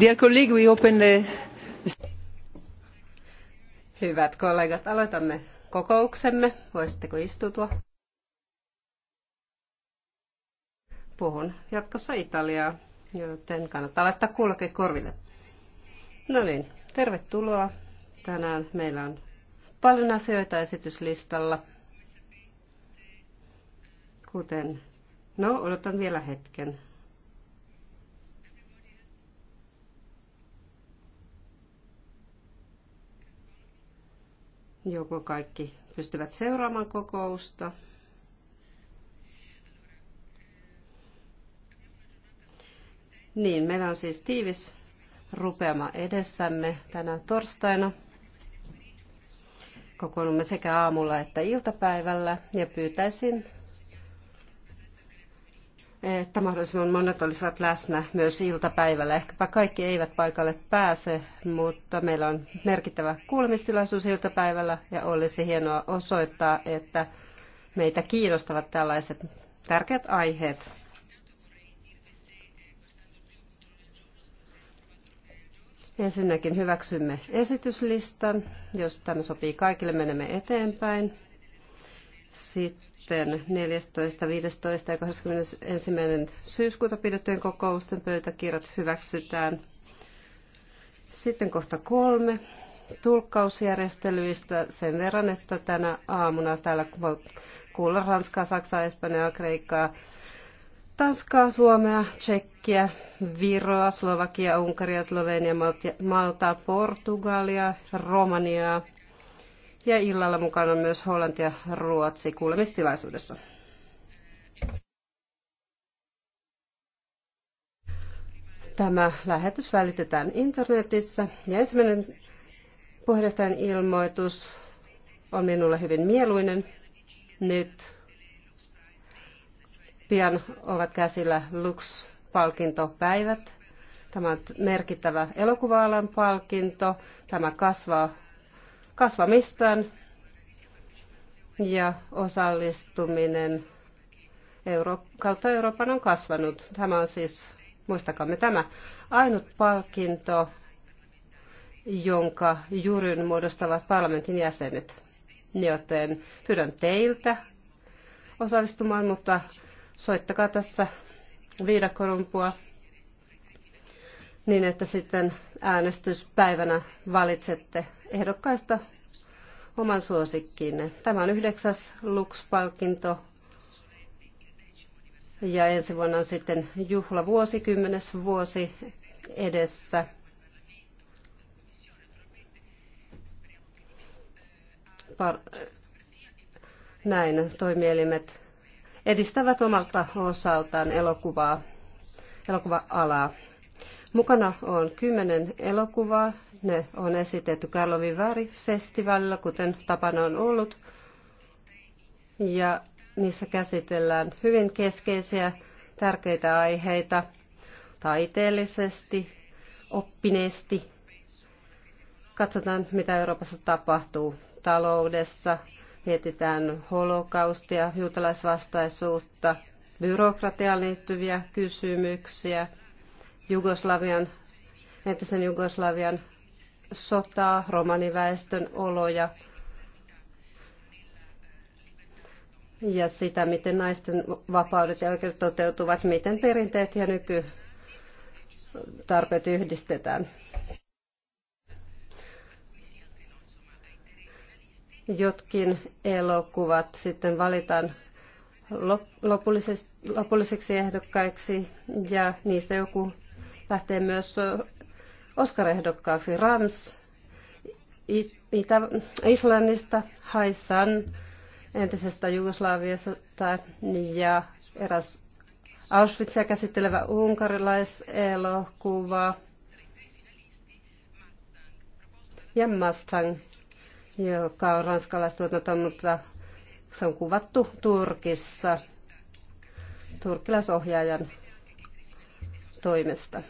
Dear colleague, we open the... Hyvät kollegat, aloitamme kokouksemme. Voisitteko istutua? Puhun jatkossa Italiaa, joten kannattaa laittaa kuuloke korville. No niin, tervetuloa. Tänään meillä on paljon asioita esityslistalla. Kuten, no odotan vielä hetken. joko kaikki pystyvät seuraamaan kokousta. Niin, meillä on siis tiivis rupeama edessämme tänä torstaina. Kokoonnumme sekä aamulla että iltapäivällä ja pyytäisin että mahdollisimman monet olisivat läsnä myös iltapäivällä. Ehkäpä kaikki eivät paikalle pääse, mutta meillä on merkittävä kuulemistilaisuus iltapäivällä ja olisi hienoa osoittaa, että meitä kiinnostavat tällaiset tärkeät aiheet. Ensinnäkin hyväksymme esityslistan, jos tämä sopii kaikille, menemme eteenpäin. Sitten kokousten 14, 15 ja 21. syyskuuta pidettyjen kokousten pöytäkirjat hyväksytään. Sitten kohta kolme. Tulkkausjärjestelyistä sen verran, että tänä aamuna täällä kuulla Ranskaa, Saksaa, Espanjaa, Kreikkaa, Tanskaa, Suomea, Tsekkiä, Viroa, Slovakia, Unkaria, Slovenia, Maltaa, Portugalia, Romaniaa, ja illalla mukana myös Hollanti ja Ruotsi kuulemistilaisuudessa. Tämä lähetys välitetään internetissä ja ensimmäinen puheenjohtajan ilmoitus on minulle hyvin mieluinen. Nyt pian ovat käsillä Lux-palkintopäivät. Tämä on merkittävä elokuva palkinto. Tämä kasvaa kasvamistaan ja osallistuminen Euro- kautta Euroopan on kasvanut. Tämä on siis, muistakaamme tämä, ainut palkinto, jonka juryn muodostavat parlamentin jäsenet. Joten pyydän teiltä osallistumaan, mutta soittakaa tässä viidakorumpua niin, että sitten äänestyspäivänä valitsette ehdokkaista oman suosikkiinne. Tämä on yhdeksäs Lux-palkinto ja ensi vuonna on sitten juhla kymmenes vuosi edessä. Par- Näin toimielimet edistävät omalta osaltaan elokuvaa, elokuva-alaa. Mukana on kymmenen elokuvaa. Ne on esitetty Carlo vivari festivaalilla kuten tapana on ollut. Ja niissä käsitellään hyvin keskeisiä, tärkeitä aiheita taiteellisesti, oppineesti. Katsotaan, mitä Euroopassa tapahtuu taloudessa, mietitään holokaustia, juutalaisvastaisuutta, byrokratiaan liittyviä kysymyksiä – Jugoslavian, entisen Jugoslavian sotaa, romaniväestön oloja ja sitä, miten naisten vapaudet ja oikeudet toteutuvat, miten perinteet ja nykytarpeet yhdistetään. Jotkin elokuvat sitten valitaan lopulliseksi ehdokkaiksi ja niistä joku lähtee myös Oscar-ehdokkaaksi Rams Itä Islannista, Haisan entisestä Jugoslaviasta ja eräs Auschwitzia käsittelevä unkarilaiselokuva ja Mustang, joka on ranskalaistuotanto, mutta se on kuvattu Turkissa turkilaisohjaajan toimesta.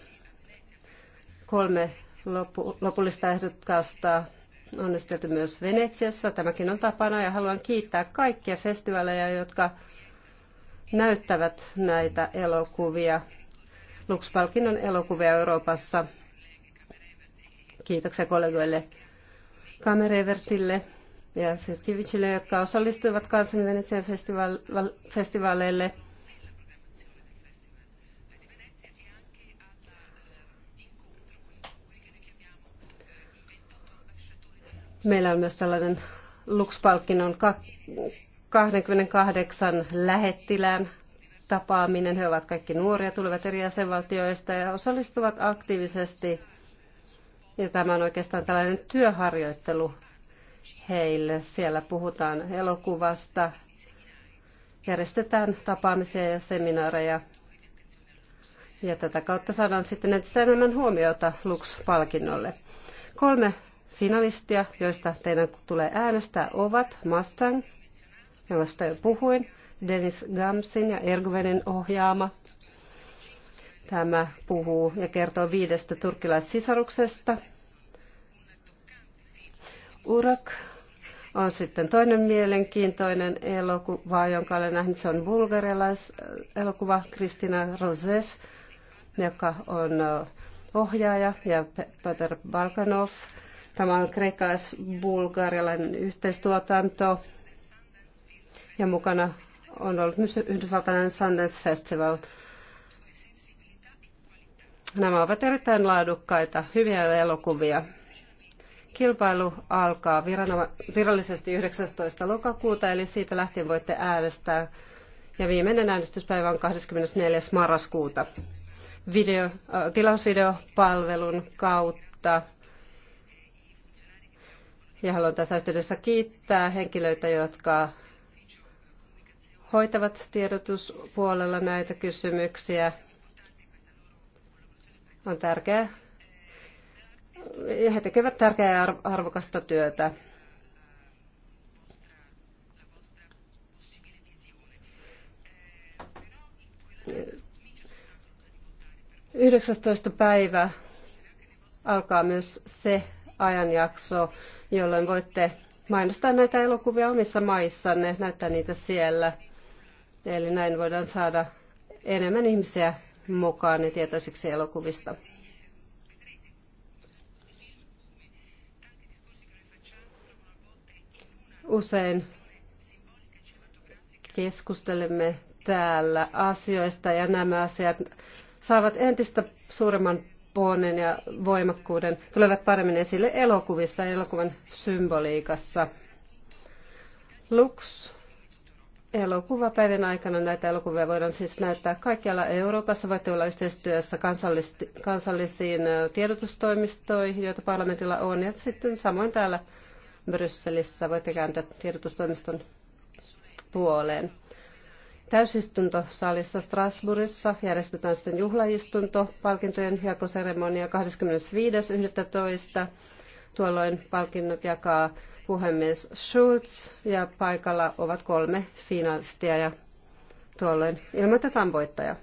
Kolme lopu, lopullista ehdokasta on myös Venetsiassa. Tämäkin on tapana ja haluan kiittää kaikkia festivaaleja, jotka näyttävät näitä elokuvia, Lux-palkinnon elokuvia Euroopassa. Kiitoksia kollegoille Kamerevertille ja Sirkivicille, jotka osallistuivat kansan Venetsian festivaaleille. Meillä on myös tällainen Lux-palkinnon 28 lähettilään tapaaminen. He ovat kaikki nuoria, tulevat eri jäsenvaltioista ja osallistuvat aktiivisesti. Ja tämä on oikeastaan tällainen työharjoittelu heille. Siellä puhutaan elokuvasta, järjestetään tapaamisia ja seminaareja. Ja tätä kautta saadaan sitten entistä enemmän huomiota Lux-palkinnolle. Kolme finalistia, joista teidän tulee äänestää, ovat Mustang, josta jo puhuin, Dennis Gamsin ja Ergvenin ohjaama. Tämä puhuu ja kertoo viidestä turkkilaissisaruksesta. Urak on sitten toinen mielenkiintoinen elokuva, jonka olen nähnyt. Se on bulgarialaiselokuva Kristina Rozev, joka on ohjaaja, ja Peter Balkanov, Tämä on kreikkalais-bulgarialainen yhteistuotanto ja mukana on ollut myös yhdysvaltainen Sundance Festival. Nämä ovat erittäin laadukkaita, hyviä elokuvia. Kilpailu alkaa virallisesti 19. lokakuuta, eli siitä lähtien voitte äänestää. Ja viimeinen äänestyspäivä on 24. marraskuuta. Video, äh, tilausvideopalvelun kautta ja haluan tässä yhteydessä kiittää henkilöitä, jotka hoitavat tiedotuspuolella näitä kysymyksiä. On tärkeää. He tekevät tärkeää ja arvokasta työtä. Yhdeksästoista päivä alkaa myös se ajanjakso, jolloin voitte mainostaa näitä elokuvia omissa maissanne, näyttää niitä siellä. Eli näin voidaan saada enemmän ihmisiä mukaan ja tietoisiksi elokuvista. Usein keskustelemme täällä asioista ja nämä asiat saavat entistä suuremman ponnen ja voimakkuuden tulevat paremmin esille elokuvissa ja elokuvan symboliikassa. Lux elokuvapäivän aikana näitä elokuvia voidaan siis näyttää kaikkialla Euroopassa. Voitte olla yhteistyössä kansallisiin tiedotustoimistoihin, joita parlamentilla on, ja sitten samoin täällä Brysselissä voitte kääntää tiedotustoimiston puoleen täysistuntosalissa Strasbourgissa järjestetään sitten juhlaistunto, palkintojen jakoseremonia 25.11. Tuolloin palkinnot jakaa puhemies Schulz ja paikalla ovat kolme finalistia ja tuolloin ilmoitetaan voittaja.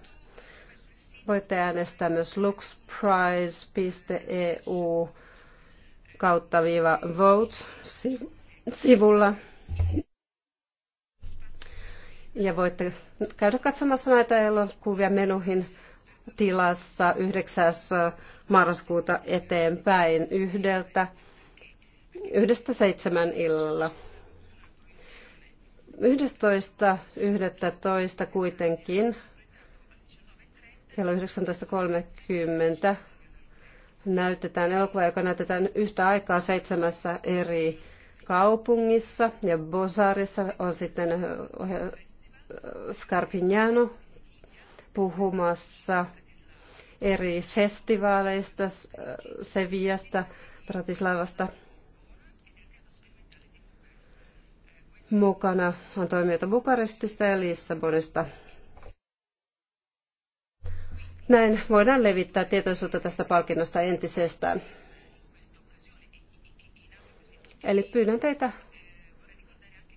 Voitte äänestää myös luxprize.eu e kautta viiva vote sivulla. Ja voitte käydä katsomassa näitä elokuvia menuhin tilassa 9. marraskuuta eteenpäin yhdeltä, yhdestä seitsemän illalla. 11.11. kuitenkin kello 19.30 näytetään elokuva, joka näytetään yhtä aikaa seitsemässä eri kaupungissa ja Bosaarissa on sitten Scarpignano puhumassa eri festivaaleista, Sevillasta, Bratislavasta. Mukana on toimijoita Bukarestista ja Lissabonista. Näin voidaan levittää tietoisuutta tästä palkinnosta entisestään. Eli pyydän teitä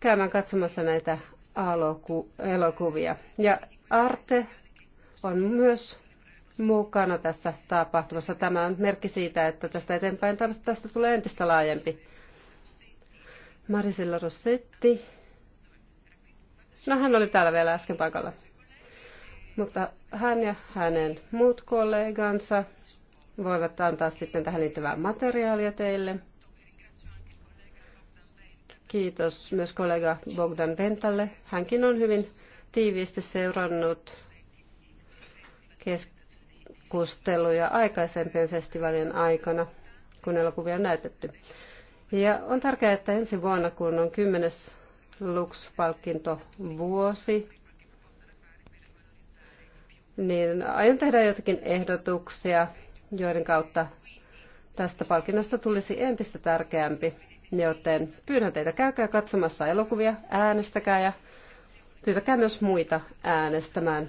käymään katsomassa näitä elokuvia. Ja Arte on myös mukana tässä tapahtumassa. Tämä on merkki siitä, että tästä eteenpäin tästä tulee entistä laajempi. Marisilla Rossetti. No hän oli täällä vielä äsken paikalla. Mutta hän ja hänen muut kollegansa voivat antaa sitten tähän liittyvää materiaalia teille. Kiitos myös kollega Bogdan Ventalle. Hänkin on hyvin tiiviisti seurannut keskusteluja aikaisempien festivaalien aikana, kun elokuvia on näytetty. Ja on tärkeää, että ensi vuonna, kun on 10. Lux-palkinto vuosi, niin aion tehdä jotakin ehdotuksia, joiden kautta tästä palkinnosta tulisi entistä tärkeämpi joten pyydän teitä käykää katsomassa elokuvia, äänestäkää ja pyytäkää myös muita äänestämään.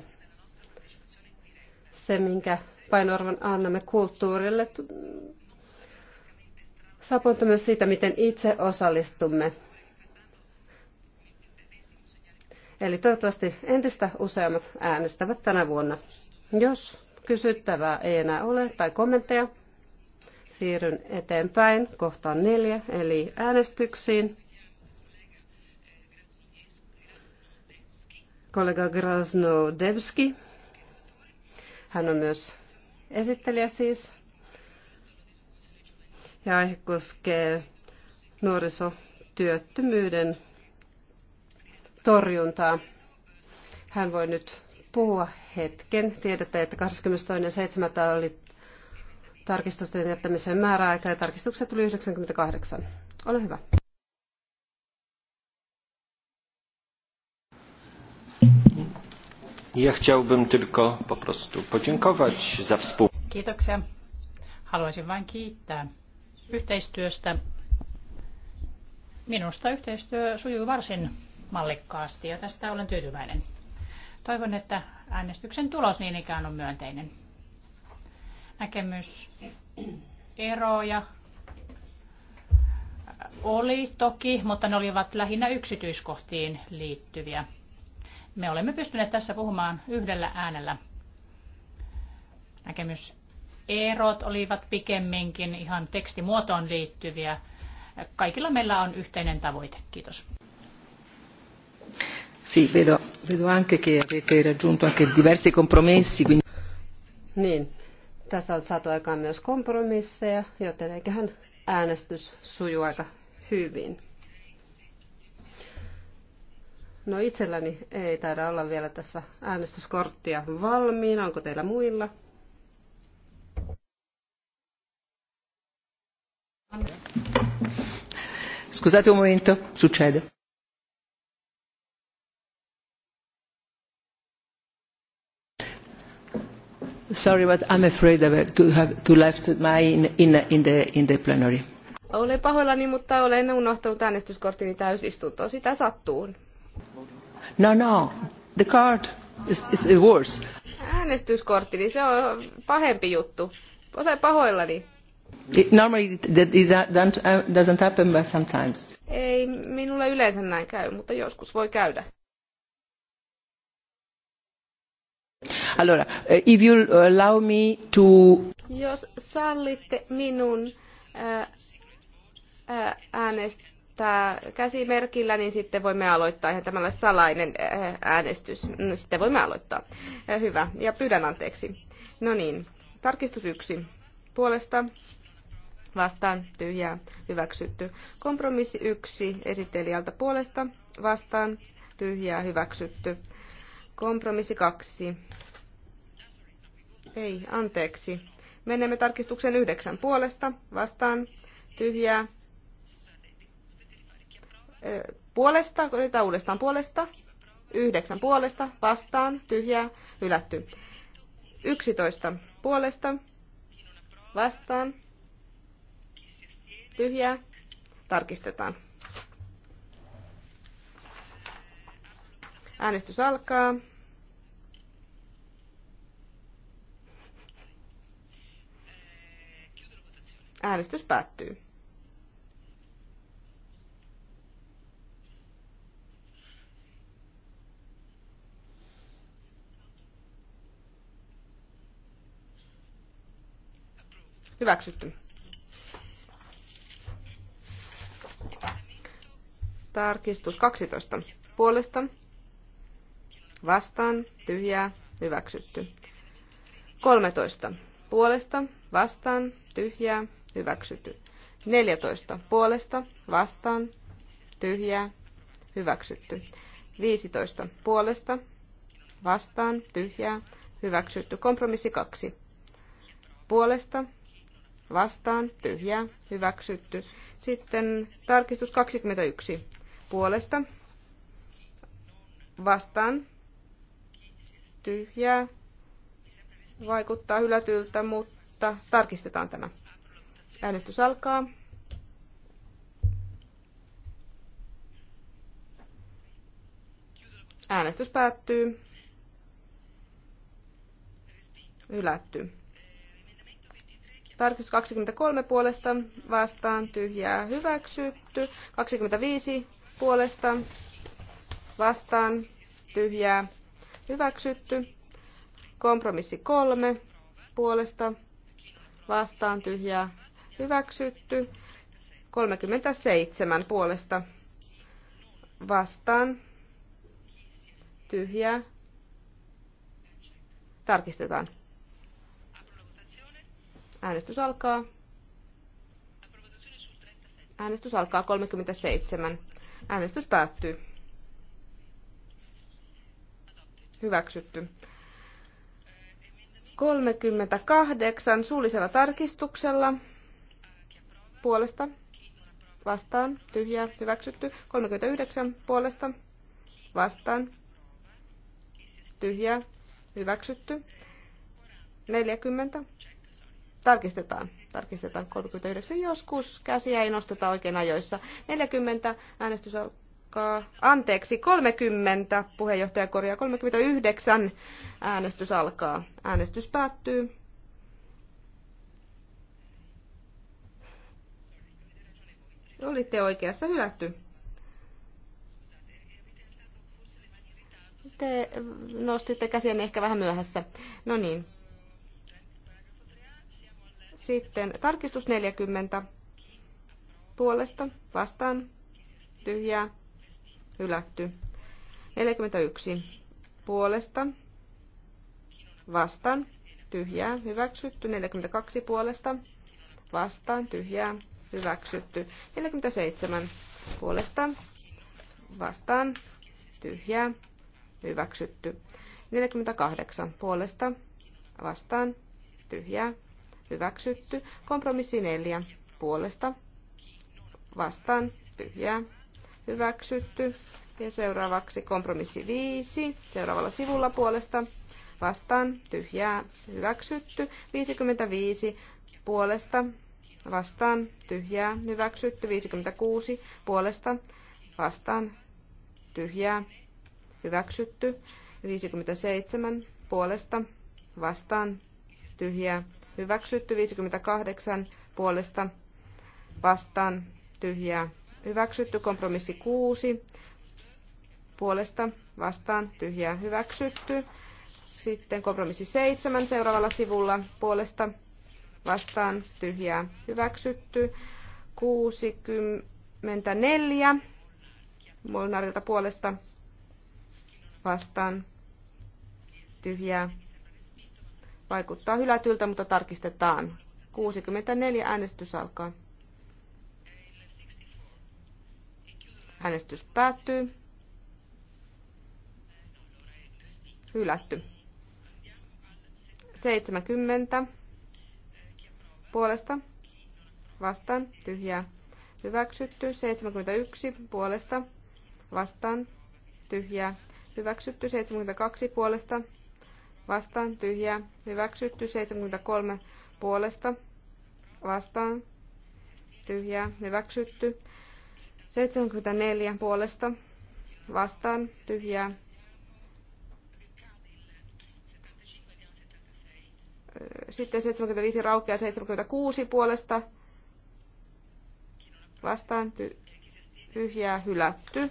Se, minkä painoarvon annamme kulttuurille, saapuu myös siitä, miten itse osallistumme. Eli toivottavasti entistä useammat äänestävät tänä vuonna. Jos kysyttävää ei enää ole tai kommentteja, siirryn eteenpäin kohtaan neljä, eli äänestyksiin. Kollega Grasno-Devski, hän on myös esittelijä siis, ja aihe koskee nuorisotyöttömyyden torjuntaa. Hän voi nyt puhua hetken. Tiedätte, että 22.7. oli tarkistusten jättämisen määräaika ja tarkistukset tuli 98. Ole hyvä. Ja chciałbym tylko po prostu podziękować za współ... Kiitoksia. Haluaisin vain kiittää yhteistyöstä. Minusta yhteistyö sujuu varsin mallikkaasti ja tästä olen tyytyväinen. Toivon, että äänestyksen tulos niin ikään on myönteinen näkemyseroja oli toki, mutta ne olivat lähinnä yksityiskohtiin liittyviä. Me olemme pystyneet tässä puhumaan yhdellä äänellä. Näkemyserot olivat pikemminkin ihan tekstimuotoon liittyviä. Kaikilla meillä on yhteinen tavoite. Kiitos. Sì, vedo, vedo anche che avete raggiunto anche diversi compromessi. Quindi... Niin, tässä on saatu aikaan myös kompromisseja, joten eiköhän äänestys suju aika hyvin. No itselläni ei taida olla vielä tässä äänestyskorttia valmiina. Onko teillä muilla? Scusate un momento, succede. Sorry, but I'm afraid uh, to have to left my in, in, in, the, in the plenary. Olen pahoillani, mutta olen unohtanut äänestyskortini täysistuntoon. Sitä sattuu. No, no. The card is, is worse. Äänestyskortini se on pahempi juttu. Olen pahoillani. It, normally it, it uh, doesn't happen, but sometimes. Ei minulle yleensä näin käy, mutta joskus voi käydä. Allora, eh, if you eh, allow me to... Jos sallitte minun eh, äänestää käsimerkillä, niin sitten voimme aloittaa ihan tämällä salainen äänestys. No, sitten voimme aloittaa. Hyvä. Ja pyydän anteeksi. No niin. Tarkistus yksi. Puolesta vastaan tyhjää hyväksytty. Kompromissi yksi esittelijältä puolesta vastaan tyhjää hyväksytty. Kompromissi kaksi. Ei, anteeksi. Menemme tarkistuksen yhdeksän puolesta. Vastaan. Tyhjää. Puolesta, yritetään uudestaan puolesta. Yhdeksän puolesta. Vastaan. Tyhjää. Hylätty. Yksitoista puolesta. Vastaan. Tyhjää. Tarkistetaan. Äänestys alkaa. Äänestys päättyy. Hyväksytty. Tarkistus 12. Puolesta. Vastaan. Tyhjää. Hyväksytty. 13. Puolesta. Vastaan. Tyhjää hyväksytty. 14 puolesta, vastaan, tyhjää, hyväksytty. 15 puolesta, vastaan, tyhjää, hyväksytty. Kompromissi 2 puolesta, vastaan, tyhjää, hyväksytty. Sitten tarkistus 21 puolesta, vastaan, tyhjää, vaikuttaa hylätyltä, mutta tarkistetaan tämä. Äänestys alkaa. Äänestys päättyy. Hylätty. Tarkistus 23 puolesta vastaan tyhjää hyväksytty. 25 puolesta vastaan tyhjää hyväksytty. Kompromissi 3 puolesta vastaan tyhjää hyväksytty. 37 puolesta vastaan tyhjää. Tarkistetaan. Äänestys alkaa. Äänestys alkaa 37. Äänestys päättyy. Hyväksytty. 38 suullisella tarkistuksella puolesta vastaan, tyhjää, hyväksytty. 39 puolesta vastaan, tyhjää, hyväksytty. 40. Tarkistetaan. Tarkistetaan 39. Joskus käsiä ei nosteta oikein ajoissa. 40. Äänestys alkaa. Anteeksi, 30. Puheenjohtaja korjaa. 39. Äänestys alkaa. Äänestys päättyy. Olitte oikeassa hylätty. Te nostitte käsiä ehkä vähän myöhässä. No niin. Sitten tarkistus 40. Puolesta vastaan tyhjää hylätty. 41. Puolesta vastaan tyhjää hyväksytty. 42 puolesta vastaan tyhjää hyväksytty. 47 puolesta vastaan tyhjää hyväksytty. 48 puolesta vastaan tyhjää hyväksytty. Kompromissi 4 puolesta vastaan tyhjää hyväksytty. Ja seuraavaksi kompromissi 5 seuraavalla sivulla puolesta vastaan tyhjää hyväksytty. 55 puolesta vastaan, tyhjää, hyväksytty 56 puolesta, vastaan, tyhjää, hyväksytty 57 puolesta, vastaan, tyhjää, hyväksytty 58 puolesta, vastaan, tyhjää, hyväksytty kompromissi 6 puolesta, vastaan, tyhjää, hyväksytty. Sitten kompromissi 7 seuraavalla sivulla puolesta, vastaan tyhjää hyväksytty. 64 Molnarilta puolesta vastaan tyhjää. Vaikuttaa hylätyltä, mutta tarkistetaan. 64 äänestys alkaa. Äänestys päättyy. Hylätty. 70 puolesta vastaan tyhjää hyväksytty. 71 puolesta vastaan tyhjää hyväksytty. 72 puolesta vastaan tyhjää hyväksytty. 73 puolesta vastaan tyhjää hyväksytty. 74 puolesta vastaan tyhjää Sitten 75 raukeaa 76 puolesta vastaan tyhjää hylätty.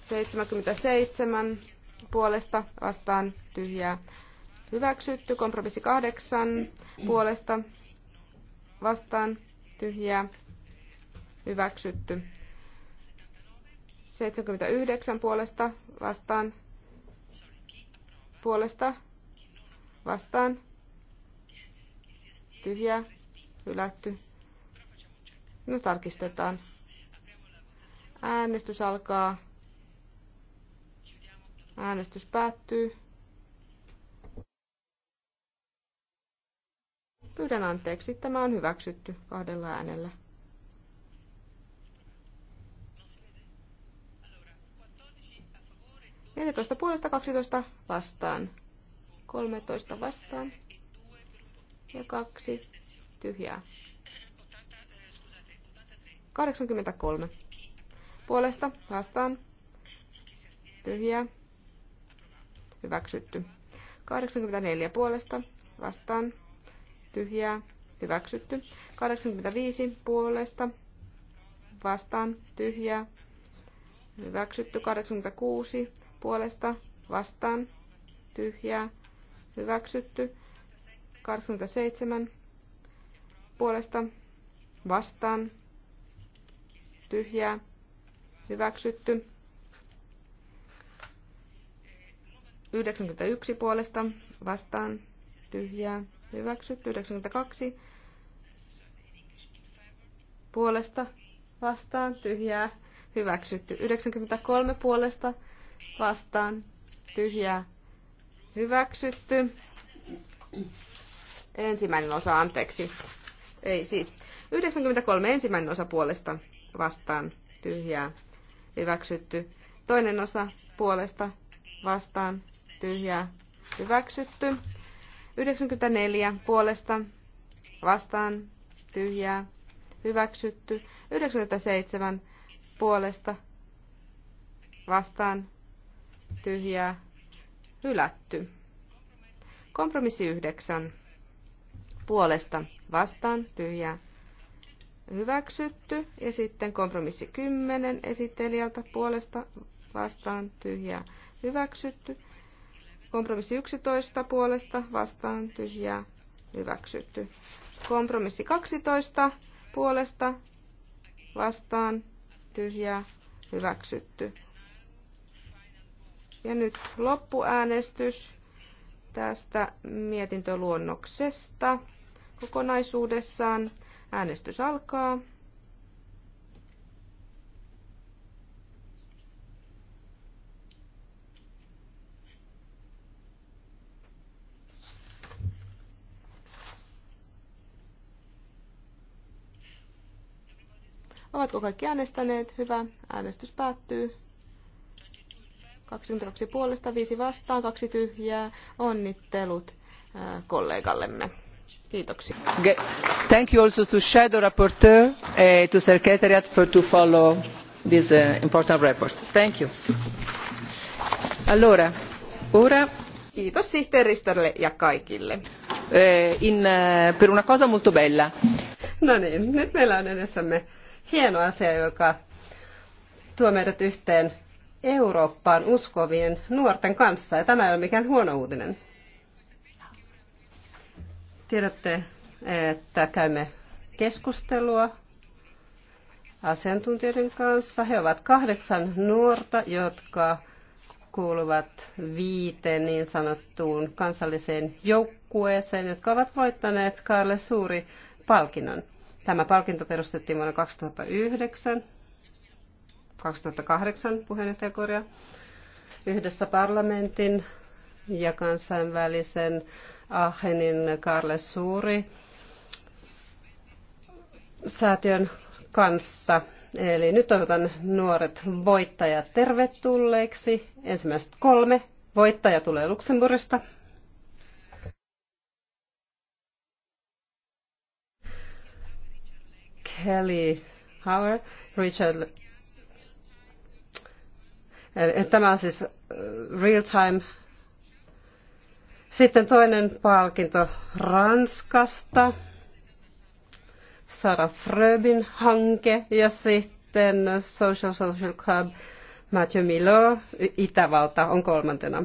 77 puolesta vastaan tyhjää hyväksytty. Kompromissi 8 puolesta vastaan tyhjää hyväksytty. 79 puolesta vastaan puolesta vastaan tyhjää, hylätty. No tarkistetaan. Äänestys alkaa. Äänestys päättyy. Pyydän anteeksi, tämä on hyväksytty kahdella äänellä. Neljätoista puolesta 12 vastaan. 13 vastaan ja kaksi tyhjää. 83. Puolesta vastaan tyhjää. Hyväksytty. 84 puolesta vastaan tyhjää. Hyväksytty. 85 puolesta vastaan tyhjää. Hyväksytty. 86 puolesta vastaan tyhjää. Hyväksytty. 27 puolesta vastaan tyhjää hyväksytty. 91 puolesta vastaan tyhjää hyväksytty. 92 puolesta vastaan tyhjää hyväksytty. 93 puolesta vastaan tyhjää hyväksytty ensimmäinen osa, anteeksi. Ei siis. 93 ensimmäinen osa puolesta vastaan tyhjää hyväksytty. Toinen osa puolesta vastaan tyhjää hyväksytty. 94 puolesta vastaan tyhjää hyväksytty. 97 puolesta vastaan tyhjää hylätty. Kompromissi 9 puolesta vastaan tyhjää hyväksytty. Ja sitten kompromissi 10 esittelijältä puolesta vastaan tyhjää hyväksytty. Kompromissi 11 puolesta vastaan tyhjää hyväksytty. Kompromissi 12 puolesta vastaan tyhjää hyväksytty. Ja nyt loppuäänestys tästä mietintöluonnoksesta kokonaisuudessaan. Äänestys alkaa. Ovatko kaikki äänestäneet? Hyvä. Äänestys päättyy. 22 puolesta, 5 vastaan, 2 tyhjää. Onnittelut äh, kollegallemme. Kiitoksia. Thank you also to Shadow Rapporteur, uh, to Secretariat for to follow this uh, important report. Thank you. Allora, ora... Kiitos sihteeristölle ja kaikille. Uh, in, uh, per una cosa molto bella. No niin, nyt meillä on edessämme hieno asia, joka tuo meidät yhteen Eurooppaan uskovien nuorten kanssa, ja tämä ei ole mikään huono uutinen. Tiedätte, että käymme keskustelua asiantuntijoiden kanssa. He ovat kahdeksan nuorta, jotka kuuluvat viiteen niin sanottuun kansalliseen joukkueeseen, jotka ovat voittaneet Karle Suuri palkinnon. Tämä palkinto perustettiin vuonna 2009, 2008 puheenjohtajakorja, yhdessä parlamentin ja kansainvälisen ahenin Karle Suuri säätiön kanssa. Eli nyt toivotan nuoret voittajat tervetulleiksi. Ensimmäiset kolme. Voittaja tulee Luxemburgista. Kelly Hauer, Richard Tämä on siis real-time sitten toinen palkinto Ranskasta, Sara Fröbin hanke ja sitten Social Social Club Mathieu Milo Itävalta on kolmantena.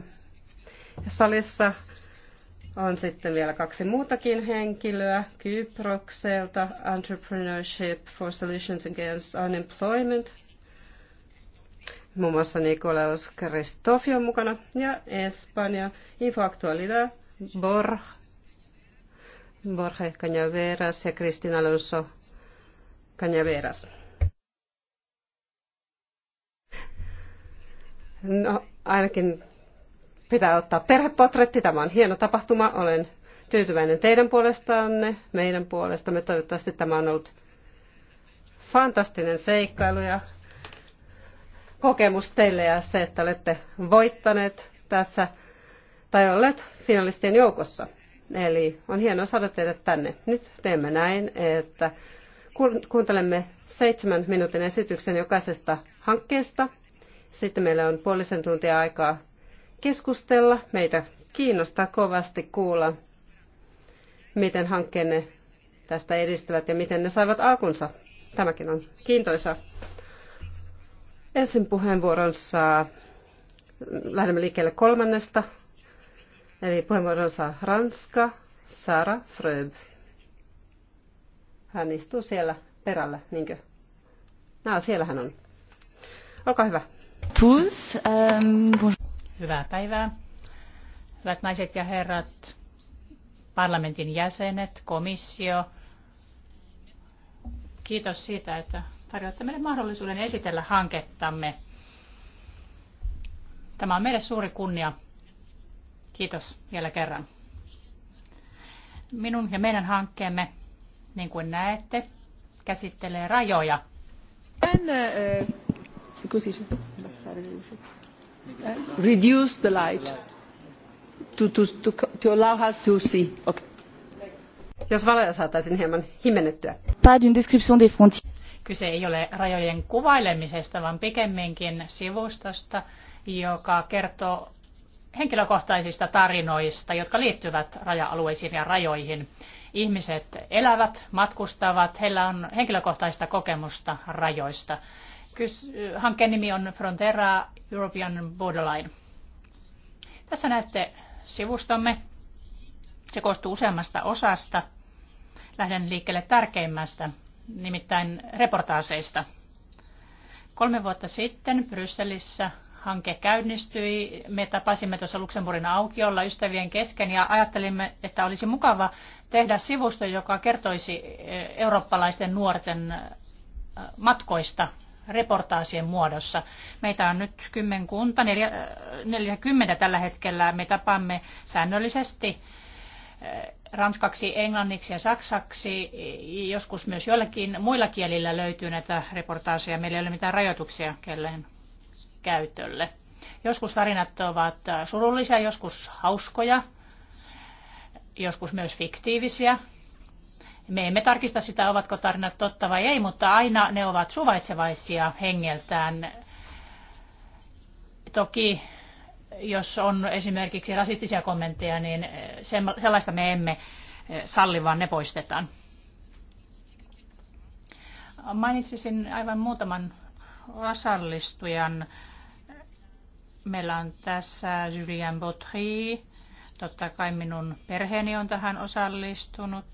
Ja Salissa on sitten vielä kaksi muutakin henkilöä Kyprokselta, Entrepreneurship for Solutions Against Unemployment Muun muassa Nikolaus Kristofi on mukana ja Espanja, infaktualida Bor Borja Cañaveras ja Cristina Alonso Cañaveras. No, ainakin pitää ottaa perhepotretti. Tämä on hieno tapahtuma. Olen tyytyväinen teidän puolestanne, meidän puolestamme. Toivottavasti tämä on ollut fantastinen seikkailu ja kokemus teille ja se, että olette voittaneet tässä tai olleet finalistien joukossa. Eli on hienoa saada teidät tänne. Nyt teemme näin, että kuuntelemme seitsemän minuutin esityksen jokaisesta hankkeesta. Sitten meillä on puolisen tuntia aikaa keskustella. Meitä kiinnostaa kovasti kuulla, miten hankkeenne tästä edistyvät ja miten ne saivat alkunsa. Tämäkin on kiintoisa Ensin puheenvuoronsa, lähdemme liikkeelle kolmannesta, eli puheenvuoronsa Ranska, Sara Fröb. Hän istuu siellä perällä, niinkö? No, siellä hän on. Olkaa hyvä. Tous, ähm, Hyvää päivää. Hyvät naiset ja herrat, parlamentin jäsenet, komissio. Kiitos siitä, että tarjoatte meille mahdollisuuden esitellä hankettamme. Tämä on meille suuri kunnia. Kiitos vielä kerran. Minun ja meidän hankkeemme, niin kuin näette, käsittelee rajoja. Uh, Reduce the light to, to, to, to allow us to see. Okay. Jos valoja saataisiin hieman himennettyä. Pas d'une description des frontières Kyse ei ole rajojen kuvailemisesta, vaan pikemminkin sivustosta, joka kertoo henkilökohtaisista tarinoista, jotka liittyvät raja-alueisiin ja rajoihin. Ihmiset elävät, matkustavat, heillä on henkilökohtaista kokemusta rajoista. Hankkeen nimi on Frontera European Borderline. Tässä näette sivustomme. Se koostuu useammasta osasta. Lähden liikkeelle tärkeimmästä nimittäin reportaaseista. Kolme vuotta sitten Brysselissä hanke käynnistyi. Me tapasimme tuossa Luxemburgin aukiolla ystävien kesken ja ajattelimme, että olisi mukava tehdä sivusto, joka kertoisi eh, eurooppalaisten nuorten eh, matkoista reportaasien muodossa. Meitä on nyt kymmenkunta, 40 eh, tällä hetkellä. Me tapaamme säännöllisesti ranskaksi, englanniksi ja saksaksi. Joskus myös joillakin muilla kielillä löytyy näitä reportaaseja. Meillä ei ole mitään rajoituksia kelleen käytölle. Joskus tarinat ovat surullisia, joskus hauskoja, joskus myös fiktiivisiä. Me emme tarkista sitä, ovatko tarinat totta vai ei, mutta aina ne ovat suvaitsevaisia hengeltään. Toki jos on esimerkiksi rasistisia kommentteja, niin eh, sellaista me emme eh, salli, vaan ne poistetaan. Mainitsisin aivan muutaman osallistujan. Meillä on tässä Julien Botry. Totta kai minun perheeni on tähän osallistunut.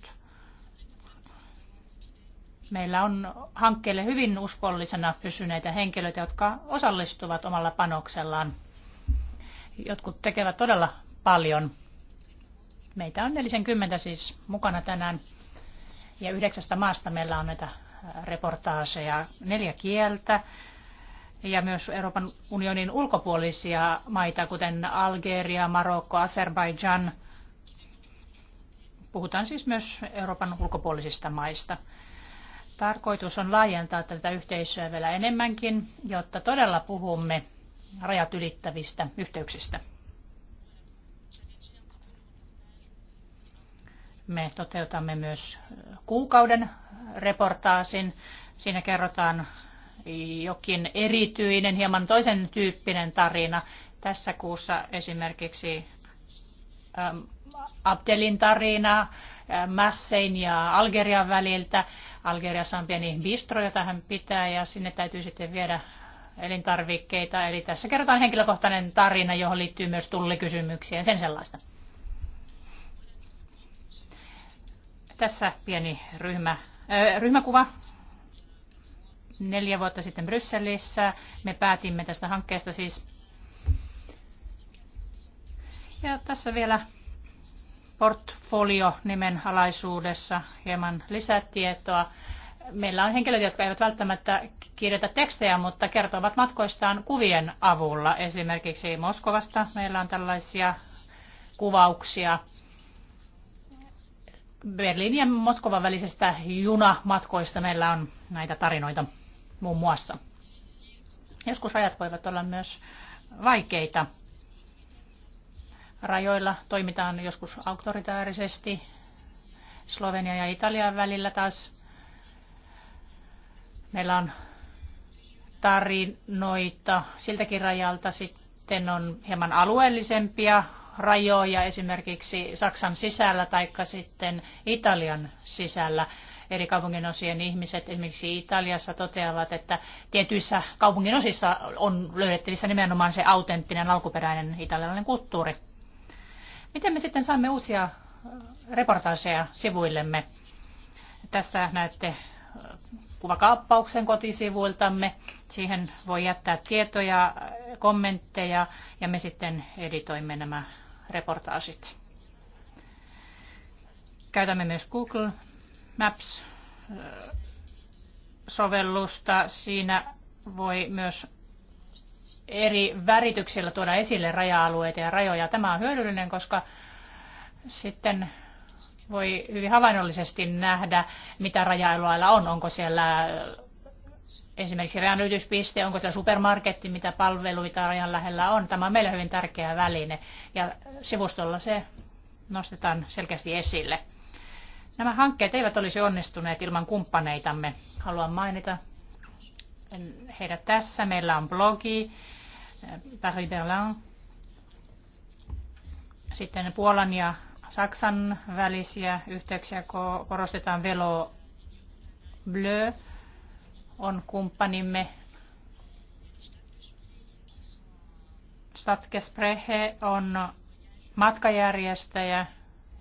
Meillä on hankkeelle hyvin uskollisena pysyneitä henkilöitä, jotka osallistuvat omalla panoksellaan Jotkut tekevät todella paljon. Meitä on 40 siis mukana tänään. Ja yhdeksästä maasta meillä on näitä reportaaseja, neljä kieltä ja myös Euroopan unionin ulkopuolisia maita, kuten Algeria, Marokko, Azerbaijan. Puhutaan siis myös Euroopan ulkopuolisista maista. Tarkoitus on laajentaa tätä yhteisöä vielä enemmänkin, jotta todella puhumme rajat ylittävistä yhteyksistä. Me toteutamme myös kuukauden reportaasin. Siinä kerrotaan jokin erityinen, hieman toisen tyyppinen tarina. Tässä kuussa esimerkiksi ähm, Abdelin tarina äh, Marsein ja Algerian väliltä. Algeriassa on pieni bistro, jota hän pitää ja sinne täytyy sitten viedä elintarvikkeita. Eli tässä kerrotaan henkilökohtainen tarina, johon liittyy myös tullikysymyksiä ja sen sellaista. Tässä pieni ryhmä, äh, ryhmäkuva. Neljä vuotta sitten Brysselissä me päätimme tästä hankkeesta siis. Ja tässä vielä portfolio-nimen alaisuudessa hieman lisätietoa. Meillä on henkilöitä, jotka eivät välttämättä kirjoita tekstejä, mutta kertovat matkoistaan kuvien avulla. Esimerkiksi Moskovasta meillä on tällaisia kuvauksia. Berliinin ja Moskovan välisestä junamatkoista meillä on näitä tarinoita muun muassa. Joskus rajat voivat olla myös vaikeita. Rajoilla toimitaan joskus autoritaarisesti. Slovenia ja Italian välillä taas Meillä on tarinoita siltäkin rajalta sitten on hieman alueellisempia rajoja esimerkiksi Saksan sisällä tai sitten Italian sisällä. Eri kaupunginosien ihmiset esimerkiksi Italiassa toteavat, että tietyissä kaupunginosissa on löydettävissä nimenomaan se autenttinen alkuperäinen italialainen kulttuuri. Miten me sitten saamme uusia reportaaseja sivuillemme? Tästä näette kuvakaappauksen kotisivuiltamme. Siihen voi jättää tietoja, kommentteja ja me sitten editoimme nämä reportaasit. Käytämme myös Google Maps-sovellusta. Äh, Siinä voi myös eri värityksillä tuoda esille raja-alueita ja rajoja. Tämä on hyödyllinen, koska sitten voi hyvin havainnollisesti nähdä, mitä raja-alueella on. Onko siellä esimerkiksi rajanylityspiste, onko siellä supermarketti, mitä palveluita rajan lähellä on. Tämä on meille hyvin tärkeä väline ja sivustolla se nostetaan selkeästi esille. Nämä hankkeet eivät olisi onnistuneet ilman kumppaneitamme. Haluan mainita heidät tässä. Meillä on blogi Paris Berlin, sitten Puolan ja Saksan välisiä yhteyksiä korostetaan Velo blö on kumppanimme. Statkesprehe on matkajärjestäjä.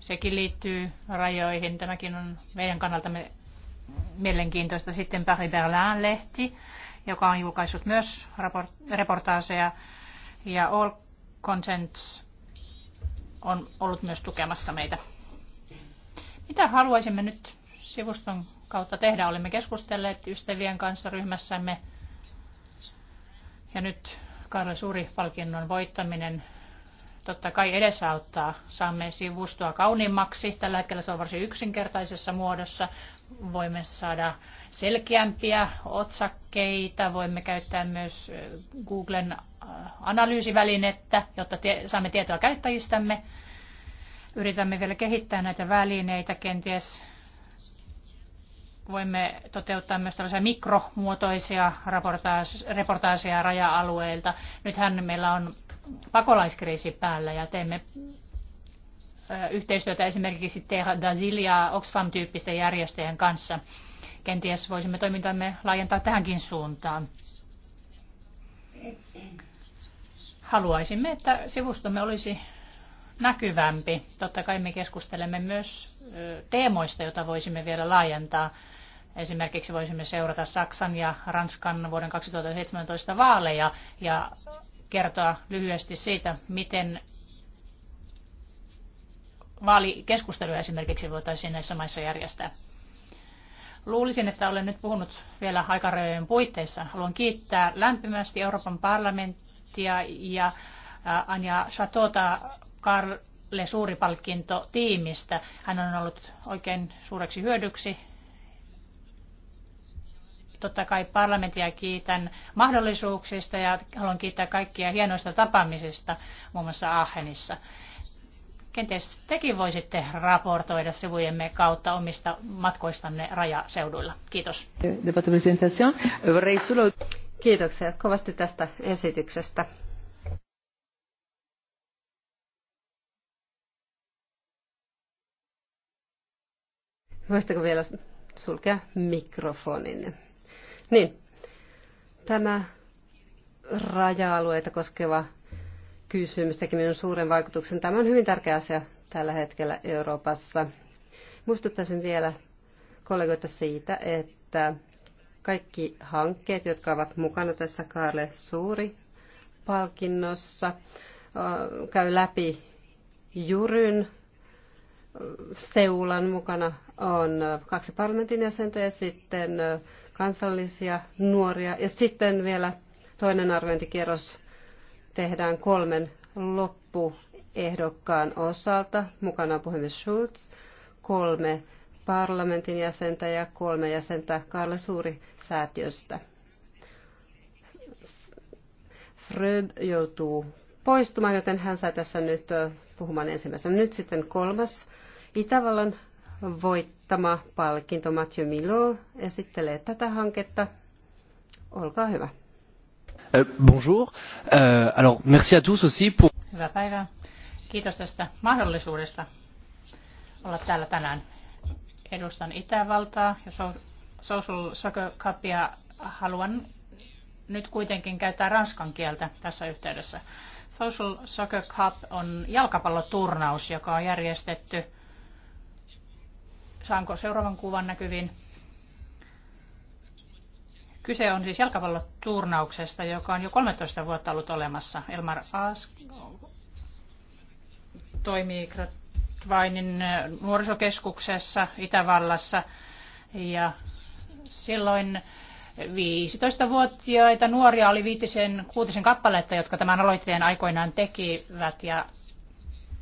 Sekin liittyy rajoihin. Tämäkin on meidän kannaltamme mielenkiintoista. Sitten Paris Berlin-lehti, joka on julkaissut myös reportaaseja. Ja All Consents on ollut myös tukemassa meitä. Mitä haluaisimme nyt sivuston kautta tehdä? Olemme keskustelleet ystävien kanssa ryhmässämme ja nyt Karle Suuri palkinnon voittaminen totta kai edesauttaa. Saamme sivustoa kauniimmaksi. Tällä hetkellä se on varsin yksinkertaisessa muodossa. Voimme saada selkeämpiä otsakkeita. Voimme käyttää myös Googlen analyysivälinettä, jotta saamme tietoa käyttäjistämme. Yritämme vielä kehittää näitä välineitä kenties voimme toteuttaa myös tällaisia mikromuotoisia reportaaseja raja-alueilta. Nythän meillä on pakolaiskriisi päällä ja teemme yhteistyötä esimerkiksi Terra d'Asil ja Oxfam-tyyppisten järjestöjen kanssa. Kenties voisimme toimintamme laajentaa tähänkin suuntaan. Haluaisimme, että sivustomme olisi näkyvämpi. Totta kai me keskustelemme myös teemoista, joita voisimme vielä laajentaa. Esimerkiksi voisimme seurata Saksan ja Ranskan vuoden 2017 vaaleja ja kertoa lyhyesti siitä, miten vaalikeskusteluja esimerkiksi voitaisiin näissä maissa järjestää. Luulisin, että olen nyt puhunut vielä aikarajojen puitteissa. Haluan kiittää lämpimästi Euroopan parlamenttia ja äh, Anja Chatota Karle Suuripalkinto tiimistä. Hän on ollut oikein suureksi hyödyksi totta kai parlamenttia kiitän mahdollisuuksista ja haluan kiittää kaikkia hienoista tapaamisista, muun muassa Aachenissa. Kenties tekin voisitte raportoida sivujemme kautta omista matkoistanne rajaseuduilla. Kiitos. Kiitoksia kovasti tästä esityksestä. Voisitteko vielä sulkea mikrofonin? Niin, tämä raja-alueita koskeva kysymys teki minun suuren vaikutuksen. Tämä on hyvin tärkeä asia tällä hetkellä Euroopassa. Muistuttaisin vielä kollegoita siitä, että kaikki hankkeet, jotka ovat mukana tässä Kaarle Suuri palkinnossa, käy läpi Juryn seulan mukana on kaksi parlamentin jäsentä ja sitten kansallisia nuoria. Ja sitten vielä toinen arviointikierros tehdään kolmen loppuehdokkaan osalta. Mukana on puhemies Schulz, kolme parlamentin jäsentä ja kolme jäsentä Karle Suuri säätiöstä. Fred joutuu poistumaan, joten hän saa tässä nyt äh, puhumaan ensimmäisenä. Nyt sitten kolmas Itävallan voittama palkinto Mathieu Milo esittelee tätä hanketta. Olkaa hyvä. Euh, bonjour. Euh, alors, merci à tous aussi pour... Hyvää päivää. Kiitos tästä mahdollisuudesta olla täällä tänään. Edustan Itävaltaa ja Social Soccer Cupia. Haluan nyt kuitenkin käyttää ranskan kieltä tässä yhteydessä. Social Soccer Cup on jalkapalloturnaus, joka on järjestetty – Saanko seuraavan kuvan näkyviin? Kyse on siis jalkapalloturnauksesta, joka on jo 13 vuotta ollut olemassa. Elmar Aas toimii Kratvainin äh, nuorisokeskuksessa Itävallassa ja silloin 15-vuotiaita nuoria oli viitisen kuutisen kappaletta, jotka tämän aloitteen aikoinaan tekivät ja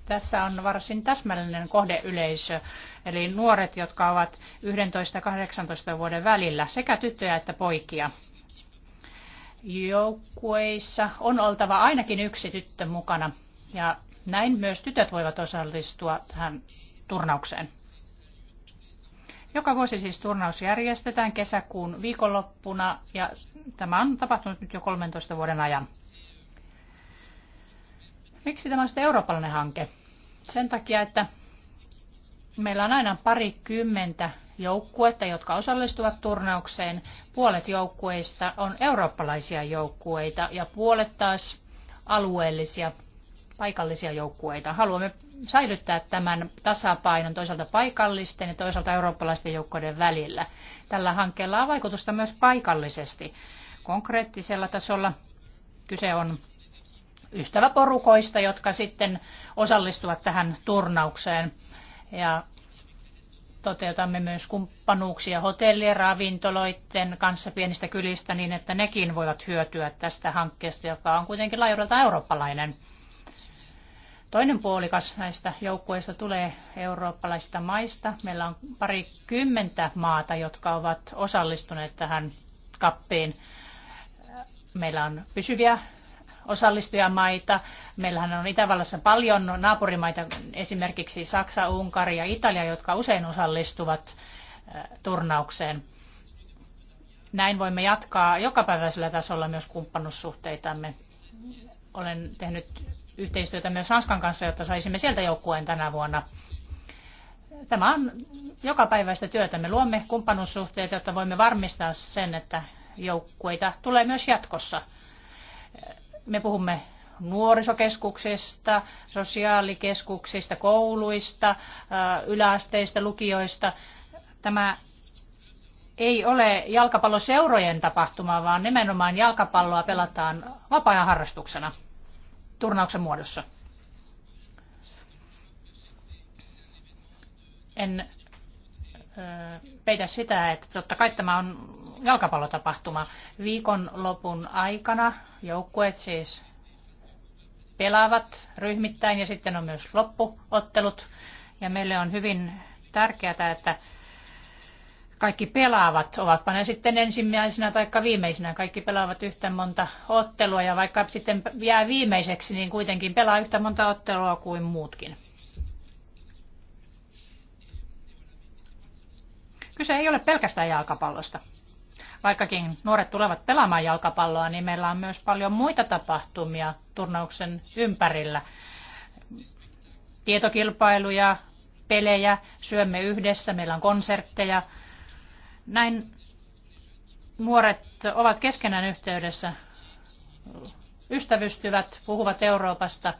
tässä on varsin täsmällinen kohdeyleisö, eli nuoret, jotka ovat 11-18 vuoden välillä, sekä tyttöjä että poikia. Joukkueissa on oltava ainakin yksi tyttö mukana, ja näin myös tytöt voivat osallistua tähän turnaukseen. Joka vuosi siis turnaus järjestetään kesäkuun viikonloppuna ja tämä on tapahtunut nyt jo 13 vuoden ajan. Miksi tämä on sitten eurooppalainen hanke? Sen takia, että meillä on aina parikymmentä joukkuetta, jotka osallistuvat turnaukseen. Puolet joukkueista on eurooppalaisia joukkueita ja puolet taas alueellisia, paikallisia joukkueita. Haluamme säilyttää tämän tasapainon toisaalta paikallisten ja toisaalta eurooppalaisten joukkueiden välillä. Tällä hankkeella on vaikutusta myös paikallisesti. Konkreettisella tasolla kyse on ystäväporukoista, jotka sitten osallistuvat tähän turnaukseen. Ja toteutamme myös kumppanuuksia hotellien, ravintoloiden kanssa pienistä kylistä niin, että nekin voivat hyötyä tästä hankkeesta, joka on kuitenkin laajuudelta eurooppalainen. Toinen puolikas näistä joukkueista tulee eurooppalaisista maista. Meillä on pari kymmentä maata, jotka ovat osallistuneet tähän kappiin. Meillä on pysyviä osallistujamaita. Meillähän on Itävallassa paljon naapurimaita, esimerkiksi Saksa, Unkari ja Italia, jotka usein osallistuvat turnaukseen. Näin voimme jatkaa jokapäiväisellä tasolla myös kumppanussuhteitamme. Olen tehnyt yhteistyötä myös Ranskan kanssa, jotta saisimme sieltä joukkueen tänä vuonna. Tämä on jokapäiväistä työtä. Me luomme kumppanussuhteita, jotta voimme varmistaa sen, että joukkueita tulee myös jatkossa. Me puhumme nuorisokeskuksista, sosiaalikeskuksista, kouluista, yläasteista, lukioista. Tämä ei ole jalkapalloseurojen tapahtuma, vaan nimenomaan jalkapalloa pelataan vapaa-ajan harrastuksena turnauksen muodossa. En peitä sitä, että totta kai tämä on jalkapallotapahtuma. Viikonlopun aikana joukkueet siis pelaavat ryhmittäin ja sitten on myös loppuottelut. Ja meille on hyvin tärkeää, että kaikki pelaavat, ovatpa ne sitten ensimmäisenä tai viimeisenä, kaikki pelaavat yhtä monta ottelua ja vaikka sitten jää viimeiseksi, niin kuitenkin pelaa yhtä monta ottelua kuin muutkin. Kyse ei ole pelkästään jalkapallosta. Vaikkakin nuoret tulevat pelaamaan jalkapalloa, niin meillä on myös paljon muita tapahtumia turnauksen ympärillä. Tietokilpailuja, pelejä, syömme yhdessä, meillä on konsertteja. Näin nuoret ovat keskenään yhteydessä, ystävystyvät, puhuvat Euroopasta.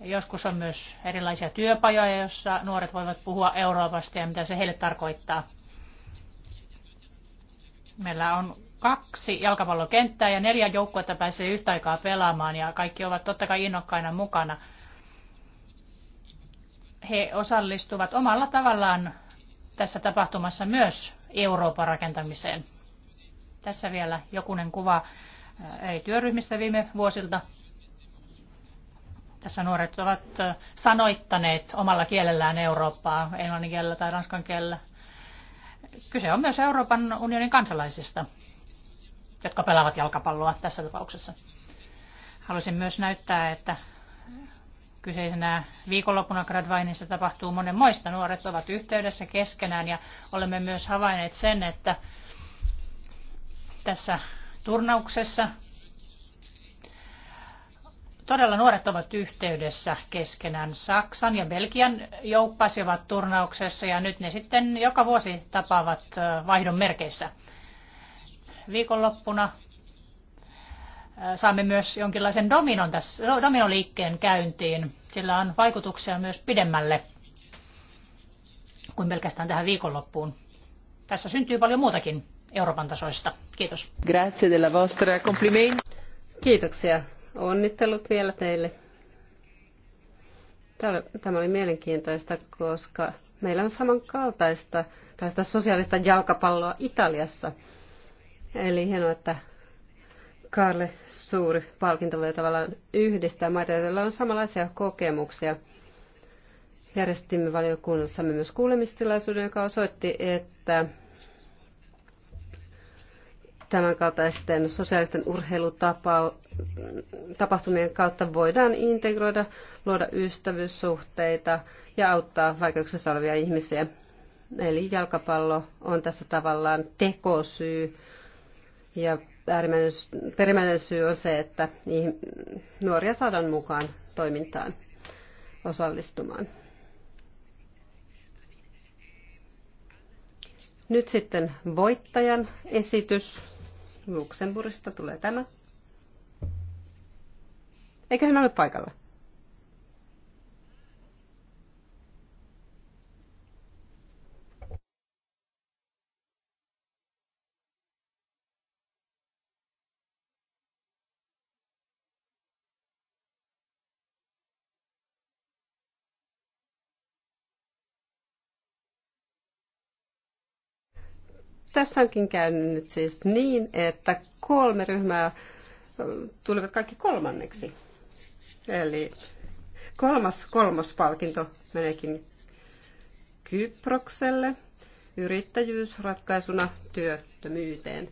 Joskus on myös erilaisia työpajoja, joissa nuoret voivat puhua Euroopasta ja mitä se heille tarkoittaa. Meillä on kaksi jalkapallokenttää ja neljä joukkuetta pääsee yhtä aikaa pelaamaan ja kaikki ovat totta kai innokkaina mukana. He osallistuvat omalla tavallaan tässä tapahtumassa myös Euroopan rakentamiseen. Tässä vielä jokunen kuva äh, eri työryhmistä viime vuosilta. Tässä nuoret ovat äh, sanoittaneet omalla kielellään Eurooppaa, englannin kielellä tai ranskan kielellä kyse on myös Euroopan unionin kansalaisista, jotka pelaavat jalkapalloa tässä tapauksessa. Haluaisin myös näyttää, että kyseisenä viikonlopuna Gradvainissa tapahtuu monen moista Nuoret ovat yhteydessä keskenään ja olemme myös havainneet sen, että tässä turnauksessa Todella nuoret ovat yhteydessä keskenään. Saksan ja Belgian jouppasivat turnauksessa ja nyt ne sitten joka vuosi tapaavat vaihdon merkeissä. Viikonloppuna saamme myös jonkinlaisen dominon tässä, no, dominoliikkeen käyntiin. Sillä on vaikutuksia myös pidemmälle kuin pelkästään tähän viikonloppuun. Tässä syntyy paljon muutakin Euroopan tasoista. Kiitos. Grazie della vostra complimenti. Kiitoksia Onnittelut vielä teille. Tämä oli mielenkiintoista, koska meillä on samankaltaista tästä sosiaalista jalkapalloa Italiassa. Eli hienoa, että Karle suuri palkinto voi tavallaan yhdistää maita, joilla on samanlaisia kokemuksia. Järjestimme valiokunnassamme myös kuulemistilaisuuden, joka osoitti, että tämänkaltaisten sosiaalisten urheilutapa tapahtumien kautta voidaan integroida, luoda ystävyyssuhteita ja auttaa vaikeuksissa olevia ihmisiä. Eli jalkapallo on tässä tavallaan tekosyy ja perimmäinen syy on se, että nuoria saadaan mukaan toimintaan osallistumaan. Nyt sitten voittajan esitys. Luxemburgista tulee tämä. Eikä hän ole paikalla. tässä onkin käynyt siis niin, että kolme ryhmää tulivat kaikki kolmanneksi. Eli kolmas kolmospalkinto meneekin Kyprokselle yrittäjyysratkaisuna työttömyyteen.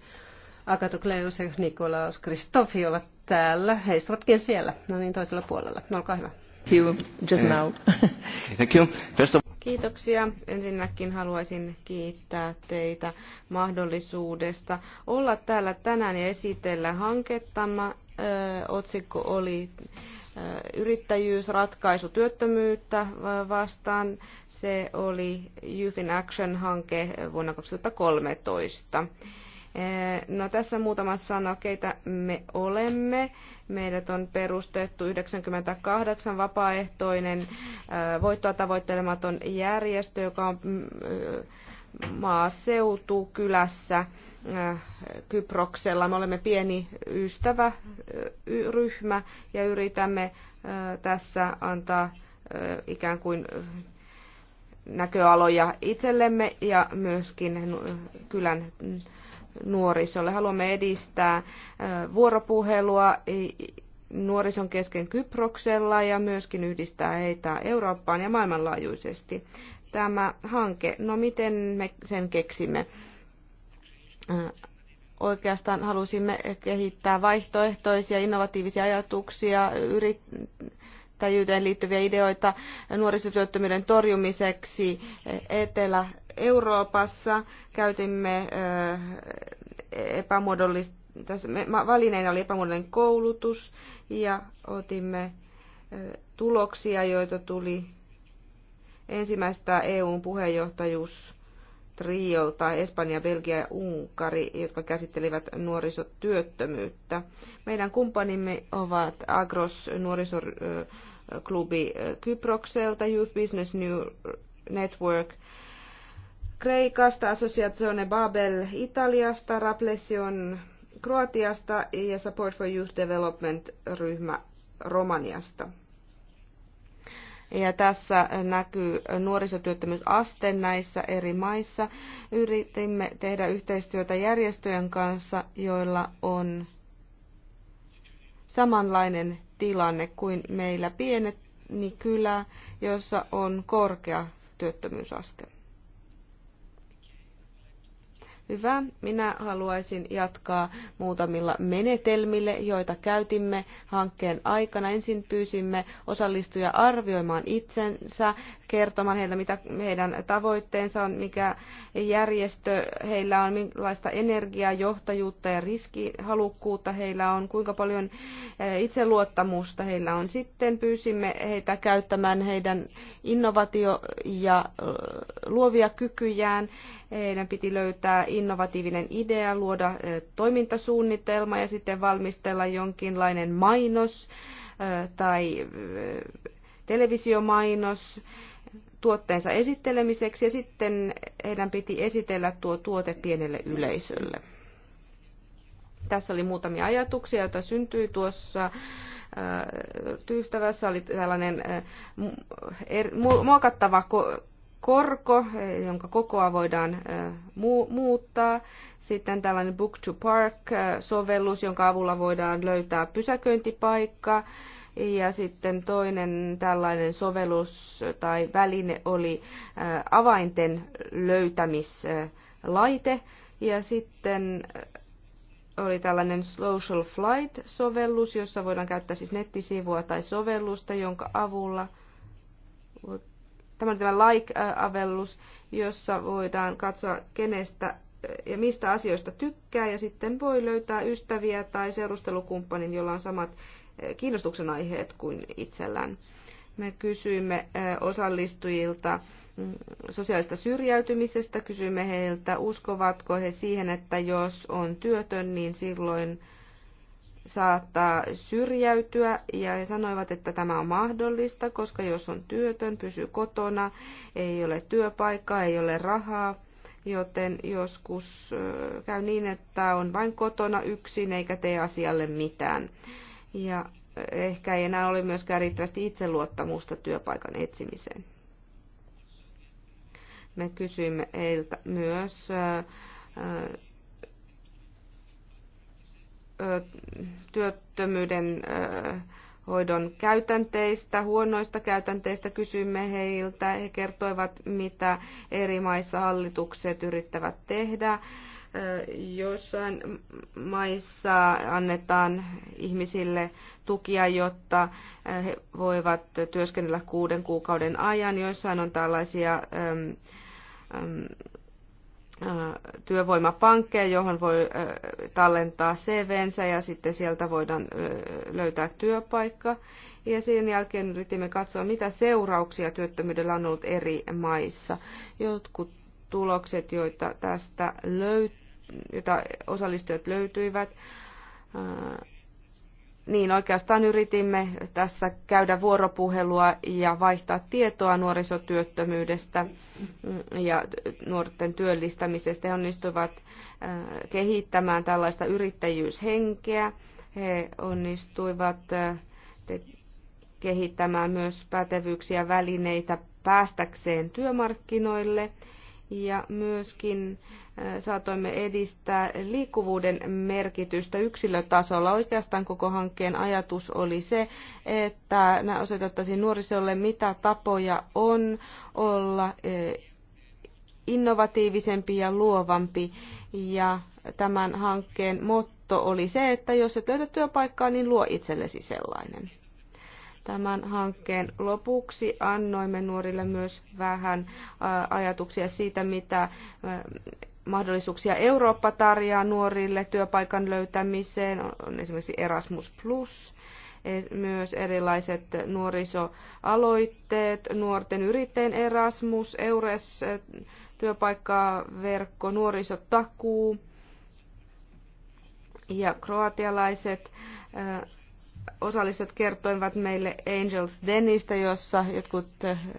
Akato Kleus ja Nikolaus Kristofi ovat täällä. He istuvatkin siellä, no niin toisella puolella. No, olkaa hyvä. You just now. Thank you. First of... Kiitoksia. Ensinnäkin haluaisin kiittää teitä mahdollisuudesta olla täällä tänään ja esitellä hankettamme. Otsikko oli yrittäjyysratkaisu työttömyyttä vastaan. Se oli Youth in Action-hanke vuonna 2013. Eh, no tässä muutama sana, keitä me olemme. Meidät on perustettu 98 vapaaehtoinen eh, voittoa tavoittelematon järjestö, joka on mm, eh, maaseutu kylässä Äh, Kyproksella. Me olemme pieni ystäväryhmä äh, ja yritämme äh, tässä antaa ikään kuin näköaloja itsellemme ja myöskin kylän nuorisolle. Haluamme edistää vuoropuhelua nuorison kesken Kyproksella ja myöskin yhdistää heitä Eurooppaan ja maailmanlaajuisesti. Tämä hanke, no miten me sen keksimme? Äh, oikeastaan halusimme kehittää vaihtoehtoisia, innovatiivisia ajatuksia, yrittäjyyteen liittyviä ideoita nuorisotyöttömyyden torjumiseksi Etelä-Euroopassa. Käytimme äh, epämuodollista, valineina oli epämuodollinen koulutus ja otimme äh, tuloksia, joita tuli ensimmäistä EUn puheenjohtajuus tai Espanja, Belgia ja Unkari, jotka käsittelivät nuorisotyöttömyyttä. Meidän kumppanimme ovat Agros nuorisoklubi Kyprokselta, Youth Business New Network Kreikasta, Associazione Babel Italiasta, Raplesion Kroatiasta ja Support for Youth Development ryhmä Romaniasta. Ja tässä näkyy nuorisotyöttömyysaste näissä eri maissa. Yritimme tehdä yhteistyötä järjestöjen kanssa, joilla on samanlainen tilanne kuin meillä pienet kylä, jossa on korkea työttömyysaste. Hyvä. Minä haluaisin jatkaa muutamilla menetelmille, joita käytimme hankkeen aikana. Ensin pyysimme osallistuja arvioimaan itsensä, kertomaan heille, mitä heidän tavoitteensa on, mikä järjestö heillä on, millaista energiaa, johtajuutta ja riskihalukkuutta heillä on, kuinka paljon eh, itseluottamusta heillä on. Sitten pyysimme heitä käyttämään heidän innovaatio- ja eh, luovia kykyjään. Heidän piti löytää innovatiivinen idea, luoda eh, toimintasuunnitelma ja sitten valmistella jonkinlainen mainos tai televisiomainos tuotteensa esittelemiseksi ja sitten heidän piti esitellä tuo tuote pienelle yleisölle. Tässä oli muutamia ajatuksia, joita syntyi tuossa äh, tyystävässä. Oli tällainen äh, er, muokattava korko, eh, jonka kokoa voidaan äh, muuttaa. Sitten tällainen Book to Park-sovellus, jonka avulla voidaan löytää pysäköintipaikka ja sitten toinen tällainen sovellus tai väline oli äh, avainten löytämislaite. Ja sitten äh, oli tällainen Social Flight-sovellus, jossa voidaan käyttää siis nettisivua tai sovellusta, jonka avulla tämä, tämä like-avellus, jossa voidaan katsoa kenestä äh, ja mistä asioista tykkää ja sitten voi löytää ystäviä tai seurustelukumppanin, jolla on samat kiinnostuksen aiheet kuin itsellään. Me kysyimme osallistujilta mm, sosiaalista syrjäytymisestä, kysyimme heiltä, uskovatko he siihen, että jos on työtön, niin silloin saattaa syrjäytyä ja he sanoivat, että tämä on mahdollista, koska jos on työtön, pysyy kotona, ei ole työpaikkaa, ei ole rahaa, joten joskus käy niin, että on vain kotona yksin eikä tee asialle mitään. Ja ehkä ei enää ole myöskään riittävästi itseluottamusta työpaikan etsimiseen. Me kysyimme heiltä myös työttömyyden hoidon käytänteistä, huonoista käytänteistä kysymme heiltä. He kertoivat, mitä eri maissa hallitukset yrittävät tehdä Joissain maissa annetaan ihmisille tukia, jotta he voivat työskennellä kuuden kuukauden ajan. Joissain on tällaisia ähm, ähm, äh, työvoimapankkeja, johon voi äh, tallentaa CVnsä ja sitten sieltä voidaan äh, löytää työpaikka. Ja sen jälkeen yritimme katsoa, mitä seurauksia työttömyydellä on ollut eri maissa. Jotkut tulokset, joita tästä löytyy, jota osallistujat löytyivät. Äh, niin oikeastaan yritimme tässä käydä vuoropuhelua ja vaihtaa tietoa nuorisotyöttömyydestä mm, ja nuorten työllistämisestä. He onnistuivat äh, kehittämään tällaista yrittäjyyshenkeä. He onnistuivat äh, kehittämään myös pätevyyksiä välineitä päästäkseen työmarkkinoille ja myöskin äh, saatoimme edistää liikkuvuuden merkitystä yksilötasolla. Oikeastaan koko hankkeen ajatus oli se, että osoitettaisiin nuorisolle, mitä tapoja on olla e, innovatiivisempi ja luovampi. Ja tämän hankkeen motto oli se, että jos et löydä työpaikkaa, niin luo itsellesi sellainen. Tämän hankkeen lopuksi annoimme nuorille myös vähän ajatuksia siitä, mitä mahdollisuuksia Eurooppa tarjoaa nuorille työpaikan löytämiseen, on esimerkiksi Erasmus Plus, e, myös erilaiset nuorisoaloitteet, nuorten yrittäjien Erasmus, Eures, e, työpaikkaverkko, nuorisotakuu ja kroatialaiset e, osallistujat kertoivat meille Angels Denistä, jossa jotkut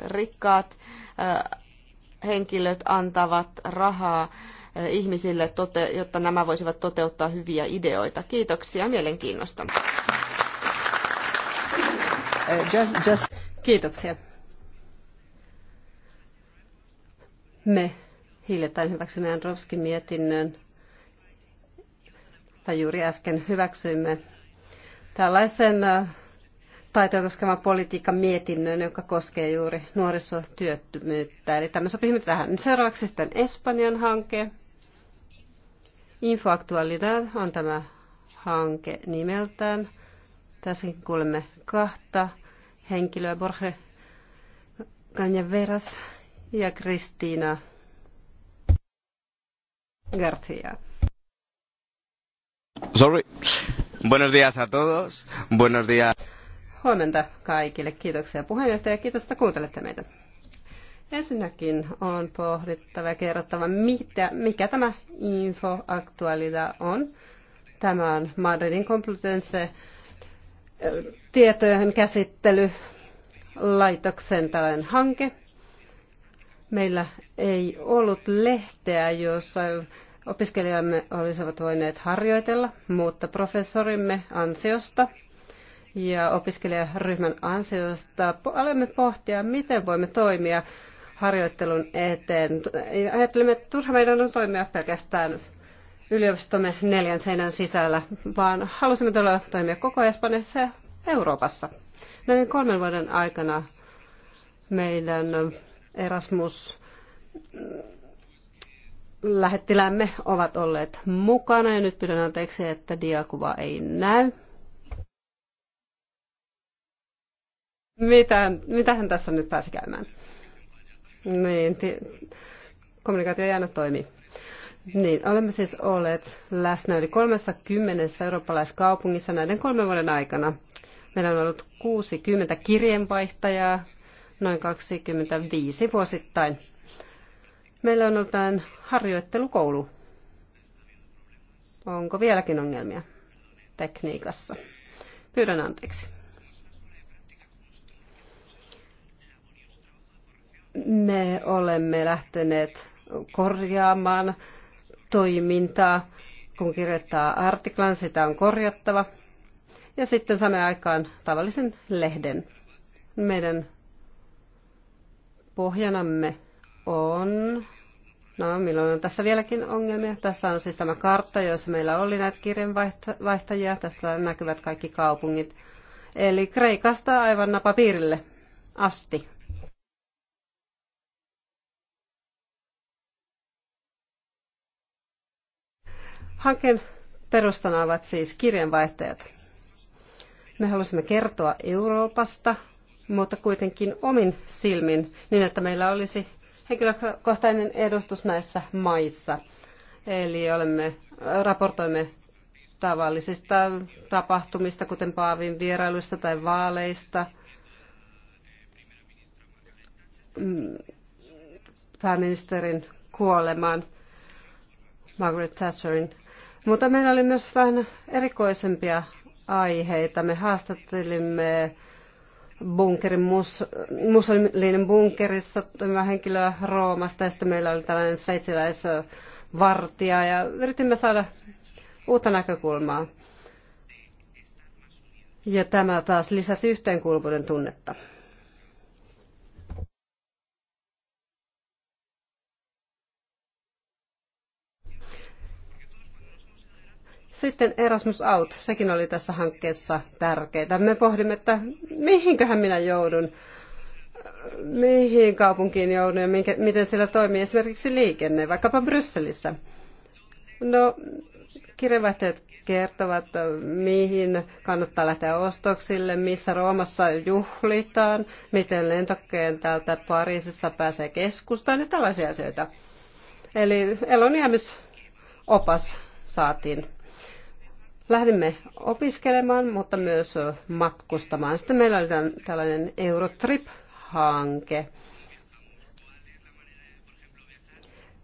rikkaat henkilöt antavat rahaa eh, ihmisille, jotta nämä voisivat toteuttaa hyviä ideoita. Kiitoksia mielenkiinnosta. Eh, just, just. Kiitoksia. Me hiljattain hyväksymme Androvskin mietinnön, tai juuri äsken hyväksyimme tällaisen eh, taitoja koskevan politiikan mietinnön, joka koskee juuri nuorisotyöttömyyttä. Eli tämä sopii tähän. Seuraavaksi sitten Espanjan hanke. Infoaktualidad on tämä hanke nimeltään. Tässäkin kuulemme kahta henkilöä, Borge Canyaveras ja Kristiina García. Sorry. Buenos días a todos. Buenos días huomenta kaikille. Kiitoksia puheenjohtaja ja kiitos, että kuuntelette meitä. Ensinnäkin on pohdittava ja kerrottava, mitä, mikä tämä info on. Tämä on Madridin Complutense tietojen käsittelylaitoksen tällainen hanke. Meillä ei ollut lehteä, jossa opiskelijamme olisivat voineet harjoitella, mutta professorimme ansiosta – ja opiskelijaryhmän ansiosta alamme pohtia, miten voimme toimia harjoittelun eteen. Ajattelemme, että turha meidän on toimia pelkästään yliopistomme neljän seinän sisällä, vaan halusimme todella toimia koko Espanjassa ja Euroopassa. Näiden kolmen vuoden aikana meidän Erasmus lähettilämme ovat olleet mukana ja nyt pyydän anteeksi, että diakuva ei näy. Mitään, mitähän tässä nyt pääsi käymään? Niin, ti- kommunikaatio ei aina toimi. Niin, olemme siis olleet läsnä yli 30 eurooppalaiskaupungissa näiden kolmen vuoden aikana. Meillä on ollut 60 kirjeenvaihtajaa, noin 25 vuosittain. Meillä on ollut tämän harjoittelukoulu. Onko vieläkin ongelmia tekniikassa? Pyydän anteeksi. Me olemme lähteneet korjaamaan toimintaa. Kun kirjoittaa artiklan, sitä on korjattava. Ja sitten saamme aikaan tavallisen lehden. Meidän pohjanamme on No, milloin on tässä vieläkin ongelmia? Tässä on siis tämä kartta, jossa meillä oli näitä kirjanvaihtajia. Tässä näkyvät kaikki kaupungit. Eli Kreikasta aivan napapiirille asti. Hankkeen perustana ovat siis kirjanvaihtajat. Me halusimme kertoa Euroopasta, mutta kuitenkin omin silmin, niin että meillä olisi henkilökohtainen edustus näissä maissa. Eli olemme, raportoimme tavallisista tapahtumista, kuten Paavin vierailuista tai vaaleista. Mm, pääministerin kuolemaan, Margaret Thatcherin mutta meillä oli myös vähän erikoisempia aiheita. Me haastattelimme bunkerin, mus, muslimin bunkerissa henkilöä Roomasta ja sitten meillä oli tällainen sveitsiläisvartija ja yritimme saada uutta näkökulmaa. Ja tämä taas lisäsi yhteenkuuluvuuden tunnetta. Sitten Erasmus Out, sekin oli tässä hankkeessa tärkeää. Me pohdimme, että mihinköhän minä joudun, mihin kaupunkiin joudun ja minkä, miten siellä toimii esimerkiksi liikenne, vaikkapa Brysselissä. No, kirjeenvaihtajat kertovat, mihin kannattaa lähteä ostoksille, missä Roomassa juhlitaan, miten täältä Pariisissa pääsee keskustaan ja tällaisia asioita. Eli elonjäämisopas saatiin lähdimme opiskelemaan, mutta myös matkustamaan. Sitten meillä oli tällainen Eurotrip-hanke.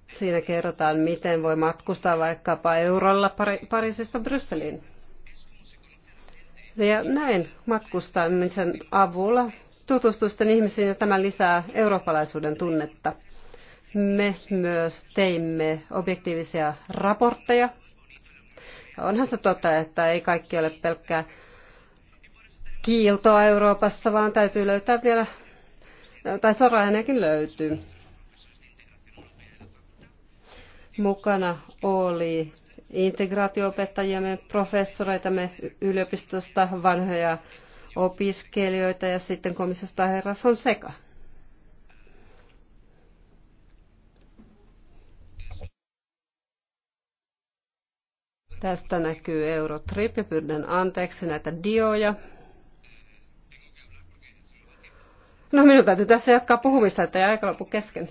Siinä kerrotaan, miten voi matkustaa vaikkapa eurolla Pariisista Brysseliin. Ja näin matkustamisen avulla tutustuisten ihmisiin ja tämä lisää eurooppalaisuuden tunnetta. Me myös teimme objektiivisia raportteja Onhan se totta, että ei kaikki ole pelkkää kiiltoa Euroopassa, vaan täytyy löytää vielä, tai soraääneäkin löytyy. Mukana oli integraatioopettajiamme, professoreitamme yliopistosta, vanhoja opiskelijoita ja sitten komissiosta herra Fonseca. Tästä näkyy Eurotrip ja pyydän anteeksi näitä dioja. No minun täytyy tässä jatkaa puhumista, ei aika lopu kesken.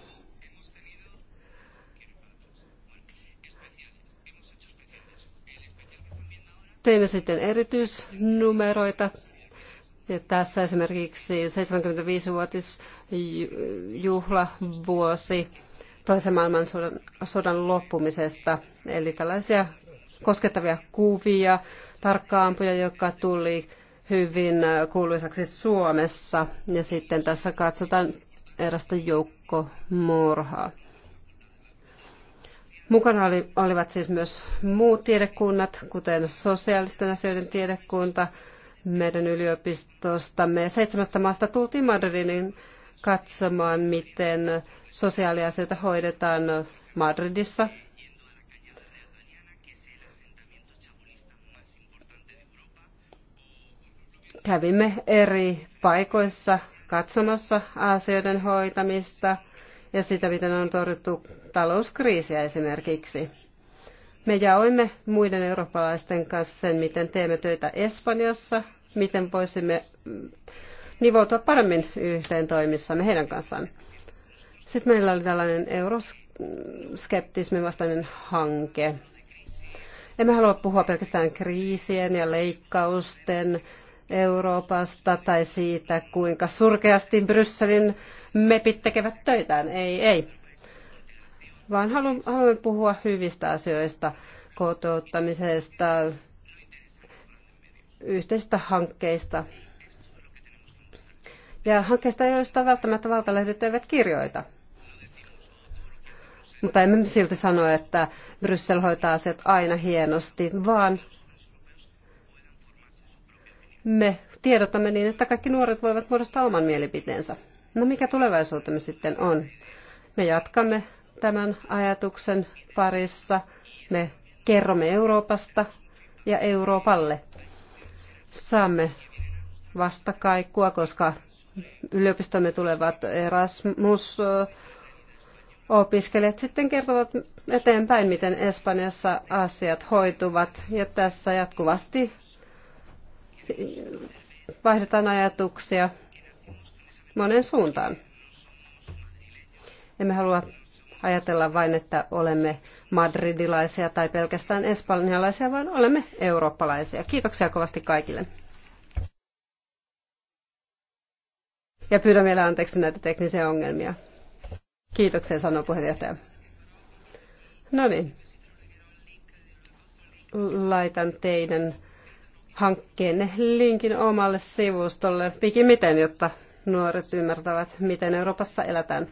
Teimme sitten erityisnumeroita. Ja tässä esimerkiksi 75-vuotis juhlavuosi toisen maailmansodan loppumisesta. Eli tällaisia koskettavia kuvia, tarkkaampuja, joka tuli hyvin kuuluisaksi Suomessa. Ja sitten tässä katsotaan erästä joukkomurhaa. Mukana oli, olivat siis myös muut tiedekunnat, kuten sosiaalisten asioiden tiedekunta meidän yliopistosta. Me seitsemästä maasta tultiin Madridin katsomaan, miten sosiaaliasioita hoidetaan Madridissa Kävimme eri paikoissa katsomassa asioiden hoitamista ja sitä, miten on torjuttu talouskriisiä esimerkiksi. Me jaoimme muiden eurooppalaisten kanssa sen, miten teemme töitä Espanjassa, miten voisimme nivoutua paremmin yhteen toimissamme heidän kanssaan. Sitten meillä oli tällainen euroskeptismin vastainen hanke. Emme halua puhua pelkästään kriisien ja leikkausten Euroopasta tai siitä, kuinka surkeasti Brysselin mepit tekevät töitään. Ei, ei. Vaan haluamme puhua hyvistä asioista, kotouttamisesta, yhteisistä hankkeista. Ja hankkeista, joista välttämättä valtalehdet eivät kirjoita. Mutta emme silti sano, että Bryssel hoitaa asiat aina hienosti, vaan me tiedotamme niin, että kaikki nuoret voivat muodostaa oman mielipiteensä. No mikä tulevaisuutemme sitten on? Me jatkamme tämän ajatuksen parissa. Me kerromme Euroopasta ja Euroopalle. Saamme vastakaikkua, koska yliopistomme tulevat Erasmus opiskelijat sitten kertovat eteenpäin, miten Espanjassa asiat hoituvat. Ja tässä jatkuvasti vaihdetaan ajatuksia monen suuntaan. Emme halua ajatella vain, että olemme madridilaisia tai pelkästään espanjalaisia, vaan olemme eurooppalaisia. Kiitoksia kovasti kaikille. Ja pyydän vielä anteeksi näitä teknisiä ongelmia. Kiitoksia, sanoo puheenjohtaja. No niin. Laitan teidän hankkeen linkin omalle sivustolle pikimiten, jotta nuoret ymmärtävät, miten Euroopassa elätään.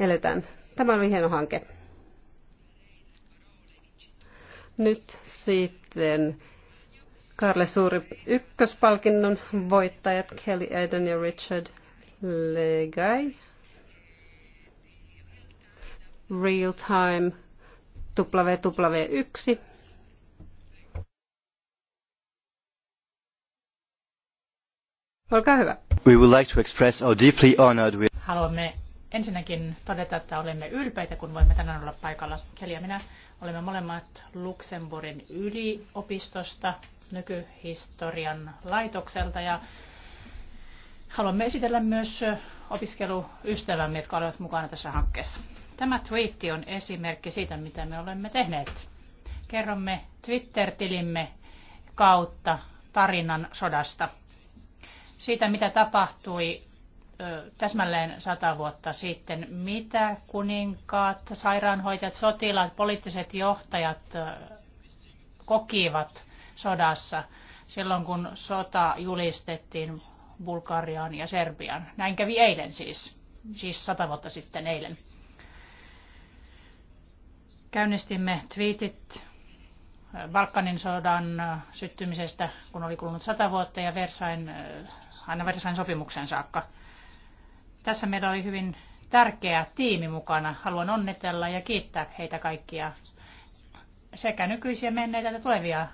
eletään. Tämä oli hieno hanke. Nyt sitten Karle Suuri ykköspalkinnon voittajat Kelly Aiden ja Richard Legai. Real Time W1 Olkaa hyvä. We would like to express our deeply honored with... Haluamme ensinnäkin todeta, että olemme ylpeitä, kun voimme tänään olla paikalla. Keli ja minä olemme molemmat Luxemburgin yliopistosta, nykyhistorian laitokselta ja haluamme esitellä myös opiskeluystävämme, jotka olivat mukana tässä hankkeessa. Tämä twiitti on esimerkki siitä, mitä me olemme tehneet. Kerromme Twitter-tilimme kautta tarinan sodasta – siitä, mitä tapahtui täsmälleen sata vuotta sitten, mitä kuninkaat, sairaanhoitajat, sotilaat, poliittiset johtajat kokivat sodassa silloin, kun sota julistettiin Bulgariaan ja Serbiaan. Näin kävi eilen siis, siis sata vuotta sitten eilen. Käynnistimme twiitit Balkanin sodan syttymisestä, kun oli kulunut sata vuotta, ja Versain aina Versain sopimuksen saakka. Tässä meillä oli hyvin tärkeä tiimi mukana. Haluan onnitella ja kiittää heitä kaikkia sekä nykyisiä menneitä että tulevia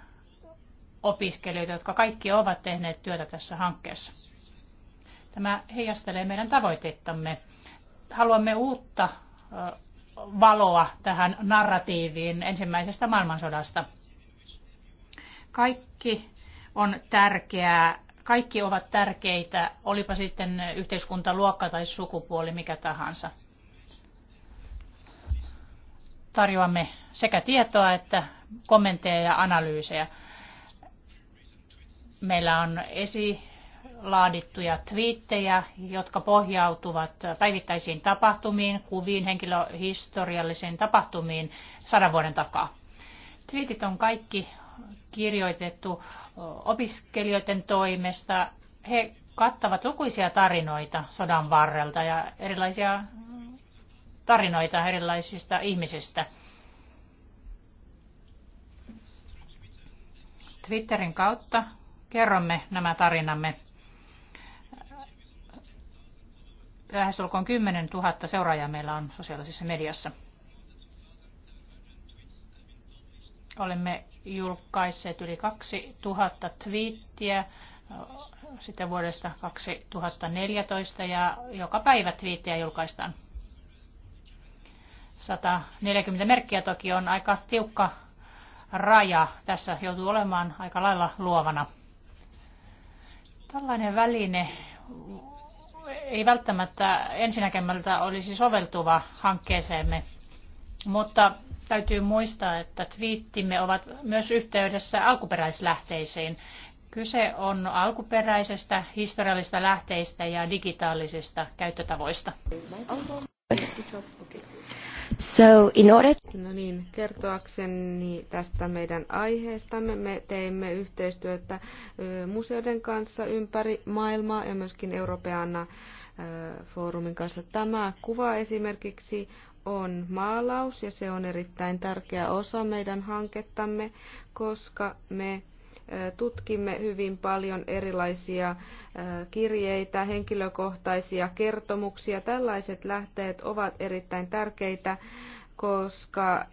opiskelijoita, jotka kaikki ovat tehneet työtä tässä hankkeessa. Tämä heijastelee meidän tavoitettamme. Haluamme uutta valoa tähän narratiiviin ensimmäisestä maailmansodasta. Kaikki on tärkeää kaikki ovat tärkeitä, olipa sitten yhteiskunta, luokka tai sukupuoli, mikä tahansa. Tarjoamme sekä tietoa että kommentteja ja analyysejä. Meillä on esilaadittuja twiittejä, jotka pohjautuvat päivittäisiin tapahtumiin, kuviin, henkilöhistoriallisiin tapahtumiin sadan vuoden takaa. Twiitit on kaikki kirjoitettu opiskelijoiden toimesta. He kattavat lukuisia tarinoita sodan varrelta ja erilaisia tarinoita erilaisista ihmisistä. Twitterin kautta kerromme nämä tarinamme. olkoon 10 000 seuraajaa meillä on sosiaalisessa mediassa. Olemme julkaisseet yli 2000 twiittiä sitä vuodesta 2014 ja joka päivä twiittiä julkaistaan. 140 merkkiä toki on aika tiukka raja. Tässä joutuu olemaan aika lailla luovana. Tällainen väline ei välttämättä ensinäkemältä olisi soveltuva hankkeeseemme, mutta Täytyy muistaa, että twiittimme ovat myös yhteydessä alkuperäislähteisiin. Kyse on alkuperäisestä, historiallisista lähteistä ja digitaalisista käyttötavoista. So in order... No niin, kertoakseni tästä meidän aiheestamme me teimme yhteistyötä museoiden kanssa ympäri maailmaa ja myöskin Euroopan foorumin kanssa. Tämä kuva esimerkiksi on maalaus ja se on erittäin tärkeä osa meidän hankettamme, koska me tutkimme hyvin paljon erilaisia kirjeitä, henkilökohtaisia kertomuksia. Tällaiset lähteet ovat erittäin tärkeitä koska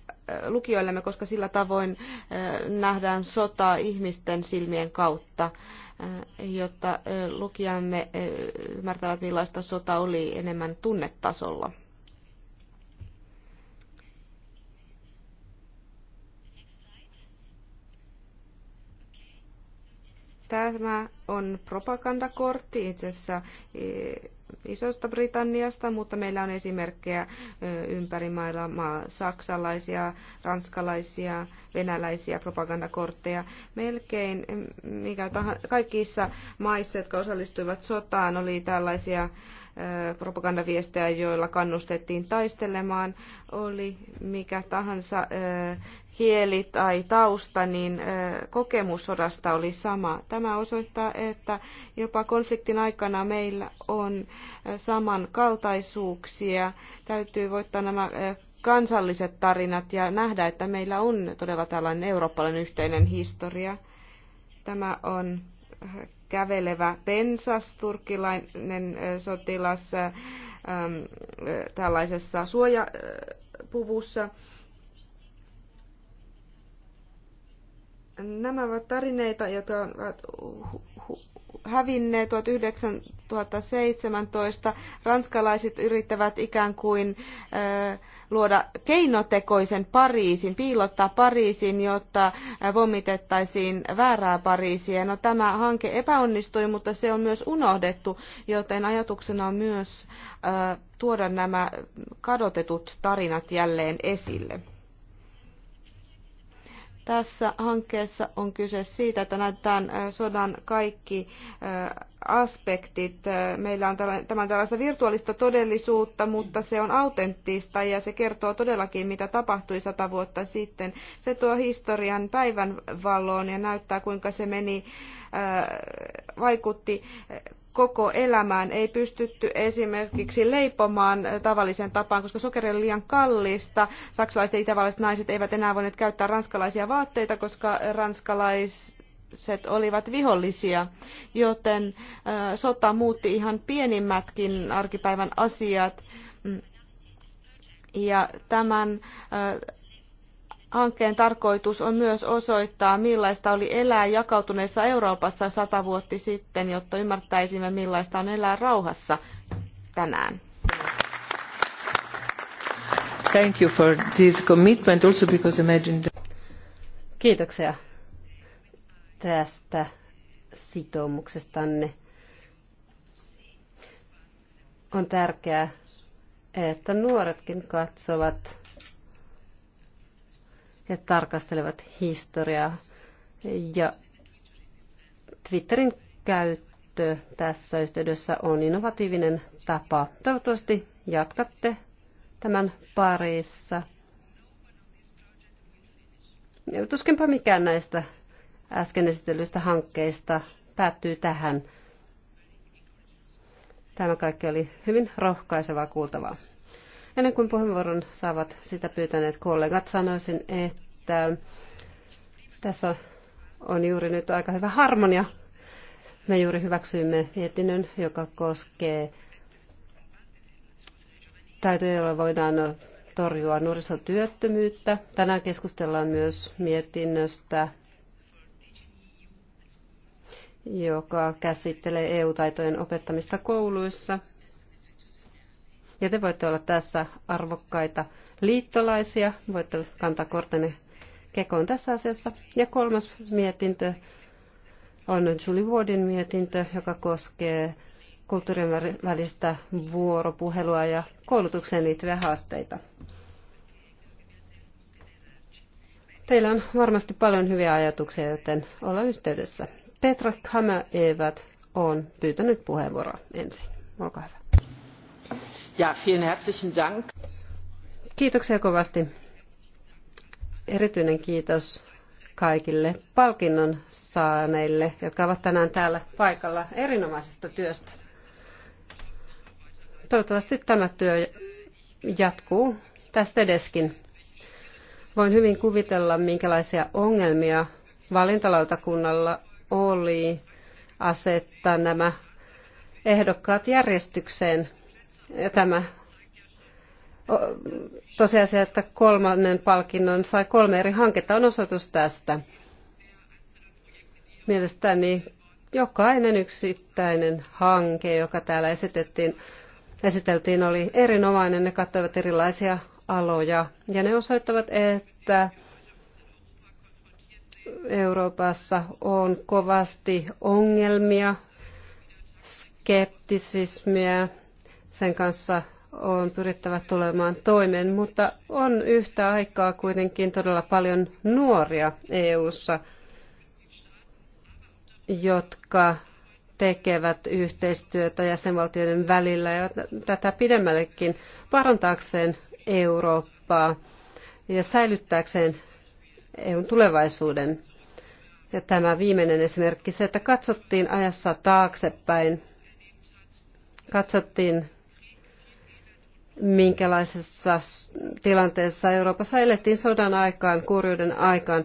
lukijoillemme, koska sillä tavoin nähdään sota ihmisten silmien kautta, jotta lukijamme ymmärtävät, millaista sota oli enemmän tunnetasolla. Tämä on propagandakortti itse asiassa eh, isosta Britanniasta, mutta meillä on esimerkkejä eh, ympäri maailmaa saksalaisia, ranskalaisia, venäläisiä propagandakortteja. Melkein eh, mikä tahansa, kaikissa maissa, jotka osallistuivat sotaan, oli tällaisia propagandaviestejä, joilla kannustettiin taistelemaan, oli mikä tahansa kieli tai tausta, niin kokemus sodasta oli sama. Tämä osoittaa, että jopa konfliktin aikana meillä on samankaltaisuuksia. Täytyy voittaa nämä kansalliset tarinat ja nähdä, että meillä on todella tällainen eurooppalainen yhteinen historia. Tämä on kävelevä pensas, turkkilainen sotilas tällaisessa suojapuvussa. Nämä ovat tarineita, jotka ovat hävinneet 1917. Ranskalaiset yrittävät ikään kuin luoda keinotekoisen Pariisin, piilottaa Pariisin, jotta vomitettaisiin väärää Pariisia. No, tämä hanke epäonnistui, mutta se on myös unohdettu, joten ajatuksena on myös tuoda nämä kadotetut tarinat jälleen esille. Tässä hankkeessa on kyse siitä, että näytetään sodan kaikki aspektit. Meillä on tämän tällaista virtuaalista todellisuutta, mutta se on autenttista ja se kertoo todellakin, mitä tapahtui sata vuotta sitten. Se tuo historian päivän valoon ja näyttää, kuinka se meni, vaikutti koko elämään. Ei pystytty esimerkiksi leipomaan tavallisen tapaan, koska sokeri oli liian kallista. Saksalaiset ja itävalliset naiset eivät enää voineet käyttää ranskalaisia vaatteita, koska ranskalaiset olivat vihollisia, joten sota muutti ihan pienimmätkin arkipäivän asiat. Mm. Ja tämän Hankkeen tarkoitus on myös osoittaa, millaista oli elää jakautuneessa Euroopassa sata vuotta sitten, jotta ymmärtäisimme, millaista on elää rauhassa tänään. Thank you for this commitment also because Kiitoksia tästä sitoumuksestanne. On tärkeää, että nuoretkin katsovat ja tarkastelevat historiaa. Ja Twitterin käyttö tässä yhteydessä on innovatiivinen tapa. Toivottavasti jatkatte tämän parissa. Tuskinpa mikään näistä äsken esitellyistä hankkeista päättyy tähän. Tämä kaikki oli hyvin rohkaisevaa kuultavaa. Ennen kuin puheenvuoron saavat sitä pyytäneet kollegat, sanoisin, että tässä on juuri nyt aika hyvä harmonia. Me juuri hyväksyimme mietinnön, joka koskee taitoja, joilla voidaan torjua nuorisotyöttömyyttä. Tänään keskustellaan myös mietinnöstä, joka käsittelee EU-taitojen opettamista kouluissa – ja te voitte olla tässä arvokkaita liittolaisia, voitte kantaa kortenne kekoon tässä asiassa. Ja kolmas mietintö on Julie Wardin mietintö, joka koskee kulttuurien välistä vuoropuhelua ja koulutukseen liittyviä haasteita. Teillä on varmasti paljon hyviä ajatuksia, joten olla yhteydessä. Petra Kama-Evät on pyytänyt puheenvuoroa ensin. Olkaa hyvä. Ja, vielen herzlichen Dank. Kiitoksia kovasti. Erityinen kiitos kaikille palkinnon saaneille, jotka ovat tänään täällä paikalla erinomaisesta työstä. Toivottavasti tämä työ jatkuu tästä edeskin. Voin hyvin kuvitella, minkälaisia ongelmia valintalautakunnalla oli asettaa nämä ehdokkaat järjestykseen ja tämä tosiasia, että kolmannen palkinnon sai kolme eri hanketta, on osoitus tästä. Mielestäni jokainen yksittäinen hanke, joka täällä esitettiin, esiteltiin, oli erinomainen. Ne katsoivat erilaisia aloja ja ne osoittavat, että Euroopassa on kovasti ongelmia, skeptisismiä, sen kanssa on pyrittävä tulemaan toimeen, mutta on yhtä aikaa kuitenkin todella paljon nuoria EU:ssa, jotka tekevät yhteistyötä jäsenvaltioiden välillä ja tätä pidemmällekin parantaakseen Eurooppaa ja säilyttääkseen EUn tulevaisuuden. Ja tämä viimeinen esimerkki, se, että katsottiin ajassa taaksepäin, katsottiin minkälaisessa tilanteessa Euroopassa elettiin sodan aikaan, kurjuuden aikaan.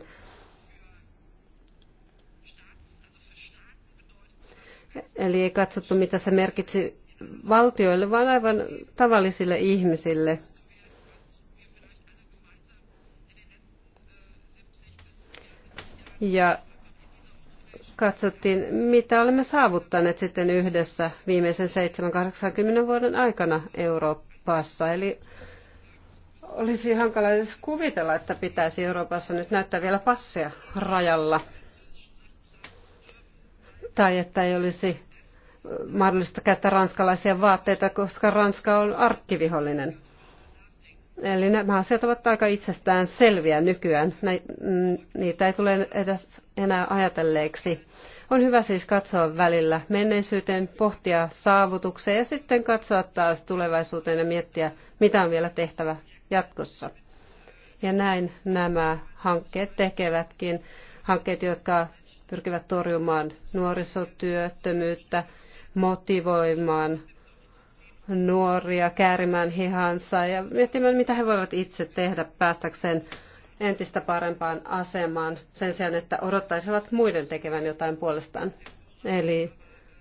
Eli ei katsottu, mitä se merkitsi valtioille, vaan aivan tavallisille ihmisille. Ja katsottiin, mitä olemme saavuttaneet sitten yhdessä viimeisen 7-80 vuoden aikana Eurooppa. Euroopassa. Eli olisi hankala edes kuvitella, että pitäisi Euroopassa nyt näyttää vielä passeja rajalla. Tai että ei olisi mahdollista käyttää ranskalaisia vaatteita, koska Ranska on arkkivihollinen. Eli nämä asiat ovat aika itsestään selviä nykyään. Niitä ei tule edes enää ajatelleeksi. On hyvä siis katsoa välillä menneisyyteen, pohtia saavutuksia ja sitten katsoa taas tulevaisuuteen ja miettiä, mitä on vielä tehtävä jatkossa. Ja näin nämä hankkeet tekevätkin. Hankkeet, jotka pyrkivät torjumaan nuorisotyöttömyyttä, motivoimaan nuoria käärimään hihansa ja miettimään, mitä he voivat itse tehdä päästäkseen entistä parempaan asemaan sen sijaan, että odottaisivat muiden tekevän jotain puolestaan. Eli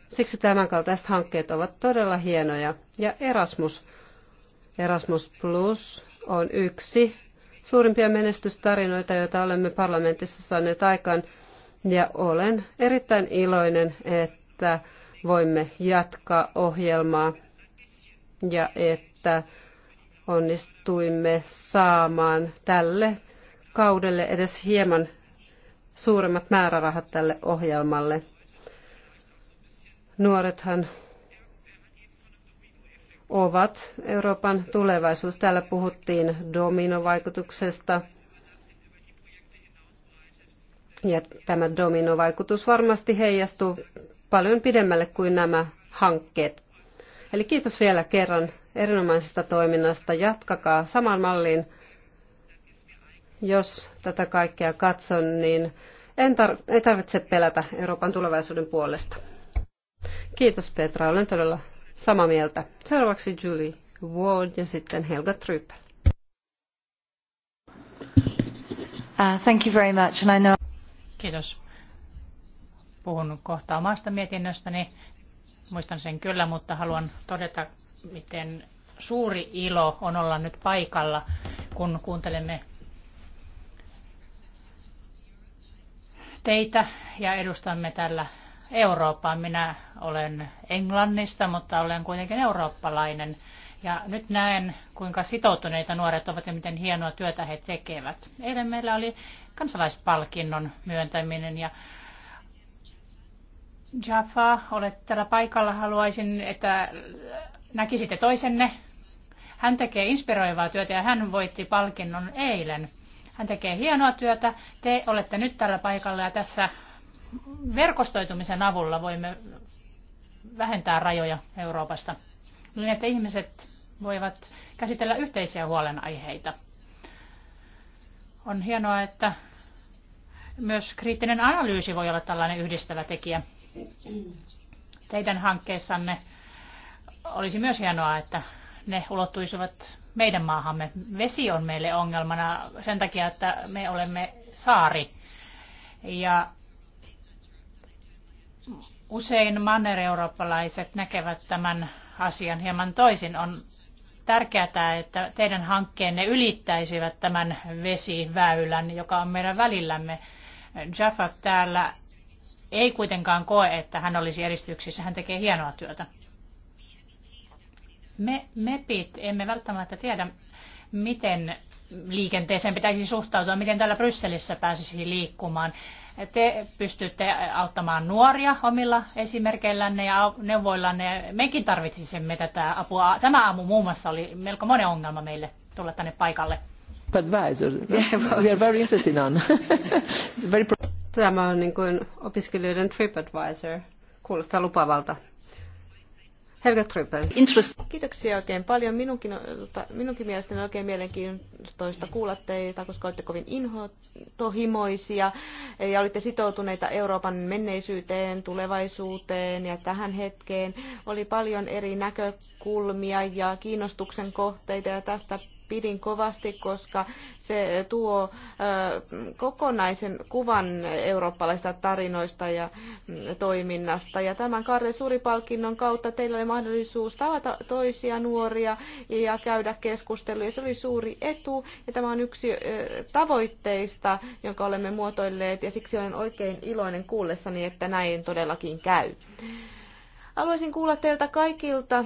siksi tämänkaltaiset hankkeet ovat todella hienoja. Ja Erasmus, Erasmus Plus on yksi suurimpia menestystarinoita, joita olemme parlamentissa saaneet aikaan. Ja olen erittäin iloinen, että voimme jatkaa ohjelmaa ja että onnistuimme saamaan tälle kaudelle edes hieman suuremmat määrärahat tälle ohjelmalle. Nuorethan ovat Euroopan tulevaisuus. Täällä puhuttiin dominovaikutuksesta. Ja tämä dominovaikutus varmasti heijastuu paljon pidemmälle kuin nämä hankkeet. Eli kiitos vielä kerran erinomaisesta toiminnasta. Jatkakaa saman malliin jos tätä kaikkea katson, niin en tar- ei tarvitse pelätä Euroopan tulevaisuuden puolesta. Kiitos Petra, olen todella samaa mieltä. Seuraavaksi Julie Ward ja sitten Helga Tryppel. Uh, thank you very much, and I know... Kiitos. Puhun kohta omasta mietinnöstäni. Muistan sen kyllä, mutta haluan todeta, miten suuri ilo on olla nyt paikalla, kun kuuntelemme teitä ja edustamme tällä Eurooppaa. Minä olen Englannista, mutta olen kuitenkin eurooppalainen. Ja nyt näen, kuinka sitoutuneita nuoret ovat ja miten hienoa työtä he tekevät. Eilen meillä oli kansalaispalkinnon myöntäminen ja Jaffa, olet täällä paikalla. Haluaisin, että näkisitte toisenne. Hän tekee inspiroivaa työtä ja hän voitti palkinnon eilen. Hän tekee hienoa työtä. Te olette nyt tällä paikalla ja tässä verkostoitumisen avulla voimme vähentää rajoja Euroopasta, niin että ihmiset voivat käsitellä yhteisiä huolenaiheita. On hienoa, että myös kriittinen analyysi voi olla tällainen yhdistävä tekijä. Teidän hankkeessanne olisi myös hienoa, että ne ulottuisivat meidän maahamme. Vesi on meille ongelmana sen takia, että me olemme saari. Ja usein manner-eurooppalaiset näkevät tämän asian hieman toisin. On tärkeää, että teidän hankkeenne ylittäisivät tämän vesiväylän, joka on meidän välillämme. Jaffa täällä ei kuitenkaan koe, että hän olisi eristyksissä. Hän tekee hienoa työtä. Me MEPit emme välttämättä tiedä, miten liikenteeseen pitäisi suhtautua, miten täällä Brysselissä pääsisi liikkumaan. Te pystytte auttamaan nuoria omilla esimerkeillänne ja neuvoillanne. Mekin tarvitsisimme tätä apua. Tämä aamu muun muassa oli melko monen ongelma meille tulla tänne paikalle. We are very interested very Tämä on niin kuin opiskelijoiden TripAdvisor. Kuulostaa lupavalta. Helga Trypel. Kiitoksia oikein paljon. Minunkin, tota, minunkin mielestäni on oikein mielenkiintoista kuulla teitä, koska olette kovin inhotohimoisia ja olitte sitoutuneita Euroopan menneisyyteen, tulevaisuuteen ja tähän hetkeen. Oli paljon eri näkökulmia ja kiinnostuksen kohteita ja tästä pidin kovasti, koska se tuo kokonaisen kuvan eurooppalaisista tarinoista ja mm, toiminnasta. Ja tämän suuri Suuripalkinnon kautta teillä oli mahdollisuus tavata toisia nuoria ja käydä keskusteluja. Se oli suuri etu ja tämä on yksi tavoitteista, jonka olemme muotoilleet ja siksi olen oikein iloinen kuullessani, että näin todellakin käy. Haluaisin kuulla teiltä kaikilta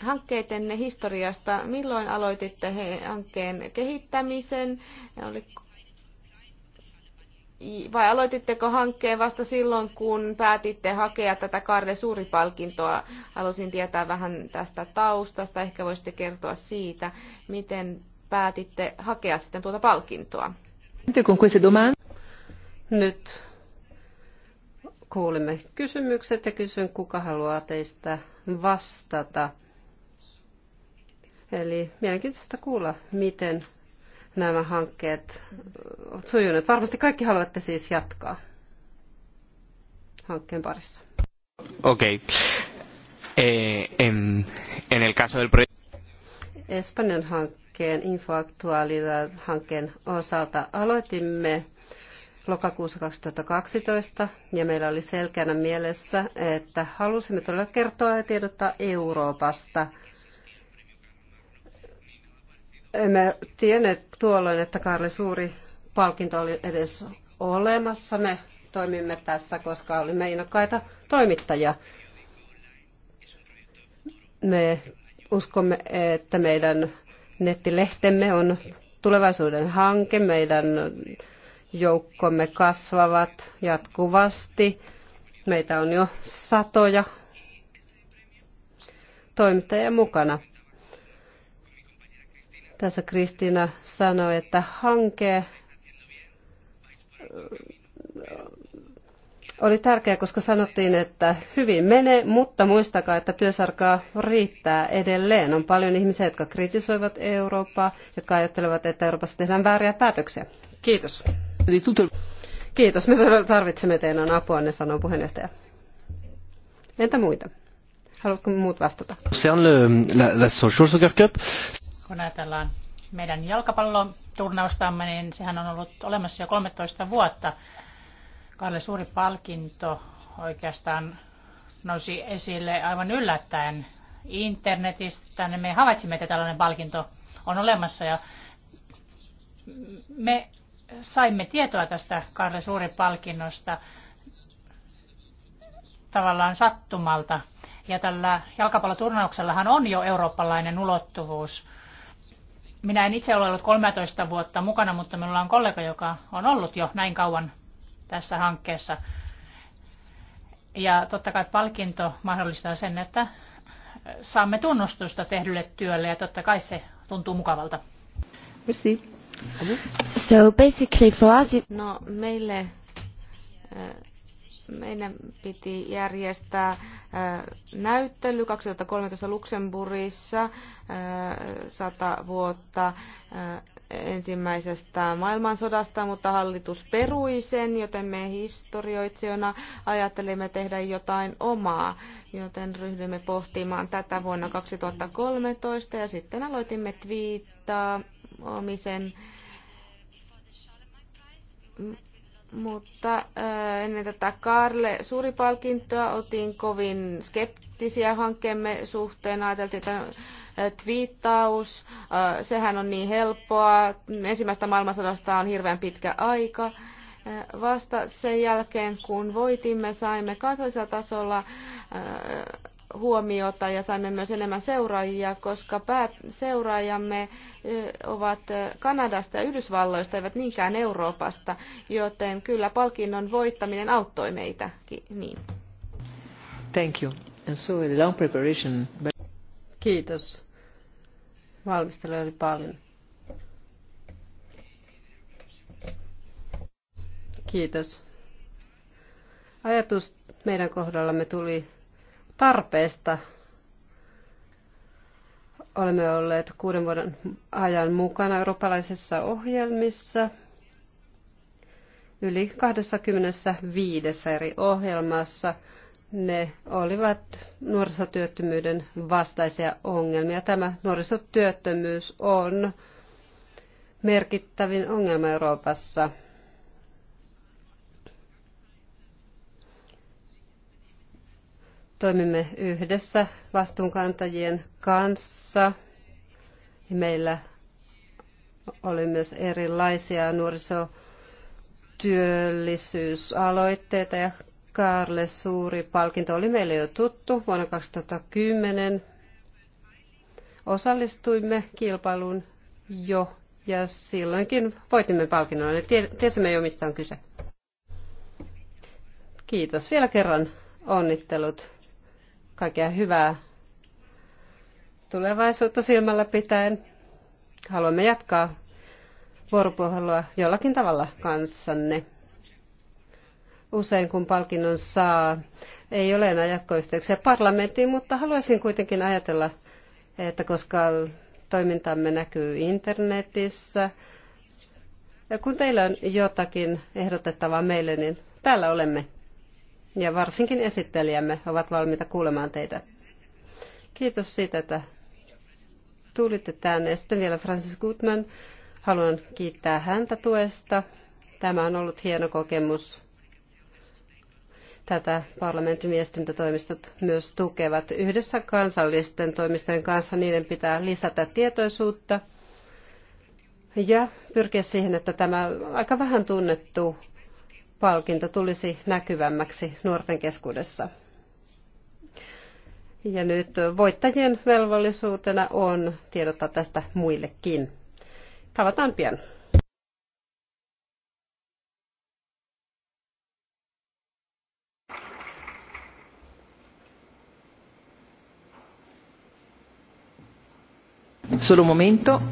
hankkeitenne historiasta. Milloin aloititte hankkeen kehittämisen? Oliko vai aloititteko hankkeen vasta silloin, kun päätitte hakea tätä Karle Suuripalkintoa? Haluaisin tietää vähän tästä taustasta. Ehkä voisitte kertoa siitä, miten päätitte hakea sitten tuota palkintoa. Nyt kuulimme kysymykset ja kysyn, kuka haluaa teistä vastata. Eli mielenkiintoista kuulla, miten nämä hankkeet ovat sujuneet. Varmasti kaikki haluatte siis jatkaa hankkeen parissa. Okei. Okay. Eh, en, en el caso del Espanjan hankkeen infoaktuaalidad-hankkeen osalta aloitimme lokakuussa 2012 ja meillä oli selkeänä mielessä, että halusimme todella kertoa ja tiedottaa Euroopasta – emme tienneet tuolloin, että Karle Suuri palkinto oli edes olemassa. Me toimimme tässä, koska olimme innokkaita toimittajia. Me uskomme, että meidän nettilehtemme on tulevaisuuden hanke. Meidän joukkomme kasvavat jatkuvasti. Meitä on jo satoja toimittajia mukana. Tässä Kristiina sanoi, että hanke äh, oli tärkeä, koska sanottiin, että hyvin menee, mutta muistakaa, että työsarkaa riittää edelleen. On paljon ihmisiä, jotka kritisoivat Eurooppaa, jotka ajattelevat, että Euroopassa tehdään vääriä päätöksiä. Kiitos. Kiitos, me tarvitsemme teidän apuanne, sanoo puheenjohtaja. Entä muita? Haluatko muut vastata? kun ajatellaan meidän jalkapalloturnaustamme, niin sehän on ollut olemassa jo 13 vuotta. Kalle suuri palkinto oikeastaan nousi esille aivan yllättäen internetistä. Niin me havaitsimme, että tällainen palkinto on olemassa ja me saimme tietoa tästä kalle suuri palkinnosta tavallaan sattumalta. Ja tällä jalkapalloturnauksellahan on jo eurooppalainen ulottuvuus. Minä en itse ole ollut 13 vuotta mukana, mutta minulla on kollega, joka on ollut jo näin kauan tässä hankkeessa. Ja totta kai palkinto mahdollistaa sen, että saamme tunnustusta tehdylle työlle ja totta kai se tuntuu mukavalta. Merci. So basically for us... No meille meidän piti järjestää näyttely 2013 Luxemburgissa 100 vuotta ensimmäisestä maailmansodasta, mutta hallitus perui sen, joten me historioitsijoina ajattelimme tehdä jotain omaa, joten ryhdymme pohtimaan tätä vuonna 2013 ja sitten aloitimme twiittaamisen mutta äh, ennen tätä Karle suuri palkintoa otin kovin skeptisiä hankkeemme suhteen. Ajateltiin, että äh, twiittaus, äh, sehän on niin helppoa. Ensimmäistä maailmansodasta on hirveän pitkä aika. Vasta sen jälkeen, kun voitimme, saimme kansallisella tasolla huomiota ja saimme myös enemmän seuraajia, koska seuraajamme ovat Kanadasta ja Yhdysvalloista, eivät niinkään Euroopasta, joten kyllä palkinnon voittaminen auttoi meitä. Niin. Thank you. And so long preparation. Kiitos. Valmistelu oli paljon. Kiitos. Ajatus meidän kohdallamme tuli tarpeesta. Olemme olleet kuuden vuoden ajan mukana eurooppalaisissa ohjelmissa, yli 25 eri ohjelmassa. Ne olivat nuorisotyöttömyyden vastaisia ongelmia. Tämä nuorisotyöttömyys on merkittävin ongelma Euroopassa – Toimimme yhdessä vastuunkantajien kanssa. Meillä oli myös erilaisia nuorisotyöllisyysaloitteita ja Karle suuri palkinto oli meille jo tuttu vuonna 2010. Osallistuimme kilpailuun jo ja silloinkin voitimme palkinnon ja tiesimme jo mistä on kyse. Kiitos vielä kerran. Onnittelut kaikkea hyvää tulevaisuutta silmällä pitäen. Haluamme jatkaa vuoropuhelua jollakin tavalla kanssanne. Usein kun palkinnon saa, ei ole enää jatkoyhteyksiä parlamenttiin, mutta haluaisin kuitenkin ajatella, että koska toimintamme näkyy internetissä, ja kun teillä on jotakin ehdotettavaa meille, niin täällä olemme ja varsinkin esittelijämme ovat valmiita kuulemaan teitä. Kiitos siitä, että tulitte tänne. sitten vielä Francis Goodman. Haluan kiittää häntä tuesta. Tämä on ollut hieno kokemus. Tätä parlamentin viestintätoimistot myös tukevat. Yhdessä kansallisten toimistojen kanssa niiden pitää lisätä tietoisuutta ja pyrkiä siihen, että tämä aika vähän tunnettu palkinto tulisi näkyvämmäksi nuorten keskuudessa. Ja nyt voittajien velvollisuutena on tiedottaa tästä muillekin. Tavataan pian. Solo un momento.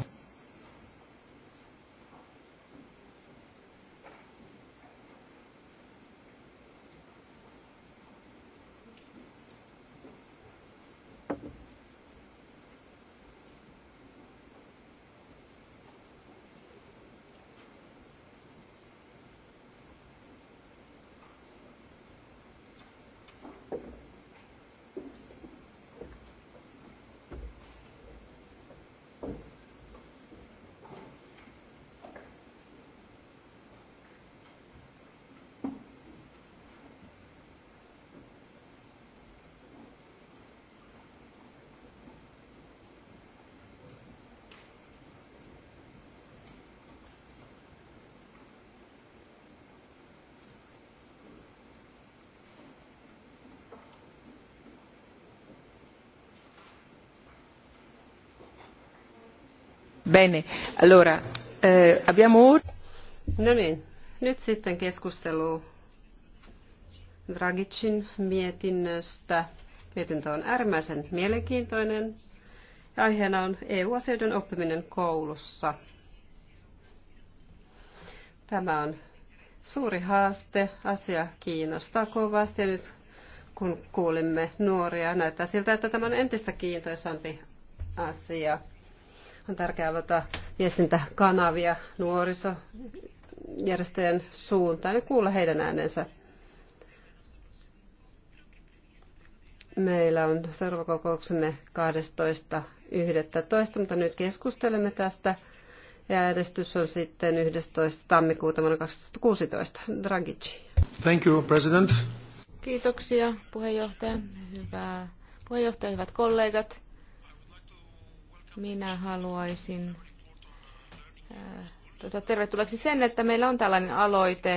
Eh, no niin, nyt sitten keskustelu Dragicin mietinnöstä. Mietintö on äärimmäisen mielenkiintoinen. Aiheena on EU-asioiden oppiminen koulussa. Tämä on suuri haaste. Asia kiinnostaa kovasti. Ja nyt kun kuulimme nuoria, näyttää siltä, että tämä on entistä kiintoisampi asia. On tärkeää avata viestintäkanavia nuorisojärjestöjen suuntaan ja kuulla heidän äänensä. Meillä on seuraava kokouksemme 12.11. Mutta nyt keskustelemme tästä. Ja äänestys on sitten 11. tammikuuta vuonna 2016. Dragici. Thank you, President. Kiitoksia puheenjohtaja. Hyvää puheenjohtaja, hyvät kollegat. Minä haluaisin tuota tervetulleeksi sen, että meillä on tällainen aloite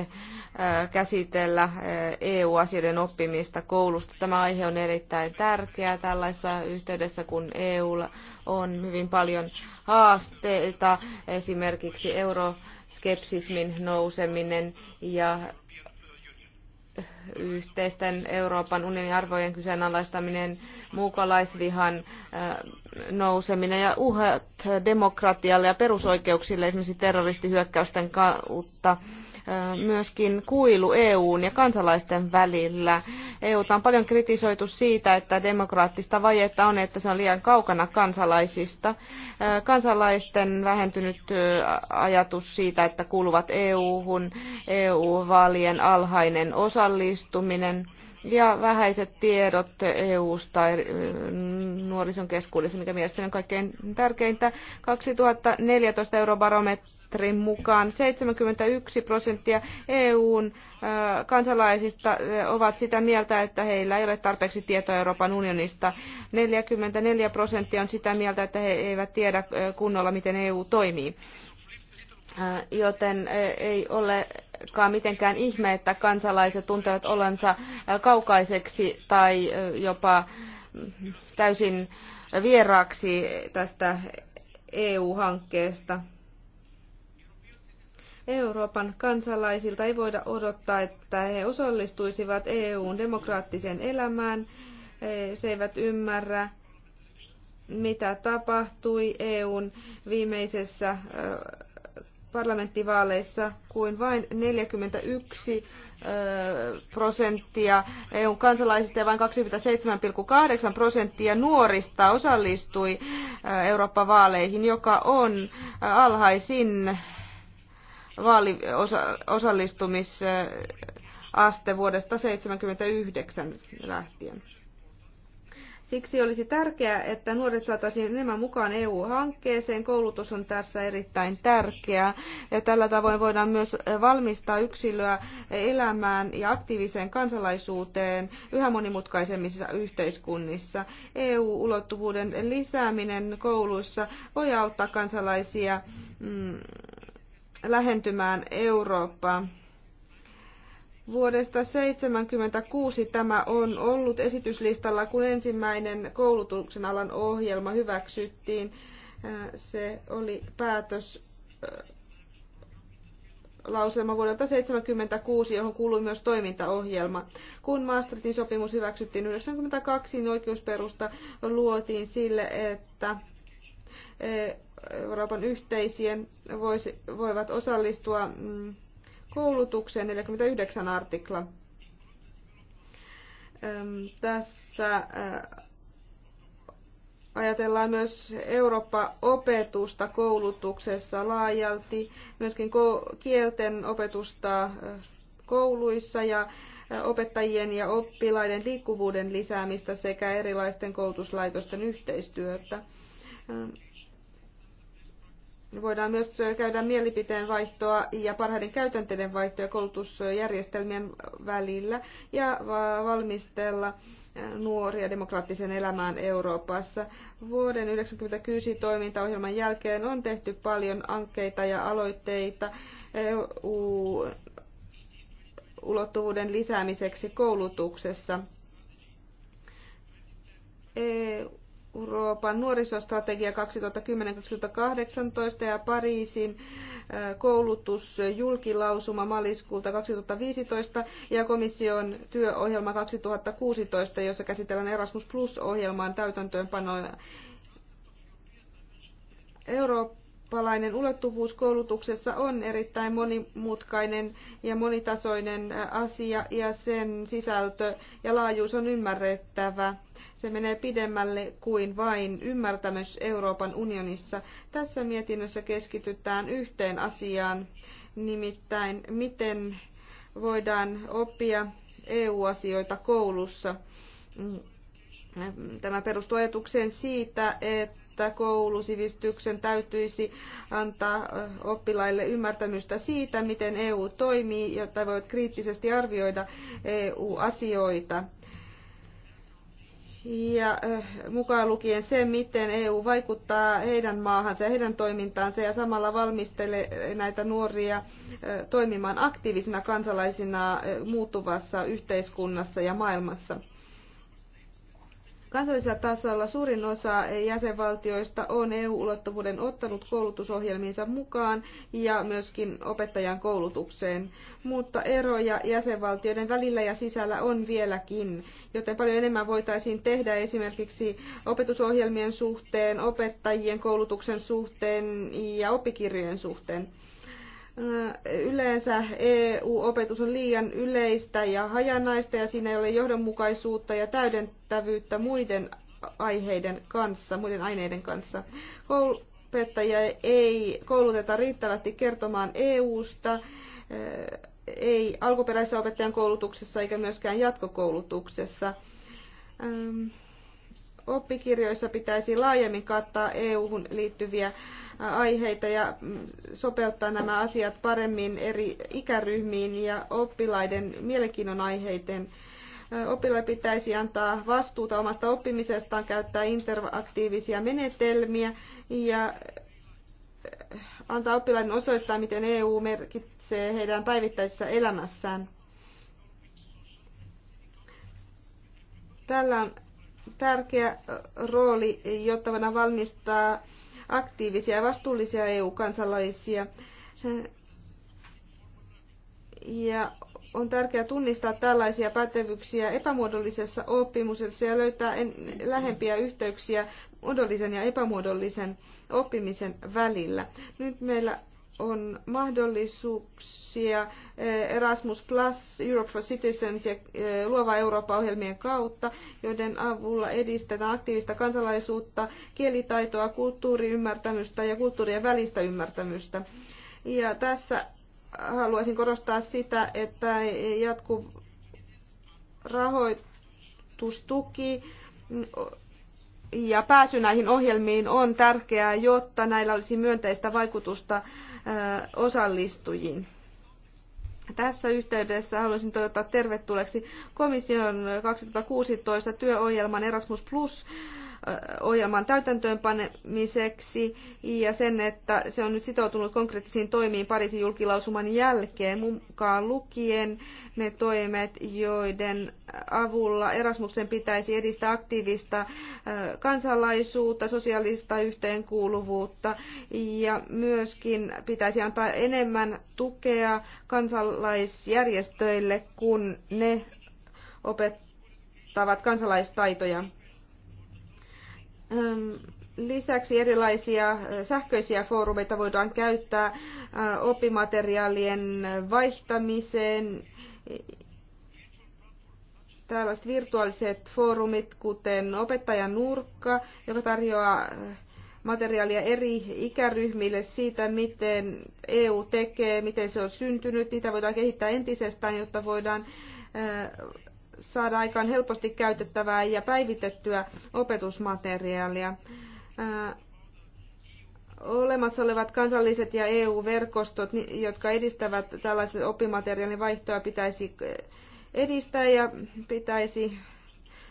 äh, käsitellä äh, EU-asioiden oppimista koulusta. Tämä aihe on erittäin tärkeä tällaisessa yhteydessä, kun EUlla on hyvin paljon haasteita, esimerkiksi euroskepsismin nouseminen ja yhteisten Euroopan unionin arvojen kyseenalaistaminen, muukalaisvihan nouseminen ja uhat demokratialle ja perusoikeuksille esimerkiksi terroristihyökkäysten kautta myöskin kuilu EUn ja kansalaisten välillä. EUta on paljon kritisoitu siitä, että demokraattista vajetta on, että se on liian kaukana kansalaisista. Kansalaisten vähentynyt ajatus siitä, että kuuluvat EU-hun, EU-vaalien alhainen osallistuminen – ja vähäiset tiedot EU-sta nuorison keskuudessa, mikä mielestäni on kaikkein tärkeintä. 2014 eurobarometrin mukaan 71 prosenttia EUn äh, kansalaisista äh, ovat sitä mieltä, että heillä ei ole tarpeeksi tietoa Euroopan unionista. 44 prosenttia on sitä mieltä, että he eivät tiedä äh, kunnolla, miten EU toimii. Joten ei ole olekaan mitenkään ihme, että kansalaiset tuntevat olensa äh, kaukaiseksi tai äh, jopa mm, täysin vieraaksi tästä EU-hankkeesta. Euroopan kansalaisilta ei voida odottaa, että he osallistuisivat EUn demokraattiseen elämään. Se eivät ymmärrä, mitä tapahtui EUn viimeisessä äh, parlamenttivaaleissa kuin vain 41 prosenttia EUn kansalaisista ja vain 27,8 prosenttia nuorista osallistui Eurooppa-vaaleihin, joka on alhaisin vaaliosallistumisaste vuodesta 1979 lähtien. Siksi olisi tärkeää, että nuoret saataisiin enemmän mukaan EU-hankkeeseen. Koulutus on tässä erittäin tärkeää ja tällä tavoin voidaan myös valmistaa yksilöä elämään ja aktiiviseen kansalaisuuteen yhä monimutkaisemmissa yhteiskunnissa. EU-ulottuvuuden lisääminen kouluissa voi auttaa kansalaisia mm, lähentymään Eurooppaa. Vuodesta 1976 tämä on ollut esityslistalla, kun ensimmäinen koulutuksen alan ohjelma hyväksyttiin. Äh, se oli päätös äh, lauselma vuodelta 1976, johon kuului myös toimintaohjelma. Kun Maastrichtin sopimus hyväksyttiin 1992, niin oikeusperusta luotiin sille, että äh, Euroopan yhteisien voisi, voivat osallistua mm, koulutukseen 49 artikla. Tässä äh, ajatellaan myös Eurooppa-opetusta koulutuksessa laajalti, myöskin kielten opetusta äh, kouluissa ja äh, opettajien ja oppilaiden liikkuvuuden lisäämistä sekä erilaisten koulutuslaitosten yhteistyötä. Voidaan myös käydä mielipiteen vaihtoa ja parhaiden käytänteiden vaihtoja koulutusjärjestelmien välillä ja valmistella nuoria demokraattiseen elämään Euroopassa. Vuoden 1996 toimintaohjelman jälkeen on tehty paljon ankeita ja aloitteita EU-ulottuvuuden lisäämiseksi koulutuksessa. EU Euroopan nuorisostrategia 2010-2018 ja Pariisin äh, koulutusjulkilausuma maaliskuulta 2015 ja komission työohjelma 2016, jossa käsitellään Erasmus plus ohjelmaan täytäntöönpanoa Eurooppa eurooppalainen ulottuvuus koulutuksessa on erittäin monimutkainen ja monitasoinen asia ja sen sisältö ja laajuus on ymmärrettävä. Se menee pidemmälle kuin vain ymmärtämys Euroopan unionissa. Tässä mietinnössä keskitytään yhteen asiaan, nimittäin miten voidaan oppia EU-asioita koulussa. Mm, Tämä perustuu ajatukseen siitä, että että koulusivistyksen täytyisi antaa oppilaille ymmärtämystä siitä, miten EU toimii, jotta voit kriittisesti arvioida EU-asioita. Ja mukaan lukien se, miten EU vaikuttaa heidän maahansa ja heidän toimintaansa ja samalla valmistelee näitä nuoria toimimaan aktiivisina kansalaisina muuttuvassa yhteiskunnassa ja maailmassa. Kansallisella tasolla suurin osa jäsenvaltioista on EU-ulottuvuuden ottanut koulutusohjelmiinsa mukaan ja myöskin opettajan koulutukseen, mutta eroja jäsenvaltioiden välillä ja sisällä on vieläkin, joten paljon enemmän voitaisiin tehdä esimerkiksi opetusohjelmien suhteen, opettajien koulutuksen suhteen ja oppikirjojen suhteen. Yleensä EU-opetus on liian yleistä ja hajanaista ja siinä ei ole johdonmukaisuutta ja täydentävyyttä muiden aiheiden kanssa, muiden aineiden kanssa. Koulupettajia ei kouluteta riittävästi kertomaan EU-sta, ei alkuperäisessä opettajan koulutuksessa eikä myöskään jatkokoulutuksessa. Oppikirjoissa pitäisi laajemmin kattaa EU-hun liittyviä aiheita ja mm, sopeuttaa nämä asiat paremmin eri ikäryhmiin ja oppilaiden mielenkiinnon aiheiden oppilaille pitäisi antaa vastuuta omasta oppimisestaan, käyttää interaktiivisia menetelmiä ja antaa oppilaiden osoittaa, miten EU merkitsee heidän päivittäisessä elämässään. Tällä on tärkeä rooli, jotta voidaan valmistaa aktiivisia ja vastuullisia EU-kansalaisia. Ja on tärkeää tunnistaa tällaisia pätevyyksiä epämuodollisessa oppimisessa ja löytää en, lähempiä yhteyksiä muodollisen ja epämuodollisen oppimisen välillä. Nyt meillä on mahdollisuuksia eh, Erasmus Plus, Europe for Citizens ja eh, Luova Eurooppa-ohjelmien kautta, joiden avulla edistetään aktiivista kansalaisuutta, kielitaitoa, kulttuuriymmärtämystä ja kulttuurien välistä ymmärtämystä. Ja tässä haluaisin korostaa sitä, että jatkuv rahoitustuki ja pääsy näihin ohjelmiin on tärkeää, jotta näillä olisi myönteistä vaikutusta osallistujiin. Tässä yhteydessä haluaisin toivottaa tervetulleeksi komission 2016 työohjelman Erasmus Plus ohjelman täytäntöönpanemiseksi ja sen, että se on nyt sitoutunut konkreettisiin toimiin Pariisin julkilausuman jälkeen, mukaan lukien ne toimet, joiden avulla Erasmuksen pitäisi edistää aktiivista kansalaisuutta, sosiaalista yhteenkuuluvuutta ja myöskin pitäisi antaa enemmän tukea kansalaisjärjestöille, kun ne opettavat kansalaistaitoja. Lisäksi erilaisia sähköisiä foorumeita voidaan käyttää oppimateriaalien vaihtamiseen. Tällaiset virtuaaliset foorumit, kuten opettajan nurkka, joka tarjoaa materiaalia eri ikäryhmille siitä, miten EU tekee, miten se on syntynyt. Niitä voidaan kehittää entisestään, jotta voidaan saada aikaan helposti käytettävää ja päivitettyä opetusmateriaalia. Olemassa olevat kansalliset ja EU-verkostot, jotka edistävät tällaisen oppimateriaalin vaihtoa, pitäisi edistää ja pitäisi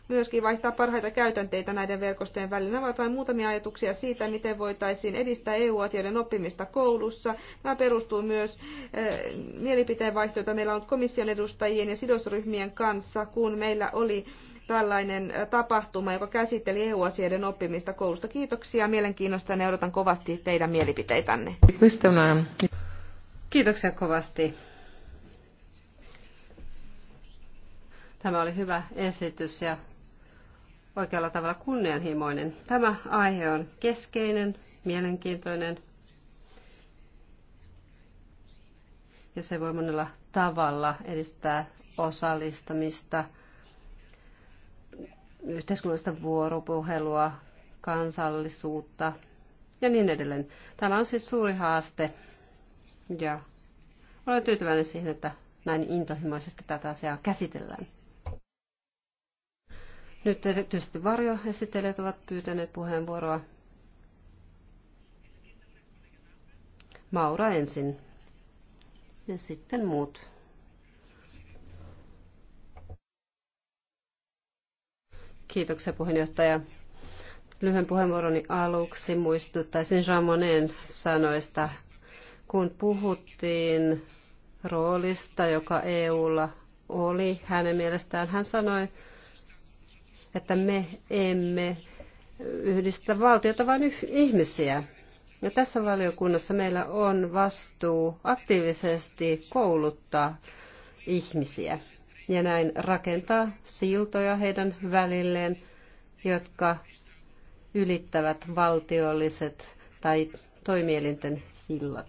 myöskin vaihtaa parhaita käytänteitä näiden verkostojen välillä. Nämä ovat vain muutamia ajatuksia siitä, miten voitaisiin edistää EU-asioiden oppimista koulussa. Tämä perustuu myös eh, mielipiteenvaihtoon, jota meillä on komission edustajien ja sidosryhmien kanssa, kun meillä oli tällainen eh, tapahtuma, joka käsitteli EU-asioiden oppimista koulusta. Kiitoksia mielenkiinnosta ja odotan kovasti teidän mielipiteitänne. Kiitoksia kovasti. Tämä oli hyvä esitys ja oikealla tavalla kunnianhimoinen. Tämä aihe on keskeinen, mielenkiintoinen ja se voi monella tavalla edistää osallistamista, yhteiskunnallista vuoropuhelua, kansallisuutta ja niin edelleen. Tämä on siis suuri haaste ja olen tyytyväinen siihen, että näin intohimoisesti tätä asiaa käsitellään. Nyt erityisesti varjoesittelijät ovat pyytäneet puheenvuoroa. Maura ensin ja sitten muut. Kiitoksia puheenjohtaja. Lyhyen puheenvuoroni aluksi muistuttaisin Jean Monnet sanoista, kun puhuttiin roolista, joka EUlla oli hänen mielestään. Hän sanoi, että me emme yhdistä valtiota, vaan ihmisiä. Ja tässä valiokunnassa meillä on vastuu aktiivisesti kouluttaa ihmisiä ja näin rakentaa siltoja heidän välilleen, jotka ylittävät valtiolliset tai toimielinten sillat.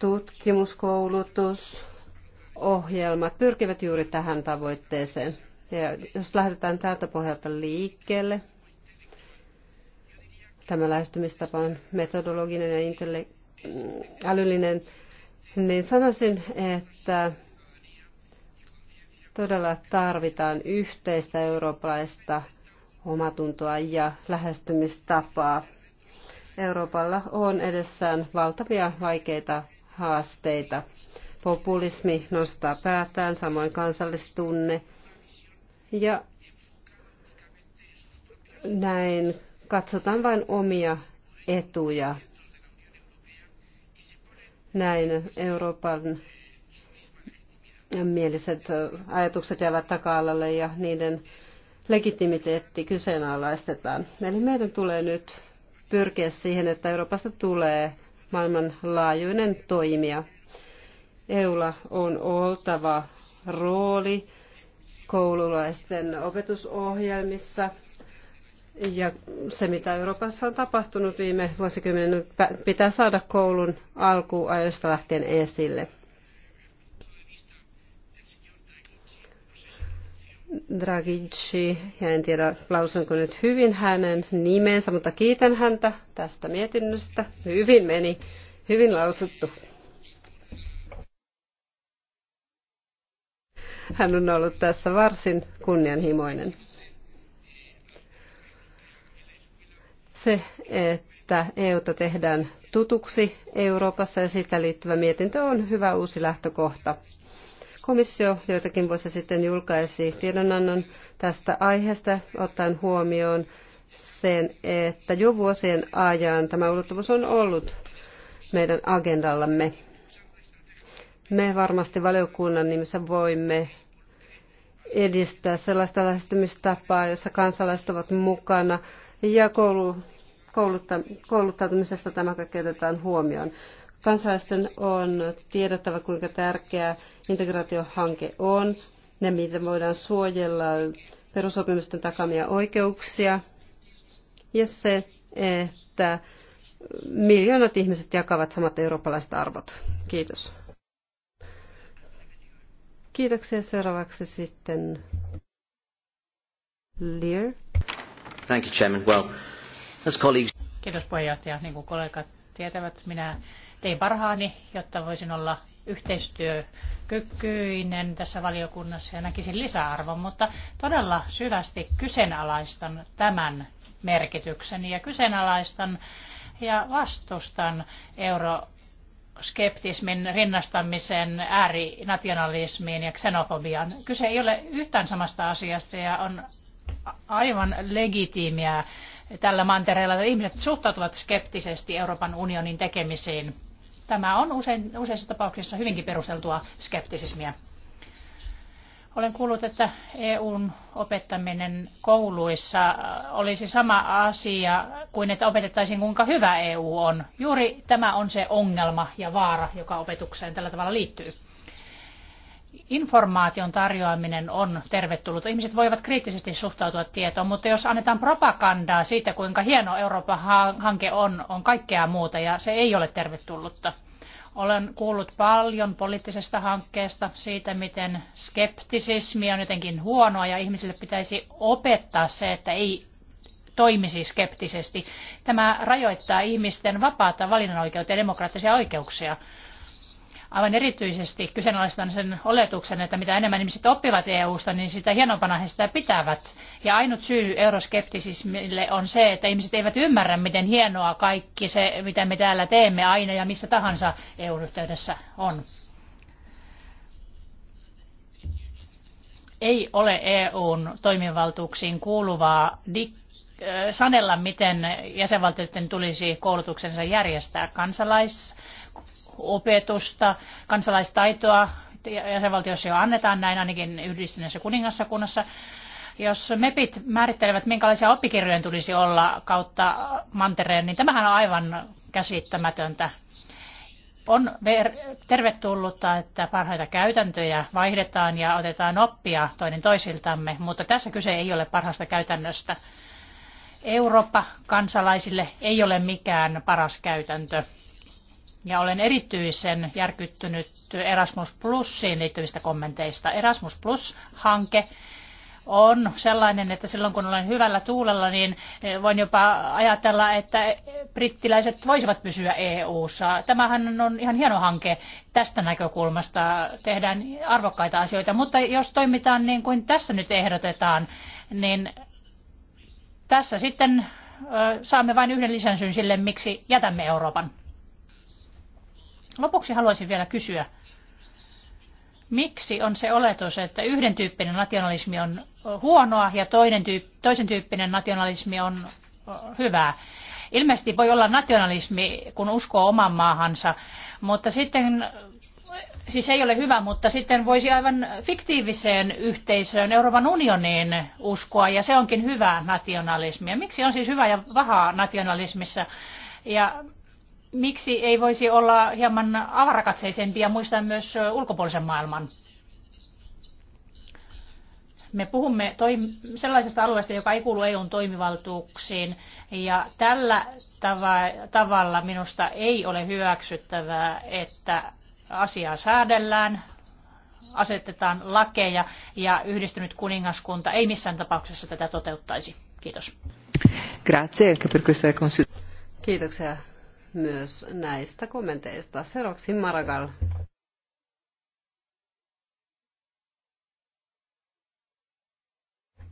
Tutkimuskoulutus, ohjelmat pyrkivät juuri tähän tavoitteeseen. Ja jos lähdetään tältä pohjalta liikkeelle, tämä lähestymistapa on metodologinen ja intelle- älyllinen, niin sanoisin, että todella tarvitaan yhteistä eurooppalaista omatuntoa ja lähestymistapaa. Euroopalla on edessään valtavia vaikeita haasteita. Populismi nostaa päätään, samoin kansallistunne, ja näin katsotaan vain omia etuja. Näin Euroopan mieliset ajatukset jäävät taka-alalle ja niiden legitimiteetti kyseenalaistetaan. Eli meidän tulee nyt pyrkiä siihen, että Euroopasta tulee maailmanlaajuinen toimija. EUlla on oltava rooli koululaisten opetusohjelmissa. Ja se, mitä Euroopassa on tapahtunut viime vuosikymmenen, pitää saada koulun alkuajoista lähtien esille. Dragici, ja en tiedä lausunko nyt hyvin hänen nimensä, mutta kiitän häntä tästä mietinnöstä. Hyvin meni, hyvin lausuttu. Hän on ollut tässä varsin kunnianhimoinen. Se, että EUta tehdään tutuksi Euroopassa ja sitä liittyvä mietintö on hyvä uusi lähtökohta. Komissio joitakin vuosia sitten julkaisi tiedonannon tästä aiheesta ottaen huomioon sen, että jo vuosien ajan tämä ulottuvuus on ollut meidän agendallamme. Me varmasti valiokunnan nimissä voimme edistää sellaista lähestymistapaa, jossa kansalaiset ovat mukana ja koulu, koulutta, kouluttautumisessa tämä kaikki otetaan huomioon. Kansalaisten on tiedettävä, kuinka tärkeä integraatiohanke on ja miten voidaan suojella perusopimusten takamia oikeuksia ja se, että miljoonat ihmiset jakavat samat eurooppalaiset arvot. Kiitos. Kiitoksia. Seuraavaksi sitten Lear. Thank you, Chairman. Well, as colleagues... Kiitos puheenjohtaja. Niin kuin kollegat tietävät, minä tein parhaani, jotta voisin olla yhteistyökykyinen tässä valiokunnassa ja näkisin lisäarvon, mutta todella syvästi kyseenalaistan tämän merkityksen ja kyseenalaistan ja vastustan euro euroskeptismin rinnastamisen äärinationalismiin ja xenofobian. Kyse ei ole yhtään samasta asiasta ja on aivan legitiimiä tällä mantereella, että ihmiset suhtautuvat skeptisesti Euroopan unionin tekemisiin. Tämä on usein, useissa tapauksissa hyvinkin perusteltua skeptisismiä. Olen kuullut, että EUn opettaminen kouluissa olisi sama asia kuin että opetettaisiin kuinka hyvä EU on. Juuri tämä on se ongelma ja vaara, joka opetukseen tällä tavalla liittyy. Informaation tarjoaminen on tervetullut. Ihmiset voivat kriittisesti suhtautua tietoon, mutta jos annetaan propagandaa siitä, kuinka hieno Euroopan hanke on, on kaikkea muuta ja se ei ole tervetullutta. Olen kuullut paljon poliittisesta hankkeesta siitä, miten skeptisismi on jotenkin huonoa ja ihmisille pitäisi opettaa se, että ei toimisi skeptisesti. Tämä rajoittaa ihmisten vapaata valinnanoikeutta ja demokraattisia oikeuksia aivan erityisesti kyseenalaistan sen oletuksen, että mitä enemmän ihmiset oppivat EU-sta, niin sitä hienompana he sitä pitävät. Ja ainut syy euroskeptisismille on se, että ihmiset eivät ymmärrä, miten hienoa kaikki se, mitä me täällä teemme aina ja missä tahansa EU-yhteydessä on. Ei ole EUn toimivaltuuksiin kuuluvaa dik- sanella, miten jäsenvaltioiden tulisi koulutuksensa järjestää. Kansalais- opetusta, kansalaistaitoa jäsenvaltiossa jo annetaan, näin ainakin yhdistyneessä kuningassakunnassa. Jos MEPit määrittelevät, minkälaisia oppikirjojen tulisi olla kautta mantereen, niin tämähän on aivan käsittämätöntä. On tervetullutta, että parhaita käytäntöjä vaihdetaan ja otetaan oppia toinen toisiltamme, mutta tässä kyse ei ole parhaasta käytännöstä. Eurooppa kansalaisille ei ole mikään paras käytäntö. Ja olen erityisen järkyttynyt Erasmus Plusiin liittyvistä kommenteista. Erasmus Plus-hanke on sellainen, että silloin kun olen hyvällä tuulella, niin voin jopa ajatella, että brittiläiset voisivat pysyä EU-ssa. Tämähän on ihan hieno hanke tästä näkökulmasta, tehdään arvokkaita asioita, mutta jos toimitaan niin kuin tässä nyt ehdotetaan, niin tässä sitten saamme vain yhden lisänsyn sille, miksi jätämme Euroopan. Lopuksi haluaisin vielä kysyä, miksi on se oletus, että yhden tyyppinen nationalismi on huonoa ja toinen tyyp, toisen tyyppinen nationalismi on hyvää? Ilmeisesti voi olla nationalismi, kun uskoo oman maahansa, mutta sitten siis ei ole hyvä, mutta sitten voisi aivan fiktiiviseen yhteisöön, Euroopan unioniin uskoa, ja se onkin hyvää nationalismia. Miksi on siis hyvä ja vahaa nationalismissa? Ja miksi ei voisi olla hieman avarakatseisempi ja muistaa myös ulkopuolisen maailman? Me puhumme toim- sellaisesta alueesta, joka ei kuulu EUn toimivaltuuksiin, ja tällä tav- tavalla minusta ei ole hyväksyttävää, että asiaa säädellään, asetetaan lakeja, ja yhdistynyt kuningaskunta ei missään tapauksessa tätä toteuttaisi. Kiitos. Grazie Kiitoksia myös näistä kommenteista. Seuraavaksi Maragall.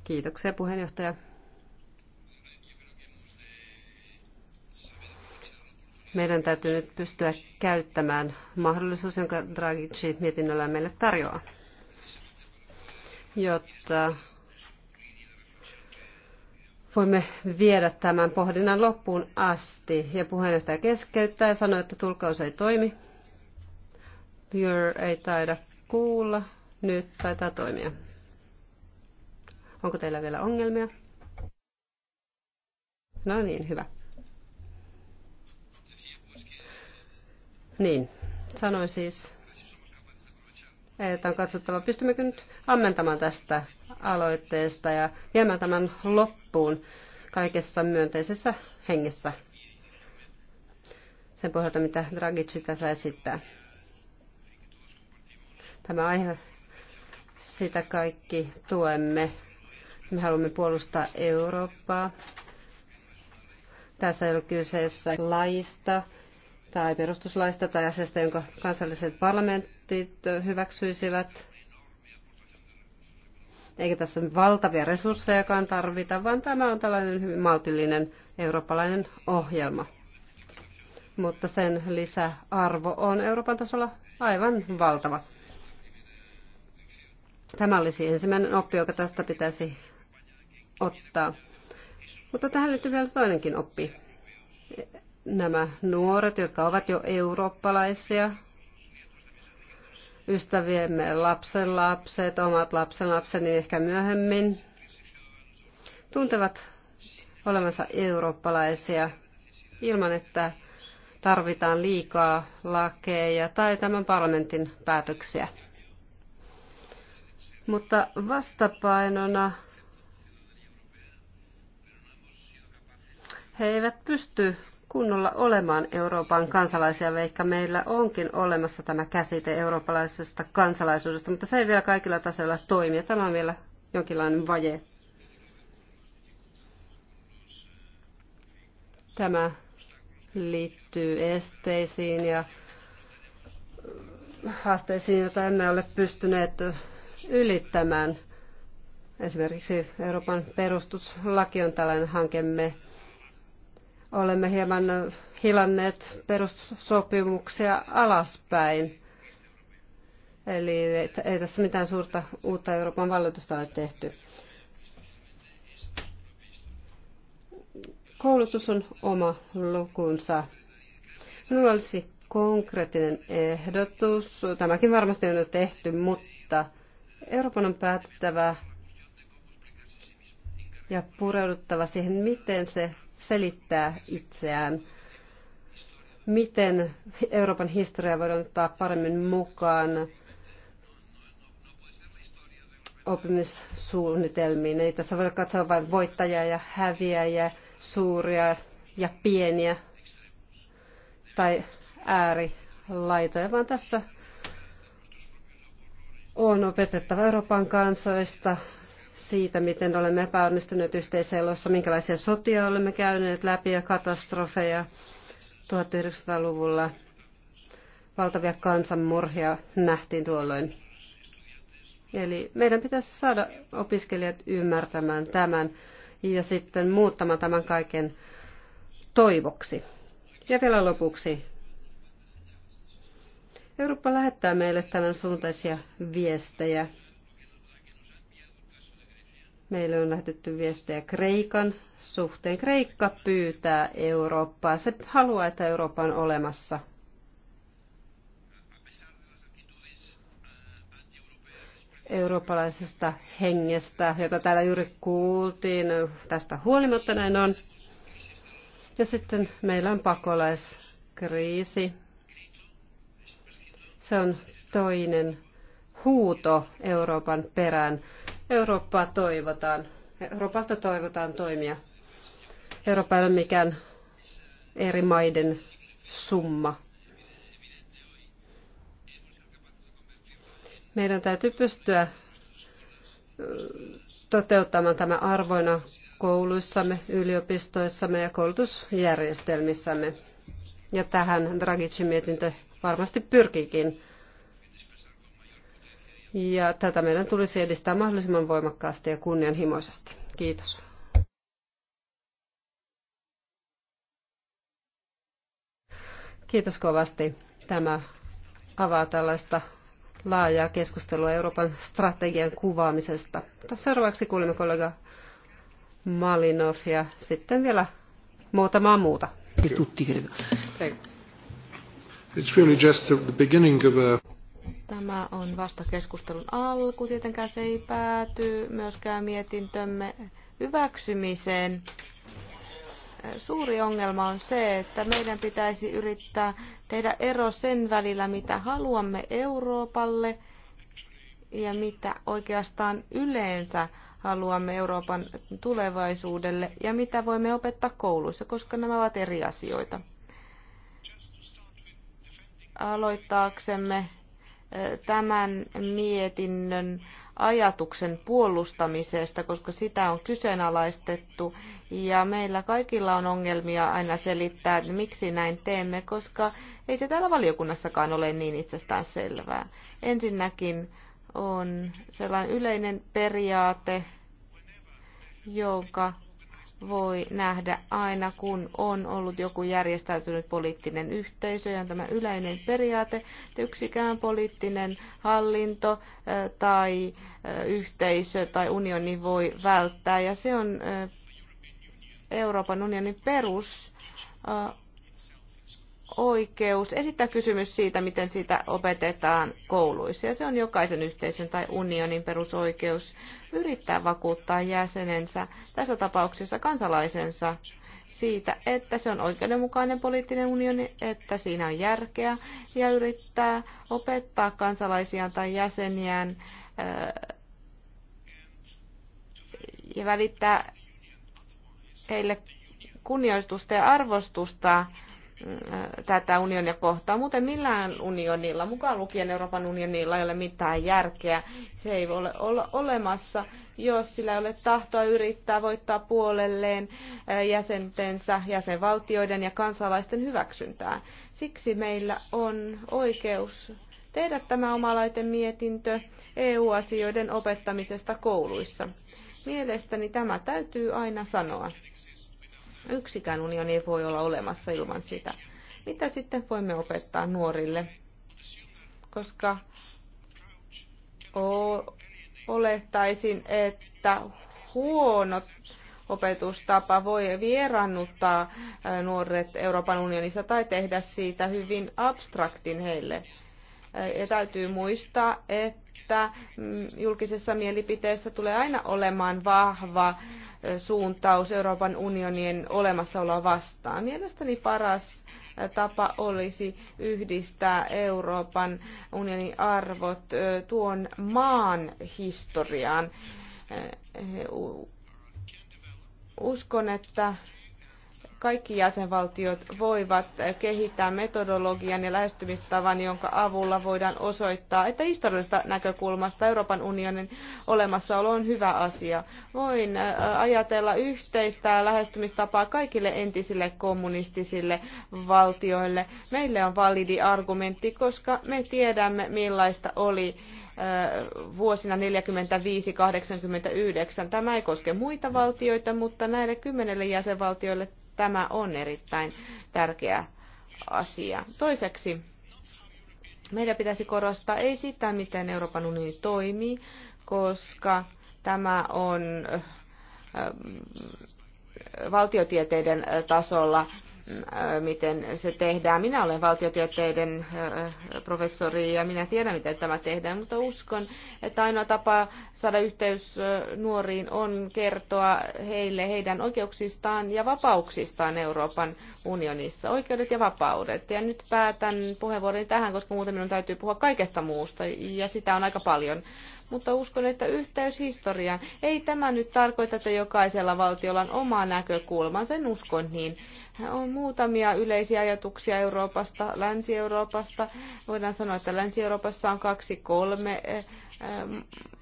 Kiitoksia puheenjohtaja. Meidän täytyy nyt pystyä käyttämään mahdollisuus, jonka Dragici mietinnöllä meille tarjoaa, jotta voimme viedä tämän pohdinnan loppuun asti. Ja puheenjohtaja keskeyttää ja sanoo, että tulkaus ei toimi. Your ei taida kuulla. Nyt taitaa toimia. Onko teillä vielä ongelmia? No niin, hyvä. Niin, sanoin siis, että on katsottava, pystymmekö nyt ammentamaan tästä aloitteesta ja viemään tämän loppuun kaikessa myönteisessä hengessä sen pohjalta, mitä Dragic tässä esittää. Tämä aihe, sitä kaikki tuemme. Me haluamme puolustaa Eurooppaa. Tässä ei ole kyseessä laista tai perustuslaista tai asiasta, jonka kansalliset parlamentit parlamentit hyväksyisivät. Eikä tässä valtavia resurssejakaan tarvita, vaan tämä on tällainen hyvin maltillinen eurooppalainen ohjelma. Mutta sen lisäarvo on Euroopan tasolla aivan valtava. Tämä olisi ensimmäinen oppi, joka tästä pitäisi ottaa. Mutta tähän liittyy vielä toinenkin oppi. Nämä nuoret, jotka ovat jo eurooppalaisia, ystäviemme lapsen lapset, omat lapsen lapseni niin ehkä myöhemmin, tuntevat olevansa eurooppalaisia ilman, että tarvitaan liikaa lakeja tai tämän parlamentin päätöksiä. Mutta vastapainona he eivät pysty kunnolla olemaan Euroopan kansalaisia, vaikka meillä onkin olemassa tämä käsite eurooppalaisesta kansalaisuudesta, mutta se ei vielä kaikilla tasoilla toimi ja tämä on vielä jonkinlainen vaje. Tämä liittyy esteisiin ja haasteisiin, joita emme ole pystyneet ylittämään. Esimerkiksi Euroopan perustuslaki on tällainen hankemme olemme hieman hilanneet perussopimuksia alaspäin. Eli ei tässä mitään suurta uutta Euroopan valitusta ole tehty. Koulutus on oma lukunsa. Minulla olisi konkreettinen ehdotus. Tämäkin varmasti on jo tehty, mutta Euroopan on päättävä ja pureuduttava siihen, miten se selittää itseään. Miten Euroopan historia voidaan ottaa paremmin mukaan oppimissuunnitelmiin. Ei tässä voi katsoa vain voittajia ja häviäjiä, suuria ja pieniä tai äärilaitoja, vaan tässä on opetettava Euroopan kansoista, siitä, miten olemme epäonnistuneet yhteiselossa, minkälaisia sotia olemme käyneet läpi ja katastrofeja 1900-luvulla. Valtavia kansanmurhia nähtiin tuolloin. Eli meidän pitäisi saada opiskelijat ymmärtämään tämän ja sitten muuttamaan tämän kaiken toivoksi. Ja vielä lopuksi. Eurooppa lähettää meille tämän suuntaisia viestejä. Meille on lähetetty viestejä Kreikan suhteen. Kreikka pyytää Eurooppaa. Se haluaa, että Eurooppa on olemassa. eurooppalaisesta hengestä, jota täällä juuri kuultiin. Tästä huolimatta näin on. Ja sitten meillä on pakolaiskriisi. Se on toinen huuto Euroopan perään. Eurooppaa toivotaan. Euroopalta toivotaan toimia. Eurooppa ei ole mikään eri maiden summa. Meidän täytyy pystyä toteuttamaan tämä arvoina kouluissamme, yliopistoissamme ja koulutusjärjestelmissämme. Ja tähän Dragicin mietintö varmasti pyrkiikin. Ja tätä meidän tulisi edistää mahdollisimman voimakkaasti ja kunnianhimoisesti. Kiitos. Kiitos kovasti. Tämä avaa tällaista laajaa keskustelua Euroopan strategian kuvaamisesta. Tässä Seuraavaksi kuulemme kollega Malinov ja sitten vielä muutamaa muuta. It's really just the beginning of a... Tämä on vasta keskustelun alku. Tietenkään se ei pääty myöskään mietintömme hyväksymiseen. Suuri ongelma on se, että meidän pitäisi yrittää tehdä ero sen välillä, mitä haluamme Euroopalle ja mitä oikeastaan yleensä haluamme Euroopan tulevaisuudelle ja mitä voimme opettaa kouluissa, koska nämä ovat eri asioita. Aloittaaksemme tämän mietinnön ajatuksen puolustamisesta, koska sitä on kyseenalaistettu. Ja meillä kaikilla on ongelmia aina selittää, että miksi näin teemme, koska ei se täällä valiokunnassakaan ole niin itsestään selvää. Ensinnäkin on sellainen yleinen periaate, jonka voi nähdä aina, kun on ollut joku järjestäytynyt poliittinen yhteisö ja on tämä yleinen periaate, että yksikään poliittinen hallinto tai yhteisö tai unioni voi välttää. Ja se on Euroopan unionin perus oikeus esittää kysymys siitä, miten sitä opetetaan kouluissa. Ja se on jokaisen yhteisön tai unionin perusoikeus yrittää vakuuttaa jäsenensä, tässä tapauksessa kansalaisensa, siitä, että se on oikeudenmukainen poliittinen unioni, että siinä on järkeä ja yrittää opettaa kansalaisiaan tai jäseniään äh, ja välittää heille kunnioitusta ja arvostusta tätä unionia kohtaan. Muuten millään unionilla, mukaan lukien Euroopan unionilla, ei ole mitään järkeä. Se ei ole olla olemassa, jos sillä ei ole tahtoa yrittää voittaa puolelleen jäsentensä, jäsenvaltioiden ja kansalaisten hyväksyntää. Siksi meillä on oikeus tehdä tämä mietintö EU-asioiden opettamisesta kouluissa. Mielestäni tämä täytyy aina sanoa. Yksikään unioni ei voi olla olemassa ilman sitä. Mitä sitten voimme opettaa nuorille? Koska olettaisin, että huono opetustapa voi vierannuttaa nuoret Euroopan unionissa tai tehdä siitä hyvin abstraktin heille. Ja täytyy muistaa, että että mm, julkisessa mielipiteessä tulee aina olemaan vahva suuntaus Euroopan unionin olemassaoloa vastaan. Mielestäni paras tapa olisi yhdistää Euroopan unionin arvot tuon maan historiaan. Uskon, että kaikki jäsenvaltiot voivat kehittää metodologian ja lähestymistavan, jonka avulla voidaan osoittaa, että historiallisesta näkökulmasta Euroopan unionin olemassaolo on hyvä asia. Voin äh, ajatella yhteistä lähestymistapaa kaikille entisille kommunistisille valtioille. Meille on validi argumentti, koska me tiedämme millaista oli äh, vuosina 45-89. Tämä ei koske muita valtioita, mutta näille kymmenelle jäsenvaltioille Tämä on erittäin tärkeä asia. Toiseksi meidän pitäisi korostaa ei sitä, miten Euroopan unioni toimii, koska tämä on ähm, valtiotieteiden tasolla miten se tehdään. Minä olen valtiotieteiden professori ja minä tiedän, miten tämä tehdään, mutta uskon, että ainoa tapa saada yhteys nuoriin on kertoa heille heidän oikeuksistaan ja vapauksistaan Euroopan unionissa. Oikeudet ja vapaudet. Ja nyt päätän puheenvuoron tähän, koska muuten minun täytyy puhua kaikesta muusta ja sitä on aika paljon mutta uskon, että yhteys historiaan. Ei tämä nyt tarkoita, että jokaisella valtiolla on oma näkökulma, sen uskon niin. On muutamia yleisiä ajatuksia Euroopasta, Länsi-Euroopasta. Voidaan sanoa, että Länsi-Euroopassa on kaksi kolme eh, eh,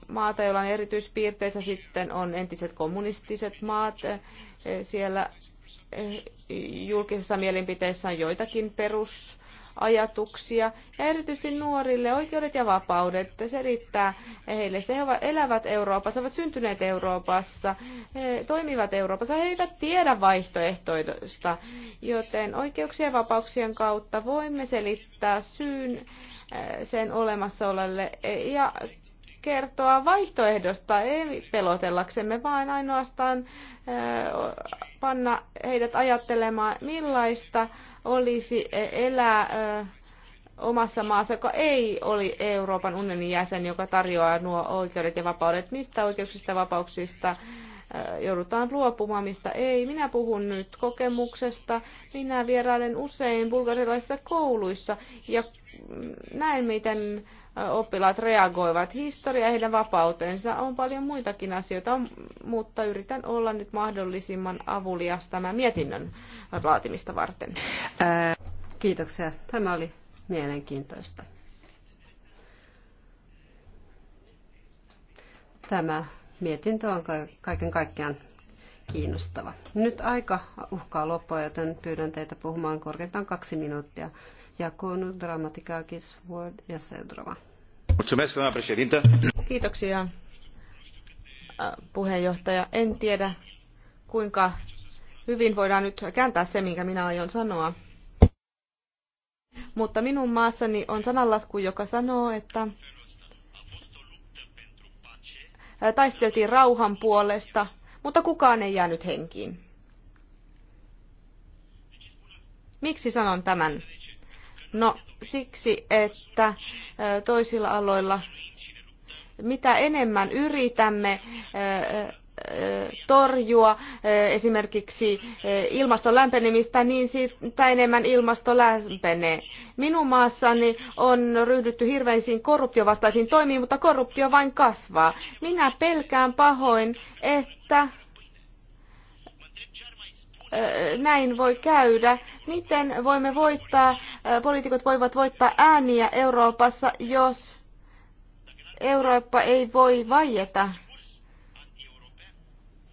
maata, joilla on erityispiirteissä sitten on entiset kommunistiset maat. Eh, siellä julkisessa mielipiteessä on joitakin perus ajatuksia ja erityisesti nuorille oikeudet ja vapaudet. Se riittää heille. He elävät Euroopassa, ovat syntyneet Euroopassa, he toimivat Euroopassa, he eivät tiedä vaihtoehtoista, joten oikeuksien ja vapauksien kautta voimme selittää syyn eh, sen olemassaololle ja kertoa vaihtoehdosta, ei pelotellaksemme, vaan ainoastaan eh, panna heidät ajattelemaan, millaista olisi e, elää omassa maassa, joka ei ole Euroopan unionin jäsen, joka tarjoaa nuo oikeudet ja vapaudet. Mistä oikeuksista ja vapauksista joudutaan luopumaan, mistä ei. Minä puhun nyt kokemuksesta. Minä vierailen usein bulgarilaisissa kouluissa ja mm, näen, miten oppilaat reagoivat. Historia heidän vapautensa on paljon muitakin asioita, mutta yritän olla nyt mahdollisimman avulias tämän mietinnön laatimista varten. Ää, äh. kiitoksia. Tämä oli mielenkiintoista. Tämä mietintö on kaiken kaikkiaan kiinnostava. Nyt aika uhkaa loppua, joten pyydän teitä puhumaan korkeintaan kaksi minuuttia. kun dramatikaakis, word ja Seudrova. Kiitoksia puheenjohtaja. En tiedä kuinka hyvin voidaan nyt kääntää se, minkä minä aion sanoa. Mutta minun maassani on sananlasku, joka sanoo, että taisteltiin rauhan puolesta, mutta kukaan ei jäänyt henkiin. Miksi sanon tämän? No siksi, että toisilla aloilla mitä enemmän yritämme torjua esimerkiksi ilmaston lämpenemistä, niin sitä enemmän ilmasto lämpenee. Minun maassani on ryhdytty hirveisiin korruptiovastaisiin toimiin, mutta korruptio vain kasvaa. Minä pelkään pahoin, että näin voi käydä. Miten voimme voittaa, poliitikot voivat voittaa ääniä Euroopassa, jos Eurooppa ei voi vaieta?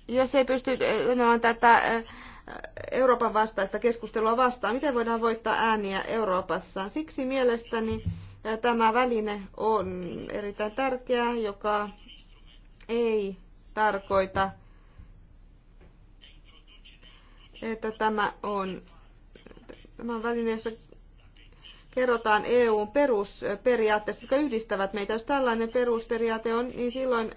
Jos ei pysty sanomaan tätä Euroopan vastaista keskustelua vastaan, miten voidaan voittaa ääniä Euroopassa? Siksi mielestäni tämä väline on erittäin tärkeä, joka ei tarkoita että tämä on, tämä on väline, jossa kerrotaan EUn perusperiaatteista, jotka yhdistävät meitä. Jos tällainen perusperiaate on, niin silloin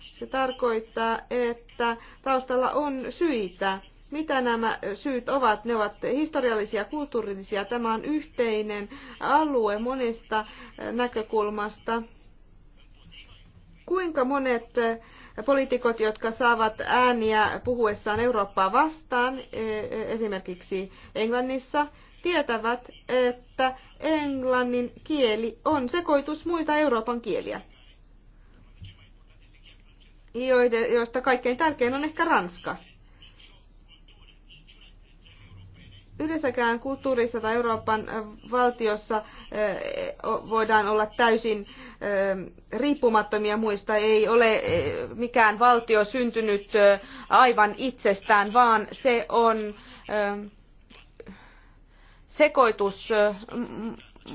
se tarkoittaa, että taustalla on syitä. Mitä nämä syyt ovat? Ne ovat historiallisia, kulttuurillisia. Tämä on yhteinen alue monesta näkökulmasta. Kuinka monet poliitikot, jotka saavat ääniä puhuessaan Eurooppaa vastaan, e, e, esimerkiksi Englannissa, tietävät, että englannin kieli on sekoitus muita Euroopan kieliä, joista kaikkein tärkein on ehkä ranska. yhdessäkään kulttuurissa tai Euroopan valtiossa voidaan olla täysin riippumattomia muista. Ei ole mikään valtio syntynyt aivan itsestään, vaan se on sekoitus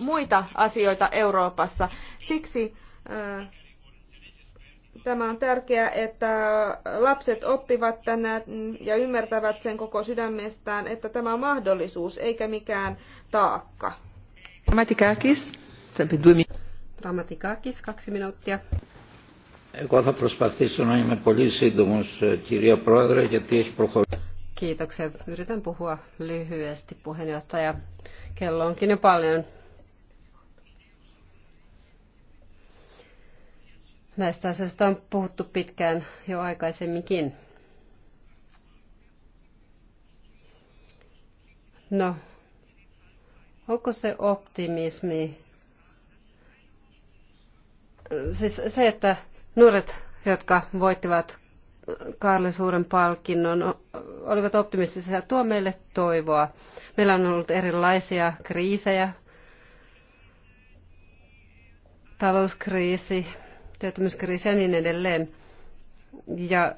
muita asioita Euroopassa. Siksi Tämä on tärkeää, että lapset oppivat tänään ja ymmärtävät sen koko sydämestään, että tämä on mahdollisuus eikä mikään taakka. Dramatikakis. Dramatikakis, kaksi minuuttia. Εγώ θα προσπαθήσω να είμαι πολύ σύντομος, κυρία Πρόεδρε, γιατί έχει προχωρήσει. Kiitoksia. Yritän puhua lyhyesti, puheenjohtaja. Kello onkin jo paljon Näistä asioista on puhuttu pitkään jo aikaisemminkin. No, onko se optimismi? Siis se, että nuoret, jotka voittivat Karle Suuren palkinnon, olivat optimistisia, tuo meille toivoa. Meillä on ollut erilaisia kriisejä, talouskriisi, työttömyyskriisi ja niin edelleen. Ja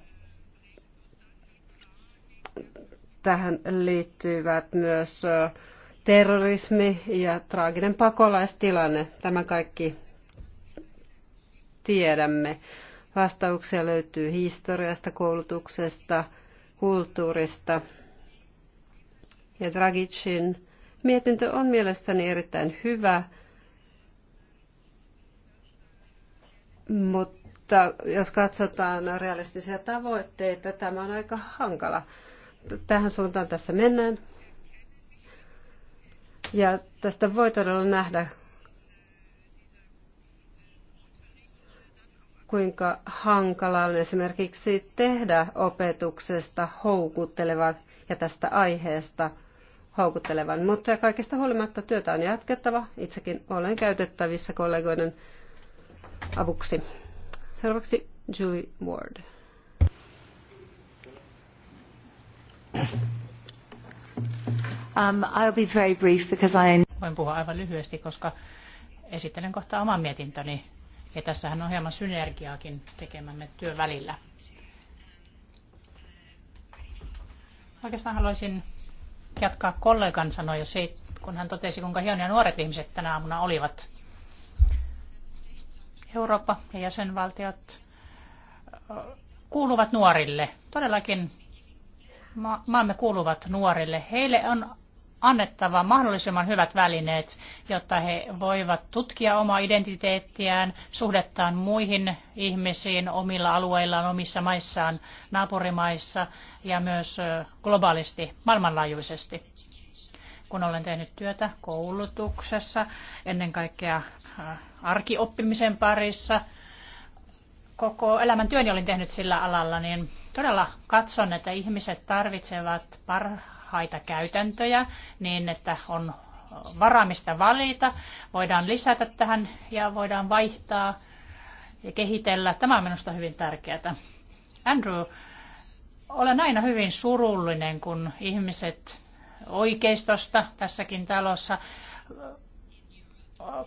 tähän liittyvät myös terrorismi ja traaginen pakolaistilanne. Tämä kaikki tiedämme. Vastauksia löytyy historiasta, koulutuksesta, kulttuurista. Ja Dragicin mietintö on mielestäni erittäin hyvä Mutta jos katsotaan realistisia tavoitteita, tämä on aika hankala. Tähän suuntaan tässä mennään. Ja tästä voi todella nähdä, kuinka hankala on esimerkiksi tehdä opetuksesta houkuttelevan ja tästä aiheesta houkuttelevan. Mutta kaikesta huolimatta työtä on jatkettava. Itsekin olen käytettävissä kollegoiden avuksi. Seuraavaksi Julie Ward. Um, I'll be very brief because I... Voin puhua aivan lyhyesti, koska esittelen kohta oman mietintöni. Ja tässähän on hieman synergiaakin tekemämme työn välillä. Oikeastaan haluaisin jatkaa kollegan sanoja kun hän totesi, kuinka hienoja nuoret ihmiset tänä aamuna olivat. Eurooppa ja jäsenvaltiot kuuluvat nuorille. Todellakin maamme kuuluvat nuorille. Heille on annettava mahdollisimman hyvät välineet, jotta he voivat tutkia omaa identiteettiään, suhdettaan muihin ihmisiin omilla alueillaan, omissa maissaan, naapurimaissa ja myös globaalisti, maailmanlaajuisesti kun olen tehnyt työtä koulutuksessa, ennen kaikkea arkioppimisen parissa, koko elämän työni olin tehnyt sillä alalla, niin todella katson, että ihmiset tarvitsevat parhaita käytäntöjä niin, että on varaamista valita, voidaan lisätä tähän ja voidaan vaihtaa ja kehitellä. Tämä on minusta hyvin tärkeää. Andrew, olen aina hyvin surullinen, kun ihmiset oikeistosta tässäkin talossa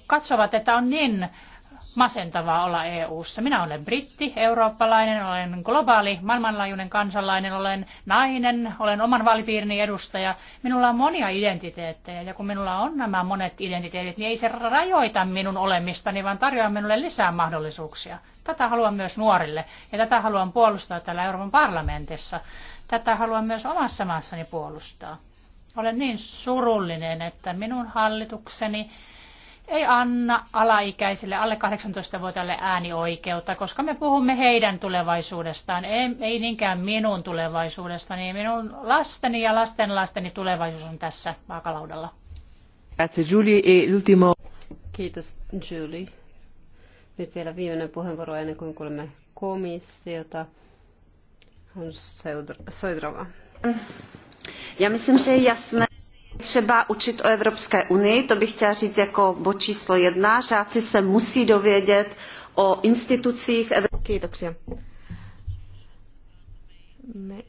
katsovat, että on niin masentavaa olla EU:ssa. Minä olen britti, eurooppalainen, olen globaali, maailmanlaajuinen kansalainen, olen nainen, olen oman vaalipiirini edustaja. Minulla on monia identiteettejä ja kun minulla on nämä monet identiteetit, niin ei se rajoita minun olemistani, vaan tarjoaa minulle lisää mahdollisuuksia. Tätä haluan myös nuorille ja tätä haluan puolustaa täällä Euroopan parlamentissa. Tätä haluan myös omassa maassani puolustaa. Olen niin surullinen, että minun hallitukseni ei anna alaikäisille alle 18-vuotiaille äänioikeutta, koska me puhumme heidän tulevaisuudestaan, ei, ei niinkään minun tulevaisuudestani. Minun lasteni ja lastenlasteni tulevaisuus on tässä vaakalaudalla. Grazie Julie e l'ultimo. Kiitos Julie. Nyt vielä viimeinen puheenvuoro ennen kuin kuulemme komissiota. On seudrava. Já myslím, že je jasné, že je třeba učit o Evropské unii, to bych chtěla říct jako bod číslo jedna. Žáci se musí dovědět o institucích Evropské unie. Me,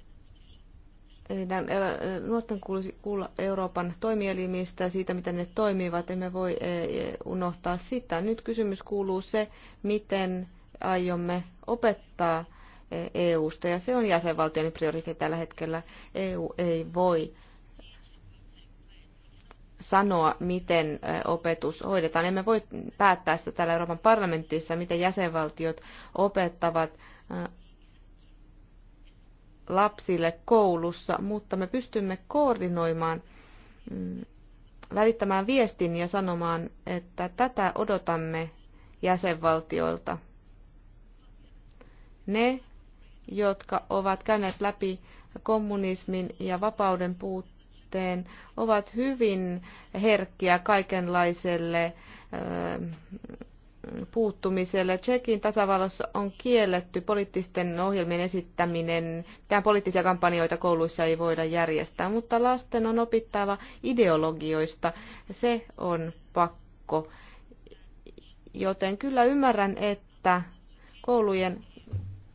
eh, meidän eh, nuorten kuulisi kuulla Euroopan toimielimistä siitä, miten ne toimivat. Emme voi eh, unohtaa sitä. Nyt kysymys kuuluu se, miten aiomme opettaa EUsta ja se on jäsenvaltion prioriteetti tällä hetkellä. EU ei voi sanoa, miten opetus hoidetaan. Emme voi päättää sitä täällä Euroopan parlamentissa, miten jäsenvaltiot opettavat lapsille koulussa, mutta me pystymme koordinoimaan, mm, välittämään viestin ja sanomaan, että tätä odotamme jäsenvaltioilta. Ne jotka ovat käyneet läpi kommunismin ja vapauden puutteen, ovat hyvin herkkiä kaikenlaiselle puuttumiselle. Tsekin tasavallassa on kielletty poliittisten ohjelmien esittäminen. Tämä poliittisia kampanjoita kouluissa ei voida järjestää, mutta lasten on opittava ideologioista. Se on pakko. Joten kyllä ymmärrän, että koulujen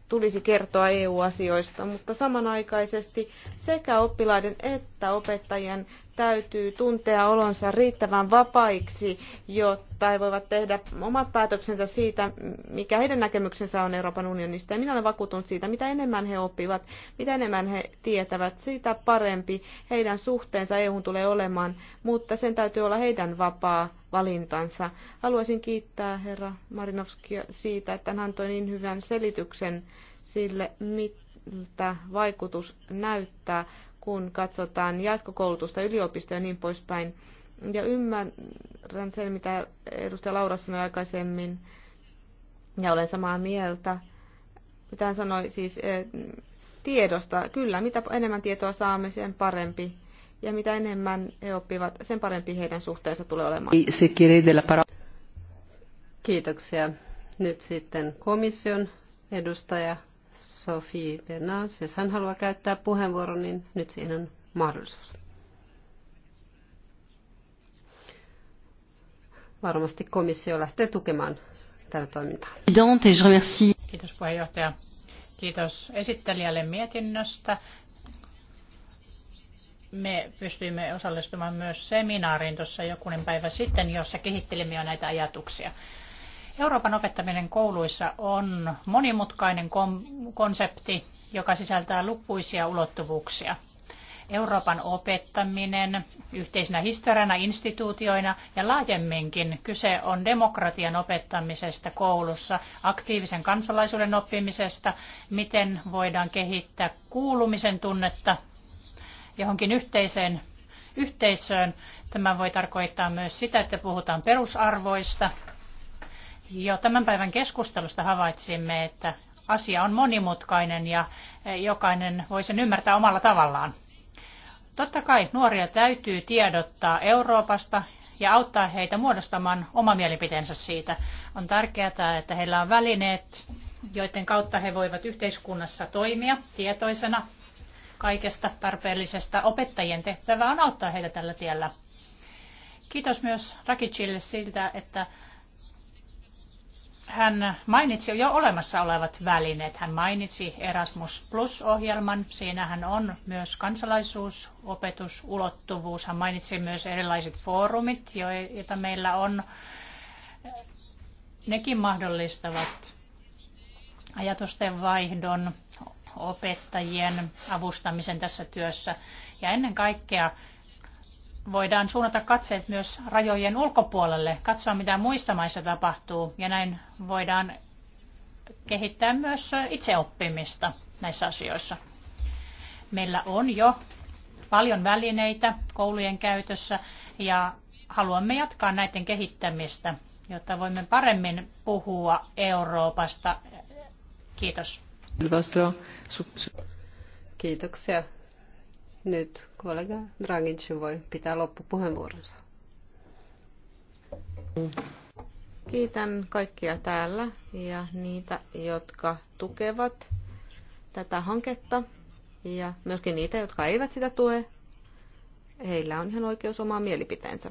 tulisi kertoa EU-asioista, mutta samanaikaisesti sekä oppilaiden että opettajien täytyy tuntea olonsa riittävän vapaiksi, jotta he voivat tehdä omat päätöksensä siitä, mikä heidän näkemyksensä on Euroopan unionista. Ja minä olen vakuutunut siitä, mitä enemmän he oppivat, mitä enemmän he tietävät, sitä parempi heidän suhteensa EUhun tulee olemaan, mutta sen täytyy olla heidän vapaa valintansa. Haluaisin kiittää herra Marinovskia siitä, että hän antoi niin hyvän selityksen sille, miltä vaikutus näyttää, kun katsotaan jatkokoulutusta, yliopistoja ja niin poispäin. Ja ymmärrän sen, mitä edustaja Laura sanoi aikaisemmin, ja olen samaa mieltä. Mitä hän sanoi siis eh, tiedosta? Kyllä, mitä enemmän tietoa saamme, sen parempi ja mitä enemmän he oppivat, sen parempi heidän suhteensa tulee olemaan. Kiitoksia. Nyt sitten komission edustaja Sophie Bernas. Jos hän haluaa käyttää puheenvuoron, niin nyt siihen on mahdollisuus. Varmasti komissio lähtee tukemaan tätä toimintaa. Kiitos puheenjohtaja. Kiitos esittelijälle mietinnöstä me pystyimme osallistumaan myös seminaariin tuossa jokunen päivä sitten, jossa kehittelimme jo näitä ajatuksia. Euroopan opettaminen kouluissa on monimutkainen konsepti, joka sisältää lukuisia ulottuvuuksia. Euroopan opettaminen yhteisenä historiana, instituutioina ja laajemminkin kyse on demokratian opettamisesta koulussa, aktiivisen kansalaisuuden oppimisesta, miten voidaan kehittää kuulumisen tunnetta johonkin yhteiseen yhteisöön. Tämä voi tarkoittaa myös sitä, että puhutaan perusarvoista. Jo tämän päivän keskustelusta havaitsimme, että asia on monimutkainen ja e, jokainen voi sen ymmärtää omalla tavallaan. Totta kai nuoria täytyy tiedottaa Euroopasta ja auttaa heitä muodostamaan oma mielipiteensä siitä. On tärkeää, että heillä on välineet, joiden kautta he voivat yhteiskunnassa toimia tietoisena kaikesta tarpeellisesta. Opettajien tehtävä on auttaa heitä tällä tiellä. Kiitos myös Rakicille siltä, että hän mainitsi jo olemassa olevat välineet. Hän mainitsi Erasmus Plus-ohjelman. Siinähän on myös kansalaisuus, ulottuvuus. Hän mainitsi myös erilaiset foorumit, joita meillä on. Nekin mahdollistavat ajatusten vaihdon opettajien avustamisen tässä työssä. Ja ennen kaikkea voidaan suunnata katseet myös rajojen ulkopuolelle, katsoa mitä muissa maissa tapahtuu ja näin voidaan kehittää myös itseoppimista näissä asioissa. Meillä on jo paljon välineitä koulujen käytössä ja haluamme jatkaa näiden kehittämistä, jotta voimme paremmin puhua Euroopasta. Kiitos. Kiitoksia. Nyt kollega Dragic voi pitää loppupuheenvuoronsa. Kiitän kaikkia täällä ja niitä, jotka tukevat tätä hanketta ja myöskin niitä, jotka eivät sitä tue. Heillä on ihan oikeus omaa mielipiteensä.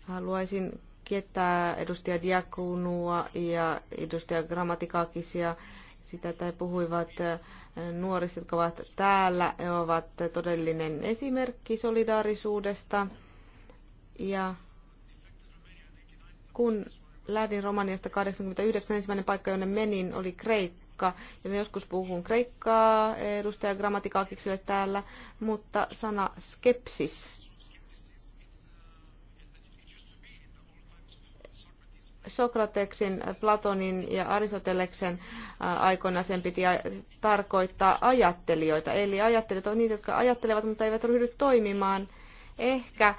Haluaisin kiittää edustaja Diakunua ja edustaja Grammatikakisia. Sitä tai puhuivat äh, nuoriset, jotka ovat täällä, he ovat todellinen esimerkki solidaarisuudesta. Ja kun lähdin Romaniasta 89, ensimmäinen paikka, jonne menin, oli Kreikka. Ja joskus puhun Kreikkaa edustaja Grammatikaakikselle täällä, mutta sana skepsis Sokrateksin, Platonin ja Aristoteleksen aikoina sen piti tarkoittaa ajattelijoita. Eli ajattelijat ovat niitä, jotka ajattelevat, mutta eivät ryhdy toimimaan. Ehkä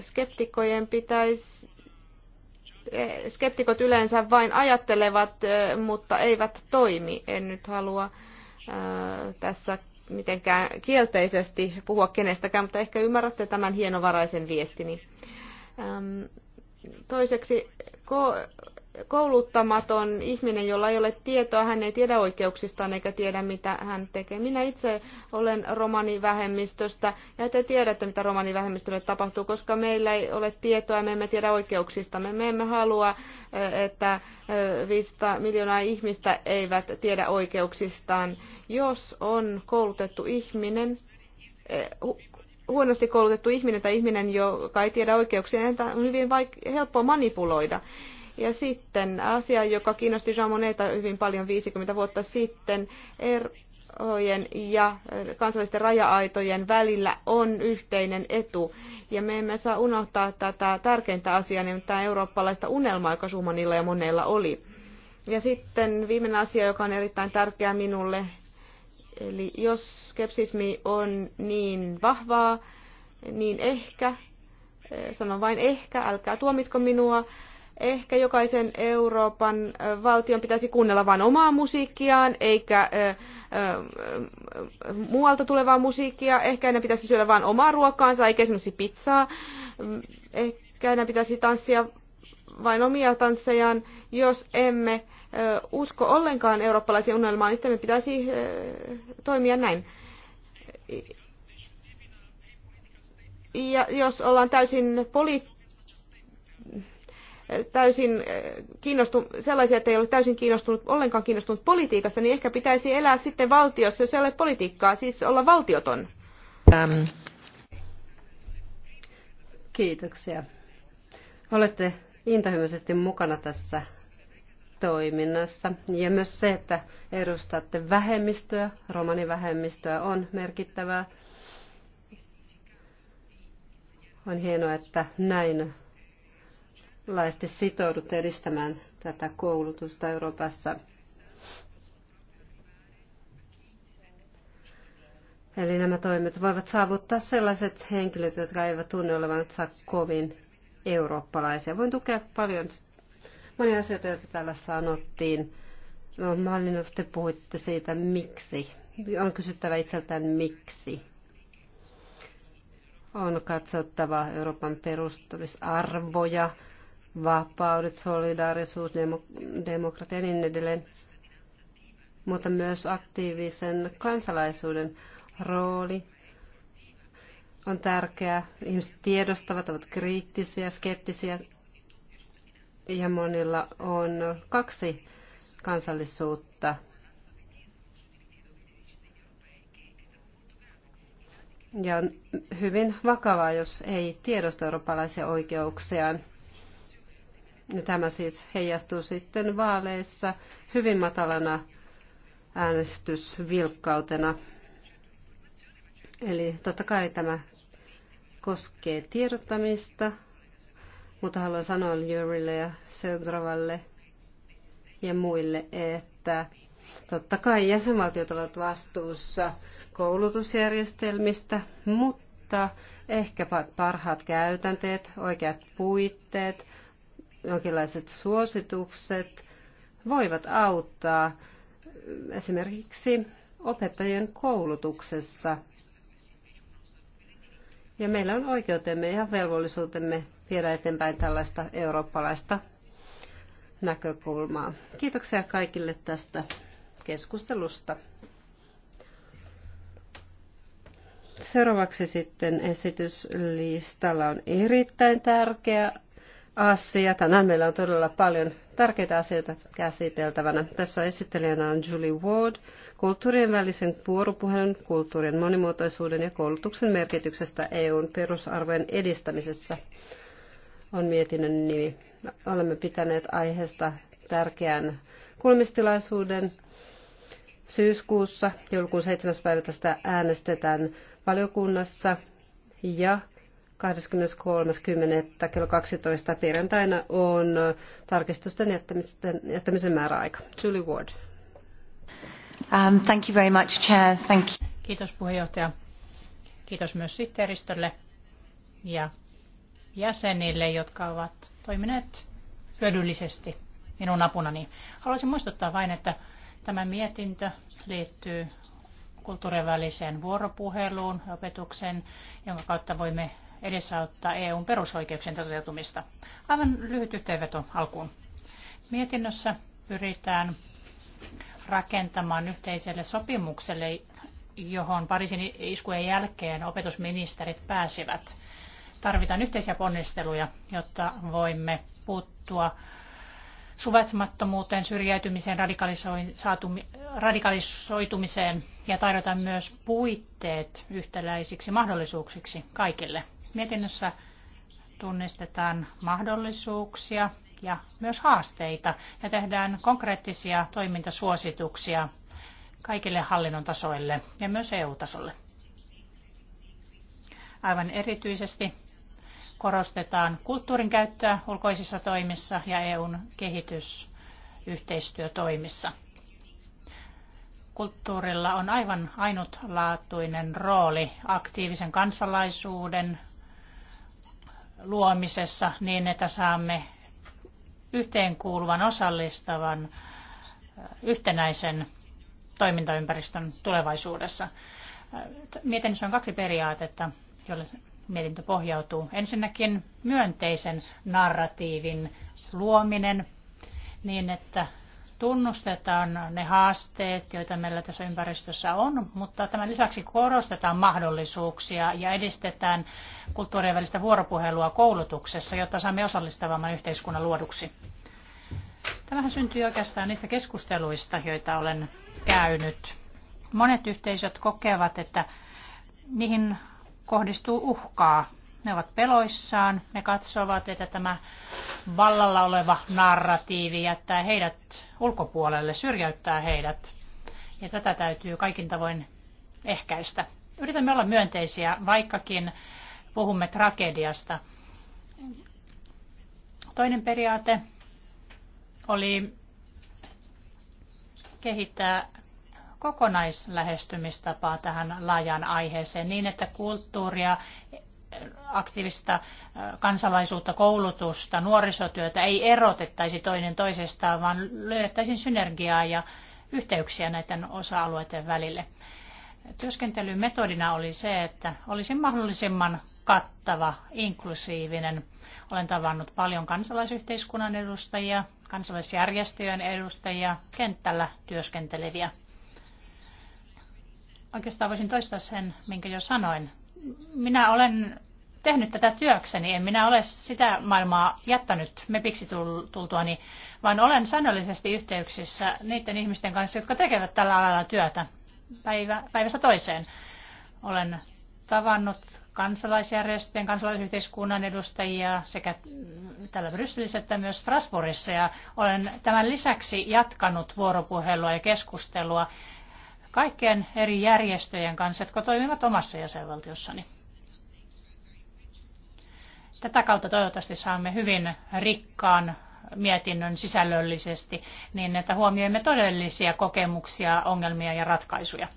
skeptikkojen pitäisi e, skeptikot yleensä vain ajattelevat, mutta eivät toimi. En nyt halua tässä mitenkään kielteisesti puhua kenestäkään, mutta ehkä ymmärrätte tämän hienovaraisen viestini. Toiseksi kouluttamaton ihminen, jolla ei ole tietoa, hän ei tiedä oikeuksistaan eikä tiedä, mitä hän tekee. Minä itse olen romanivähemmistöstä ja te tiedätte, mitä romanivähemmistölle tapahtuu, koska meillä ei ole tietoa ja me emme tiedä oikeuksista. Me emme halua, eh, että 500 eh, miljoonaa ihmistä eivät tiedä oikeuksistaan. Jos on koulutettu ihminen, eh, huonosti koulutettu ihminen tai ihminen, joka ei tiedä oikeuksia, niin on hyvin vaik- helppoa manipuloida. Ja sitten asia, joka kiinnosti Jean Moneta hyvin paljon 50 vuotta sitten, erojen ja kansallisten raja-aitojen välillä on yhteinen etu. Ja me emme saa unohtaa tätä tärkeintä asiaa, nimittäin eurooppalaista unelmaa, joka Schumannilla ja Monella oli. Ja sitten viimeinen asia, joka on erittäin tärkeä minulle, Eli jos skepsismi on niin vahvaa, niin ehkä, eh, sanon vain ehkä, älkää tuomitko minua, ehkä jokaisen Euroopan eh, valtion pitäisi kuunnella vain omaa musiikkiaan, eikä ö, eh, ö, muualta tulevaa musiikkia. Ehkä ne pitäisi syödä vain omaa ruokaansa, eikä esimerkiksi pizzaa. Mm, ehkä ne pitäisi tanssia vain omia tanssejaan, jos emme usko ollenkaan eurooppalaisiin unelmaan, niin sitten me pitäisi toimia näin. Ja jos ollaan täysin poliittisia, täysin kiinnostunut, sellaisia, että ei ole täysin kiinnostunut, ollenkaan kiinnostunut politiikasta, niin ehkä pitäisi elää sitten valtiossa, jos ei ole politiikkaa, siis olla valtioton. Ähm. Kiitoksia. Olette intohimoisesti mukana tässä toiminnassa. Ja myös se, että edustatte vähemmistöä, romanivähemmistöä, on merkittävää. On hienoa, että näin laajasti sitoudut edistämään tätä koulutusta Euroopassa. Eli nämä toimet voivat saavuttaa sellaiset henkilöt, jotka eivät tunne olevansa kovin eurooppalaisia. Voin tukea paljon monia asioita, joita täällä sanottiin. No, Malinov, te puhuitte siitä, miksi. On kysyttävä itseltään, miksi. On katsottava Euroopan perustamisarvoja, vapaudet, solidaarisuus, demokratia ja niin edelleen, mutta myös aktiivisen kansalaisuuden rooli on tärkeä. Ihmiset tiedostavat, ovat kriittisiä, skeptisiä ja monilla on kaksi kansallisuutta. Ja on hyvin vakavaa, jos ei tiedosta eurooppalaisia oikeuksiaan. Ja tämä siis heijastuu sitten vaaleissa hyvin matalana äänestysvilkkautena. Eli totta kai tämä koskee tiedottamista, mutta haluan sanoa Jurille ja Sögravalle ja muille, että totta kai jäsenvaltiot ovat vastuussa koulutusjärjestelmistä, mutta ehkä parhaat käytänteet, oikeat puitteet, jonkinlaiset suositukset voivat auttaa esimerkiksi opettajien koulutuksessa. Ja meillä on oikeutemme ja velvollisuutemme viedä eteenpäin tällaista eurooppalaista näkökulmaa. Kiitoksia kaikille tästä keskustelusta. Seuraavaksi sitten esityslistalla on erittäin tärkeä asia. Tänään meillä on todella paljon tärkeitä asioita käsiteltävänä. Tässä esittelijänä on Julie Ward, kulttuurien välisen vuoropuhelun, kulttuurien monimuotoisuuden ja koulutuksen merkityksestä EUn perusarvojen edistämisessä on mietinnön nimi. Olemme pitäneet aiheesta tärkeän kulmistilaisuuden syyskuussa. Joulukuun 7. päivä tästä äänestetään valiokunnassa ja 23.10. kello 12 perjantaina on tarkistusten jättämisen, jättämisen määräaika. Julie Ward. Um, thank you very much, Chair. Thank you. Kiitos puheenjohtaja. Kiitos myös sihteeristölle ja jäsenille, jotka ovat toimineet hyödyllisesti minun apunani. Haluaisin muistuttaa vain, että tämä mietintö liittyy kulttuurien väliseen vuoropuheluun, opetukseen, jonka kautta voimme edesauttaa EUn perusoikeuksien toteutumista. Aivan lyhyt yhteenveto alkuun. Mietinnössä pyritään rakentamaan yhteiselle sopimukselle, johon Pariisin iskujen jälkeen opetusministerit pääsivät tarvitaan yhteisiä ponnisteluja, jotta voimme puuttua suvaitsemattomuuteen, syrjäytymiseen, radikalisoitumiseen ja tarjota myös puitteet yhtäläisiksi mahdollisuuksiksi kaikille. Mietinnössä tunnistetaan mahdollisuuksia ja myös haasteita ja tehdään konkreettisia toimintasuosituksia kaikille hallinnon tasoille ja myös EU-tasolle. Aivan erityisesti korostetaan kulttuurin käyttöä ulkoisissa toimissa ja EUn kehitysyhteistyötoimissa. Kulttuurilla on aivan ainutlaatuinen rooli aktiivisen kansalaisuuden luomisessa niin, että saamme yhteenkuuluvan, osallistavan, yhtenäisen toimintaympäristön tulevaisuudessa. Mietinnössä on kaksi periaatetta, joille mietintö pohjautuu. Ensinnäkin myönteisen narratiivin luominen niin, että tunnustetaan ne haasteet, joita meillä tässä ympäristössä on, mutta tämän lisäksi korostetaan mahdollisuuksia ja edistetään kulttuurien välistä vuoropuhelua koulutuksessa, jotta saamme osallistavamman yhteiskunnan luoduksi. Tämähän syntyy oikeastaan niistä keskusteluista, joita olen käynyt. Monet yhteisöt kokevat, että niihin kohdistuu uhkaa. Ne ovat peloissaan, ne katsovat, että tämä vallalla oleva narratiivi jättää heidät ulkopuolelle, syrjäyttää heidät. Ja tätä täytyy kaikin tavoin ehkäistä. Yritämme olla myönteisiä, vaikkakin puhumme tragediasta. Toinen periaate oli kehittää kokonaislähestymistapaa tähän laajaan aiheeseen niin, että kulttuuria, aktiivista kansalaisuutta, koulutusta, nuorisotyötä ei erotettaisi toinen toisestaan, vaan löydettäisiin synergiaa ja yhteyksiä näiden osa-alueiden välille. Työskentelyn metodina oli se, että olisi mahdollisimman kattava, inklusiivinen. Olen tavannut paljon kansalaisyhteiskunnan edustajia, kansalaisjärjestöjen edustajia, kentällä työskenteleviä. Oikeastaan voisin toistaa sen, minkä jo sanoin. Minä olen tehnyt tätä työkseni, en minä ole sitä maailmaa jättänyt mepiksi tultuani, vaan olen säännöllisesti yhteyksissä niiden ihmisten kanssa, jotka tekevät tällä alalla työtä päivä, päivästä toiseen. Olen tavannut kansalaisjärjestöjen, kansalaisyhteiskunnan edustajia sekä täällä Brysselissä että myös Strasbourgissa. Ja olen tämän lisäksi jatkanut vuoropuhelua ja keskustelua kaikkien eri järjestöjen kanssa, jotka toimivat omassa jäsenvaltiossani. Tätä kautta toivottavasti saamme hyvin rikkaan mietinnön sisällöllisesti niin, että huomioimme todellisia kokemuksia, ongelmia ja ratkaisuja.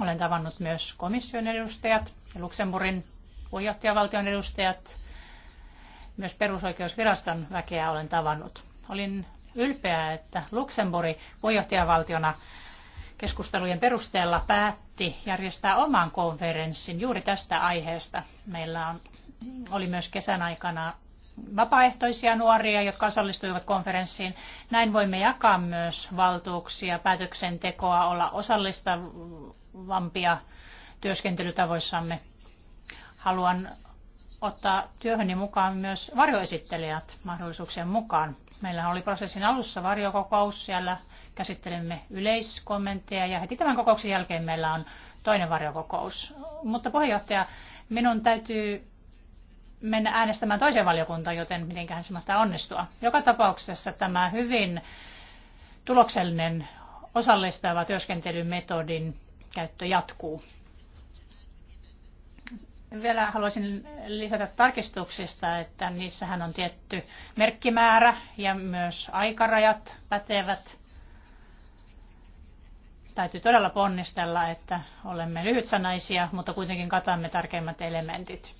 Olen tavannut myös komission edustajat ja Luxemburgin puheenjohtajavaltion edustajat. Myös perusoikeusviraston väkeä olen tavannut. Olin ylpeä, että Luxemburg puheenjohtajavaltiona keskustelujen perusteella päätti järjestää oman konferenssin juuri tästä aiheesta. Meillä on, oli myös kesän aikana vapaaehtoisia nuoria, jotka osallistuivat konferenssiin. Näin voimme jakaa myös valtuuksia, päätöksentekoa, olla osallistavampia työskentelytavoissamme. Haluan ottaa työhöni mukaan myös varjoesittelijät mahdollisuuksien mukaan. Meillä oli prosessin alussa varjokokous, siellä käsittelemme yleiskommentteja ja heti tämän kokouksen jälkeen meillä on toinen varjokokous. Mutta puheenjohtaja, minun täytyy mennä äänestämään toiseen valiokuntaan, joten mitenköhän se mahtaa onnistua. Joka tapauksessa tämä hyvin tuloksellinen osallistava työskentelymetodin käyttö jatkuu. Vielä haluaisin lisätä tarkistuksista, että niissähän on tietty merkkimäärä ja myös aikarajat pätevät. Täytyy todella ponnistella, että olemme lyhytsanaisia, mutta kuitenkin katamme tärkeimmät elementit.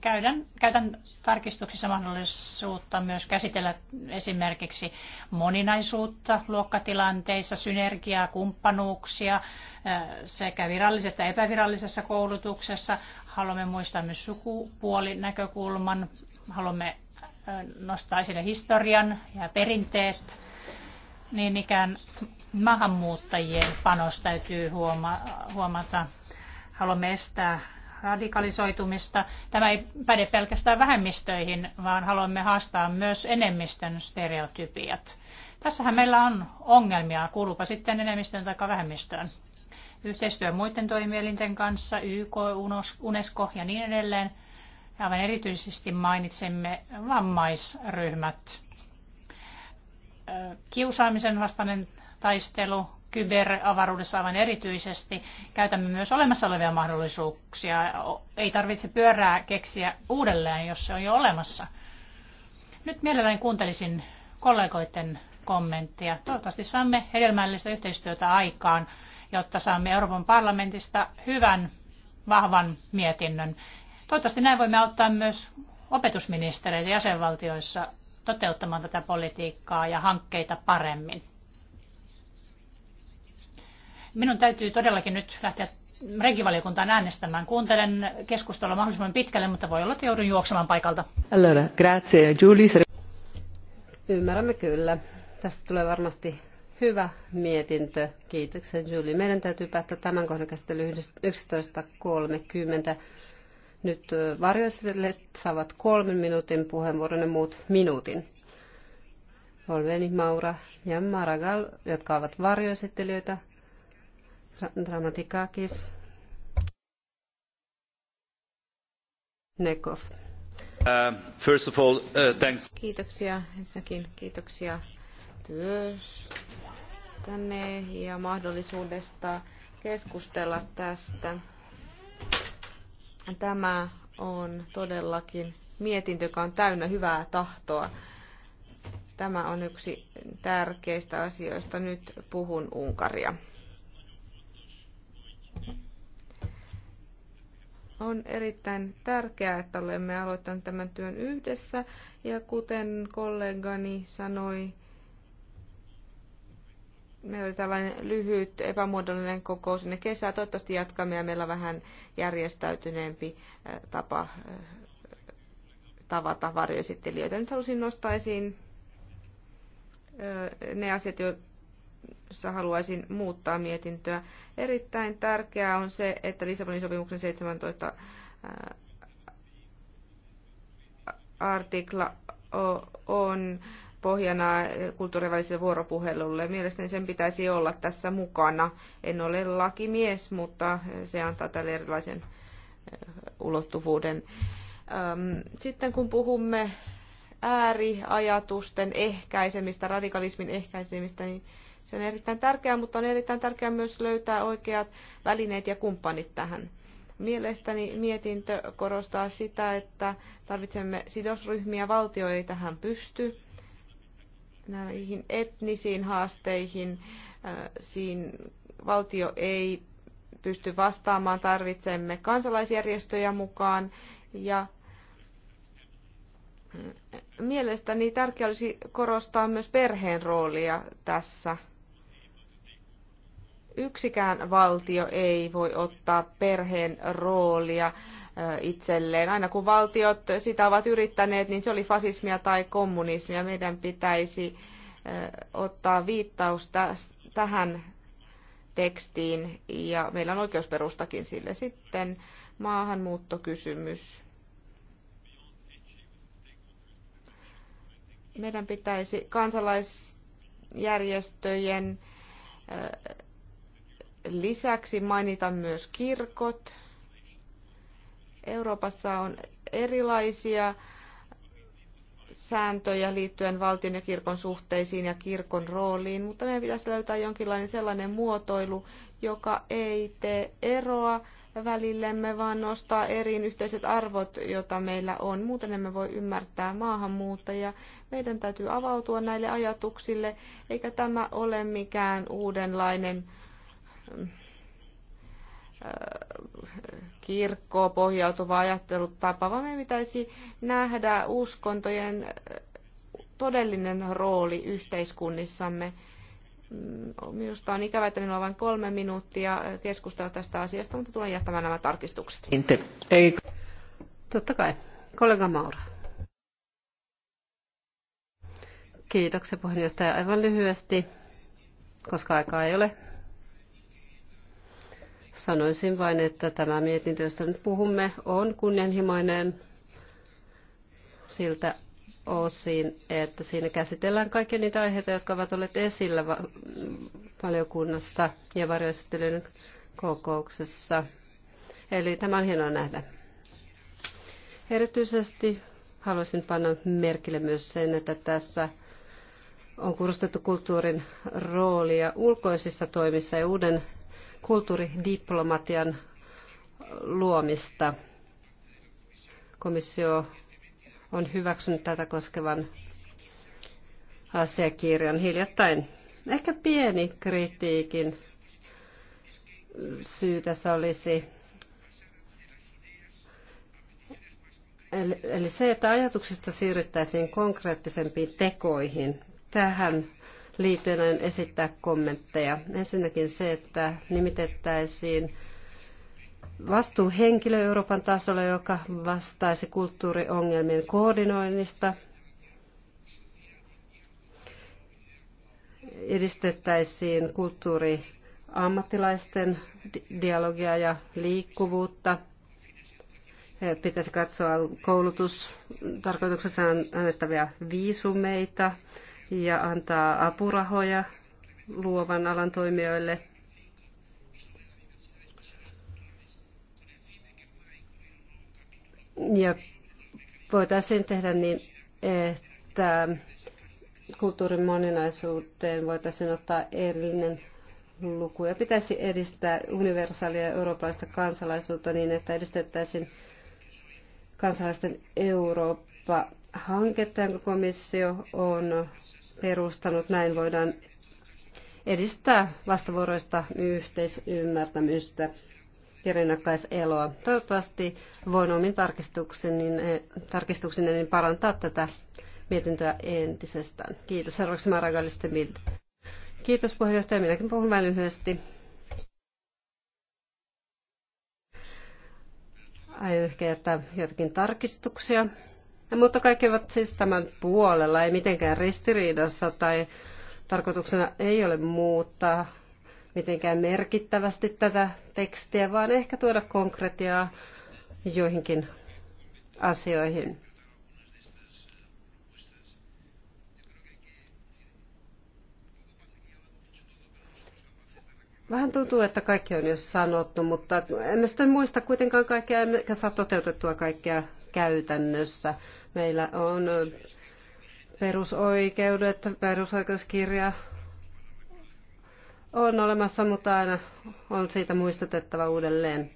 Käydän, käytän tarkistuksissa mahdollisuutta myös käsitellä esimerkiksi moninaisuutta luokkatilanteissa, synergiaa, kumppanuuksia äh, sekä virallisessa että epävirallisessa koulutuksessa. Haluamme muistaa myös sukupuolinäkökulman, haluamme äh, nostaa esille historian ja perinteet. Niin ikään maahanmuuttajien panos täytyy huoma- huomata. Haluamme estää radikalisoitumista. Tämä ei päde pelkästään vähemmistöihin, vaan haluamme haastaa myös enemmistön stereotypiat. Tässähän meillä on ongelmia, kuulupa sitten enemmistön tai vähemmistöön. Yhteistyö muiden toimielinten kanssa, YK, UNESCO ja niin edelleen. Aivan erityisesti mainitsemme vammaisryhmät. Kiusaamisen vastainen taistelu, kyberavaruudessa aivan erityisesti käytämme myös olemassa olevia mahdollisuuksia. Ei tarvitse pyörää keksiä uudelleen, jos se on jo olemassa. Nyt mielelläni kuuntelisin kollegoiden kommenttia. Toivottavasti saamme hedelmällistä yhteistyötä aikaan, jotta saamme Euroopan parlamentista hyvän, vahvan mietinnön. Toivottavasti näin voimme auttaa myös opetusministereitä jäsenvaltioissa toteuttamaan tätä politiikkaa ja hankkeita paremmin minun täytyy todellakin nyt lähteä regivaliokuntaan äänestämään. Kuuntelen keskustelua mahdollisimman pitkälle, mutta voi olla, että joudun juoksemaan paikalta. Allora, grazie, Julie. Ymmärrämme kyllä. Tästä tulee varmasti hyvä mietintö. Kiitoksia, Julie. Meidän täytyy päättää tämän kohdan käsittely 11.30. Nyt varjoiset saavat kolmen minuutin puheenvuoron ja muut minuutin. Olveni, Maura ja Maragall, jotka ovat varjoesittelijöitä, Dramatikakis. Nekov. Uh, first of all, uh, thanks. Kiitoksia ensinnäkin. Kiitoksia työstänne ja mahdollisuudesta keskustella tästä. Tämä on todellakin mietintö, joka on täynnä hyvää tahtoa. Tämä on yksi tärkeistä asioista. Nyt puhun Unkaria. On erittäin tärkeää, että olemme aloittaneet tämän työn yhdessä. Ja kuten kollegani sanoi, meillä oli tällainen lyhyt epämuodollinen kokous sinne kesää. Toivottavasti jatkamme ja meillä on vähän järjestäytyneempi tapa tavata varjoesittelijöitä. Nyt halusin nostaa esiin ne asiat, joita jossa haluaisin muuttaa mietintöä. Erittäin tärkeää on se, että Lissabonin sopimuksen 17 artikla on pohjana kulttuurivälisille vuoropuhelulle. Mielestäni sen pitäisi olla tässä mukana. En ole lakimies, mutta se antaa tälle erilaisen ulottuvuuden. Sitten kun puhumme ääriajatusten ehkäisemistä, radikalismin ehkäisemistä, niin se on erittäin tärkeää, mutta on erittäin tärkeää myös löytää oikeat välineet ja kumppanit tähän. Mielestäni mietintö korostaa sitä, että tarvitsemme sidosryhmiä. Valtio ei tähän pysty näihin etnisiin haasteihin. Äh, Siinä valtio ei pysty vastaamaan. Tarvitsemme kansalaisjärjestöjä mukaan ja äh, Mielestäni tärkeää olisi korostaa myös perheen roolia tässä yksikään valtio ei voi ottaa perheen roolia itselleen. Aina kun valtiot sitä ovat yrittäneet, niin se oli fasismia tai kommunismia. Meidän pitäisi ottaa viittaus tähän tekstiin ja meillä on oikeusperustakin sille. Sitten maahanmuuttokysymys. Meidän pitäisi kansalaisjärjestöjen lisäksi mainita myös kirkot. Euroopassa on erilaisia sääntöjä liittyen valtion ja kirkon suhteisiin ja kirkon rooliin, mutta meidän pitäisi löytää jonkinlainen sellainen muotoilu, joka ei tee eroa välillemme, vaan nostaa eriin yhteiset arvot, joita meillä on. Muuten emme voi ymmärtää maahanmuuttajia. Meidän täytyy avautua näille ajatuksille, eikä tämä ole mikään uudenlainen kirkkoon pohjautuva ajattelutapa, vaan meidän pitäisi nähdä uskontojen todellinen rooli yhteiskunnissamme. Minusta on ikävä, että minulla on vain kolme minuuttia keskustella tästä asiasta, mutta tulen jättämään nämä tarkistukset. Ei. Totta kai. Kollega Maura. Kiitoksia puheenjohtaja. Aivan lyhyesti, koska aikaa ei ole. Sanoisin vain, että tämä mietintö, josta nyt puhumme, on kunnianhimoinen siltä osin, että siinä käsitellään kaikkia niitä aiheita, jotka ovat olleet esillä valiokunnassa ja varjoesittelyiden kokouksessa. Eli tämä on hienoa nähdä. Erityisesti haluaisin panna merkille myös sen, että tässä on kurustettu kulttuurin roolia ulkoisissa toimissa ja uuden kulttuuridiplomatian luomista. Komissio on hyväksynyt tätä koskevan asiakirjan hiljattain. Ehkä pieni kritiikin syy tässä olisi Eli se, että ajatuksista siirryttäisiin konkreettisempiin tekoihin. Tähän liittyen esittää kommentteja. Ensinnäkin se, että nimitettäisiin vastuuhenkilö Euroopan tasolla, joka vastaisi kulttuuriongelmien koordinoinnista, edistettäisiin kulttuuriammattilaisten dialogia ja liikkuvuutta. Pitäisi katsoa koulutus tarkoituksessa annettavia viisumeita, ja antaa apurahoja luovan alan toimijoille. Ja voitaisiin tehdä niin, että kulttuurin moninaisuuteen voitaisiin ottaa erillinen luku. Ja pitäisi edistää universaalia eurooppalaista kansalaisuutta niin, että edistettäisiin kansalaisten Eurooppa-hanketta, jonka komissio on perustanut. Näin voidaan edistää vastavuoroista yhteisymmärtämystä ja rinnakkaiseloa. Toivottavasti voin omin tarkistuksen niin parantaa tätä mietintöä entisestään. Kiitos. Seuraavaksi Maragallisten Bild. Kiitos puheenjohtaja. Minäkin puhun vain lyhyesti. Aion ehkä jättää jotakin tarkistuksia No, mutta kaikki ovat siis tämän puolella, ei mitenkään ristiriidassa tai tarkoituksena ei ole muuttaa mitenkään merkittävästi tätä tekstiä, vaan ehkä tuoda konkretiaa joihinkin asioihin. Vähän tuntuu, että kaikki on jo sanottu, mutta en sitten muista kuitenkaan kaikkea, emmekä saa toteutettua kaikkea käytännössä. Meillä on perusoikeudet, perusoikeuskirja on olemassa, mutta aina on siitä muistutettava uudelleen.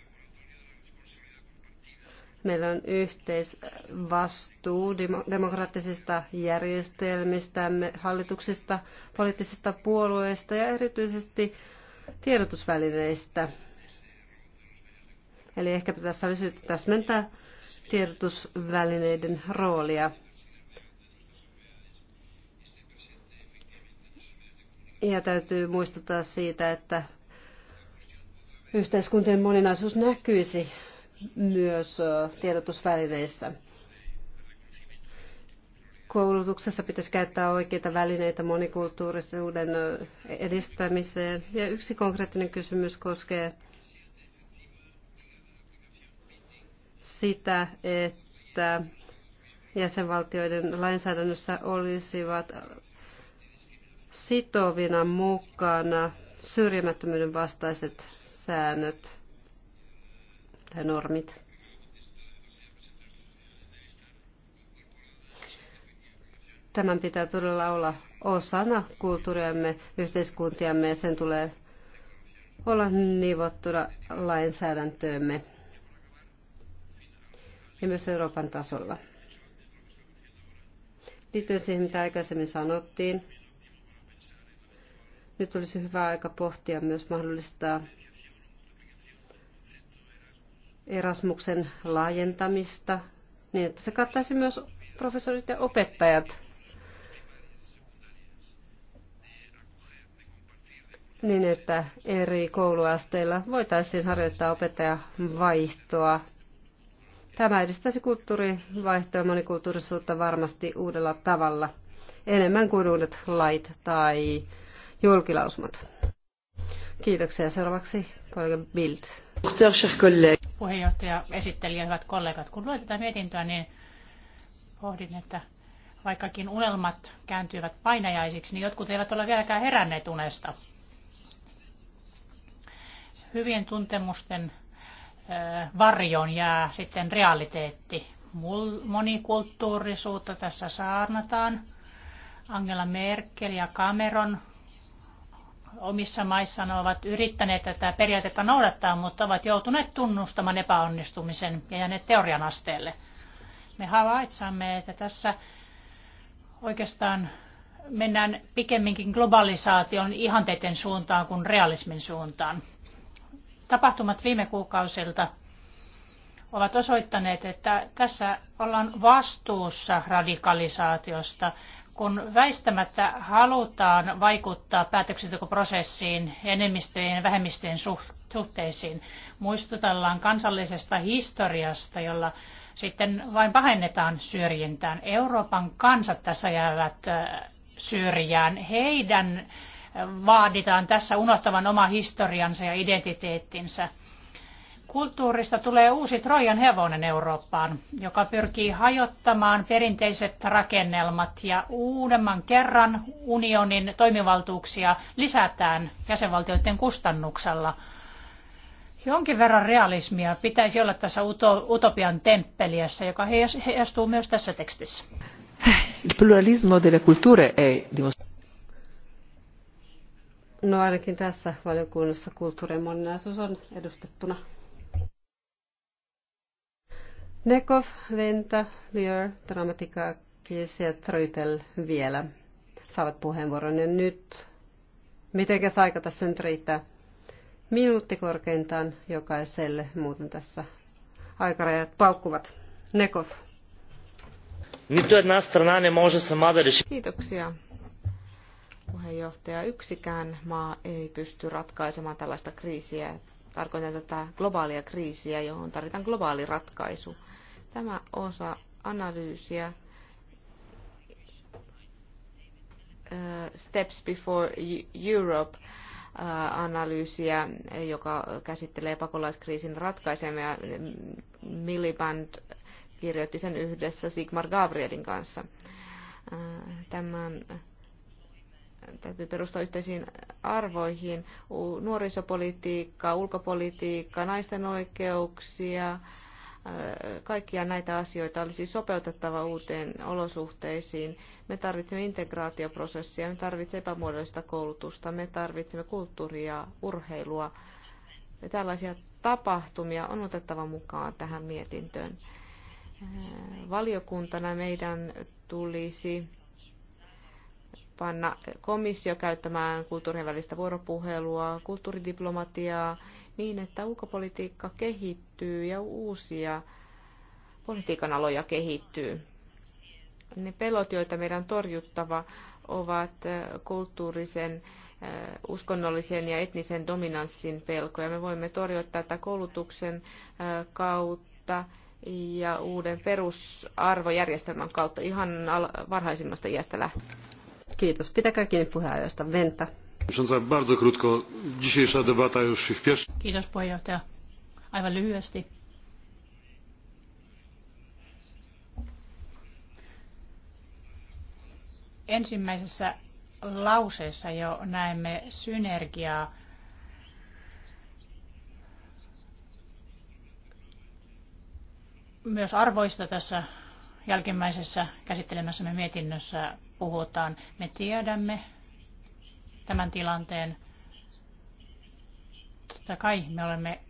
Meillä on yhteisvastuu demokraattisista järjestelmistämme, hallituksista, poliittisista puolueista ja erityisesti tiedotusvälineistä. Eli ehkä tässä olisi täsmentää tiedotusvälineiden roolia. Ja täytyy muistuttaa siitä, että yhteiskuntien moninaisuus näkyisi myös tiedotusvälineissä. Koulutuksessa pitäisi käyttää oikeita välineitä monikulttuurisuuden edistämiseen. Ja yksi konkreettinen kysymys koskee sitä, että jäsenvaltioiden lainsäädännössä olisivat sitovina mukana syrjimättömyyden vastaiset säännöt tai normit. Tämän pitää todella olla osana kulttuuriamme, yhteiskuntiamme ja sen tulee olla nivottuna lainsäädäntöömme ja myös Euroopan tasolla. Liittyen siihen, mitä aikaisemmin sanottiin, nyt olisi hyvä aika pohtia myös mahdollista Erasmuksen laajentamista niin, että se kattaisi myös professorit ja opettajat. Niin, että eri kouluasteilla voitaisiin harjoittaa opettajavaihtoa Tämä edistäisi kulttuurivaihtoa ja monikulttuurisuutta varmasti uudella tavalla, enemmän kuin uudet lait tai julkilausumat. Kiitoksia. Seuraavaksi kollega Bild. Puheenjohtaja, esittelijä, hyvät kollegat. Kun luen tätä mietintöä, niin pohdin, että vaikkakin unelmat kääntyivät painajaisiksi, niin jotkut eivät ole vieläkään heränneet unesta. Hyvien tuntemusten varjoon jää sitten realiteetti. Monikulttuurisuutta tässä saarnataan. Angela Merkel ja Cameron omissa maissaan ovat yrittäneet tätä periaatetta noudattaa, mutta ovat joutuneet tunnustamaan epäonnistumisen ja jääneet teorian asteelle. Me havaitsamme, että tässä oikeastaan mennään pikemminkin globalisaation ihanteiden suuntaan kuin realismin suuntaan tapahtumat viime kuukausilta ovat osoittaneet, että tässä ollaan vastuussa radikalisaatiosta, kun väistämättä halutaan vaikuttaa päätöksentekoprosessiin enemmistöjen ja vähemmistöjen suhteisiin. Muistutellaan kansallisesta historiasta, jolla sitten vain pahennetaan syrjintään. Euroopan kansat tässä jäävät äh, syrjään. Heidän vaaditaan tässä unohtavan oma historiansa ja identiteettinsä. Kulttuurista tulee uusi Trojan hevonen Eurooppaan, joka pyrkii hajottamaan perinteiset rakennelmat ja uudemman kerran unionin toimivaltuuksia lisätään jäsenvaltioiden kustannuksella. Jonkin verran realismia pitäisi olla tässä utopian temppeliässä, joka heijastuu myös tässä tekstissä. Il pluralismo delle culture è dimostrato. No ainakin tässä valiokunnassa kulttuurin moninaisuus on edustettuna. Nekov, Venta, Lier, Dramatika, Kies ja Trytel vielä saavat puheenvuoron. Ja nyt, mitenkäs aika tässä nyt riittää? Minuutti korkeintaan jokaiselle, muuten tässä aikarajat paukkuvat. Nekov. Kiitoksia puheenjohtaja, yksikään maa ei pysty ratkaisemaan tällaista kriisiä. Tarkoitan tätä globaalia kriisiä, johon tarvitaan globaali ratkaisu. Tämä osa analyysiä äh, Steps Before Europe äh, analyysiä, joka käsittelee pakolaiskriisin ratkaisemia. Miliband kirjoitti sen yhdessä Sigmar Gabrielin kanssa. Äh, tämän täytyy perustua yhteisiin arvoihin, nuorisopolitiikkaa, ulkopolitiikkaa, naisten oikeuksia, kaikkia näitä asioita olisi sopeutettava uuteen olosuhteisiin. Me tarvitsemme integraatioprosessia, me tarvitsemme epämuodollista koulutusta, me tarvitsemme kulttuuria, urheilua. Ja tällaisia tapahtumia on otettava mukaan tähän mietintöön. Valiokuntana meidän tulisi panna komissio käyttämään kulttuurien välistä vuoropuhelua, kulttuuridiplomatiaa, niin että ulkopolitiikka kehittyy ja uusia politiikan aloja kehittyy. Ne pelot, joita meidän on torjuttava, ovat kulttuurisen, uskonnollisen ja etnisen dominanssin pelkoja. Me voimme torjua tätä koulutuksen kautta ja uuden perusarvojärjestelmän kautta ihan varhaisimmasta iästä lähtien. Kiitos. Pitäkää kiinni puheenjohtajasta. Venta. Bardzo krótko. Dzisiejsza debata już w pierwszym... Kiitos puheenjohtaja. Aivan lyhyesti. Ensimmäisessä lauseessa jo näemme synergiaa myös arvoista tässä jälkimmäisessä käsittelemässämme mietinnössä puhutaan. Me tiedämme tämän tilanteen. Totta kai me olemme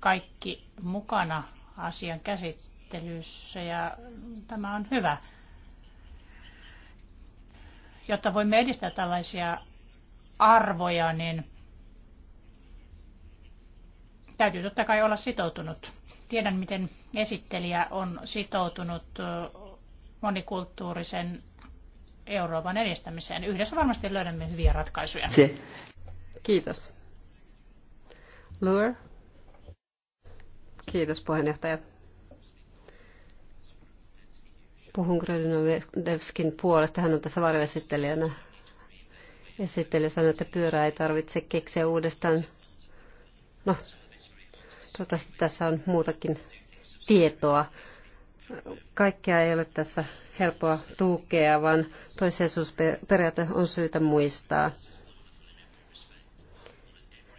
kaikki mukana asian käsittelyssä ja tämä on hyvä. Jotta voimme edistää tällaisia arvoja, niin täytyy totta kai olla sitoutunut. Tiedän, miten esittelijä on sitoutunut monikulttuurisen Euroopan edistämiseen. Yhdessä varmasti löydämme hyviä ratkaisuja. Kiitos. Lure. Kiitos puheenjohtaja. Puhun Grödynövskin puolesta. Hän on tässä varjoesittelijänä. Esittelijä sanoi, että pyörää ei tarvitse keksiä uudestaan. No, toivottavasti tässä on muutakin tietoa kaikkea ei ole tässä helppoa tukea, vaan toisensuusperiaate on syytä muistaa.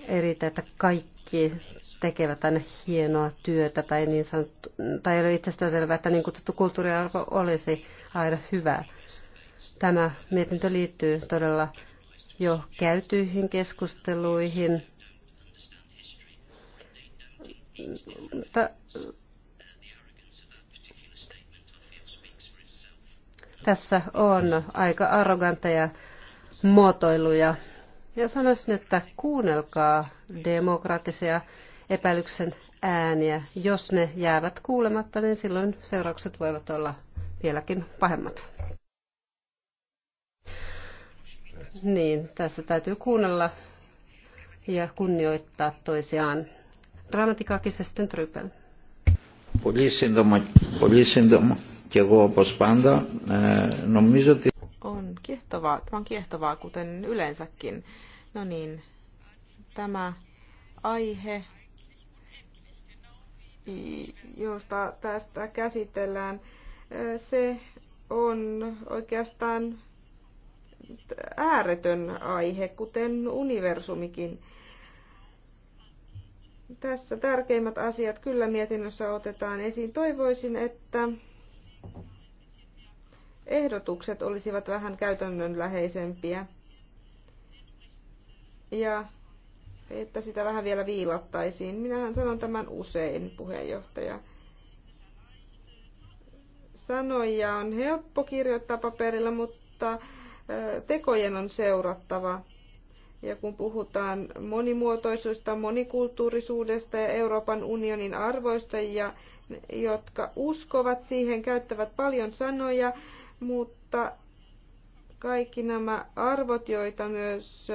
Ei että kaikki tekevät aina hienoa työtä tai, niin sanottu, tai ei ole itsestään selvää, että niin kutsuttu kulttuuriarvo olisi aina hyvä. Tämä mietintö liittyy todella jo käytyihin keskusteluihin. Tässä on aika arroganteja muotoiluja. Ja sanoisin, että kuunnelkaa demokraattisia epäilyksen ääniä. Jos ne jäävät kuulematta, niin silloin seuraukset voivat olla vieläkin pahemmat. Niin, tässä täytyy kuunnella ja kunnioittaa toisiaan. Dramatikaakisesti Trypel. Πολύ σύντομα, και εγώ όπως πάντα νομίζω ότι... On kiehtovaa, tämä on kiehtovaa kuten yleensäkin. No niin, tämä aihe, josta tästä käsitellään, se on oikeastaan ääretön aihe, kuten universumikin. Tässä tärkeimmät asiat kyllä mietinnössä otetaan esiin. Toivoisin, että ehdotukset olisivat vähän käytännönläheisempiä. Ja että sitä vähän vielä viilattaisiin. Minähän sanon tämän usein, puheenjohtaja. Sanoja on helppo kirjoittaa paperilla, mutta tekojen on seurattava. Ja kun puhutaan monimuotoisuudesta, monikulttuurisuudesta ja Euroopan unionin arvoista ja jotka uskovat siihen, käyttävät paljon sanoja, mutta kaikki nämä arvot, joita myös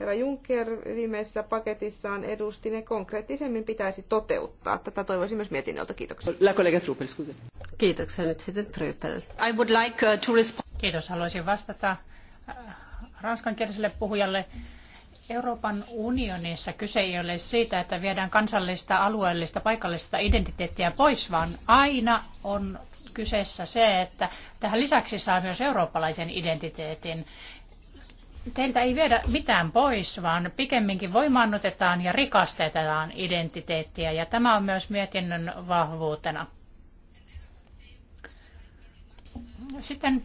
herra Juncker viimeisessä paketissaan edusti, ne konkreettisemmin pitäisi toteuttaa. Tätä toivoisin myös mietinnöltä. Kiitoksia. La collega Truppel, scusi. Kiitoksia nyt sitten Truppel. I would like uh, to respond. Kiitos. Haluaisin vastata äh, ranskankieliselle puhujalle. Euroopan unionissa kyse ei ole siitä, että viedään kansallista, alueellista, paikallista identiteettiä pois, vaan aina on kyseessä se, että tähän lisäksi saa myös eurooppalaisen identiteetin. Teiltä ei viedä mitään pois, vaan pikemminkin voimaannutetaan ja rikastetaan identiteettiä, ja tämä on myös mietinnön vahvuutena. Sitten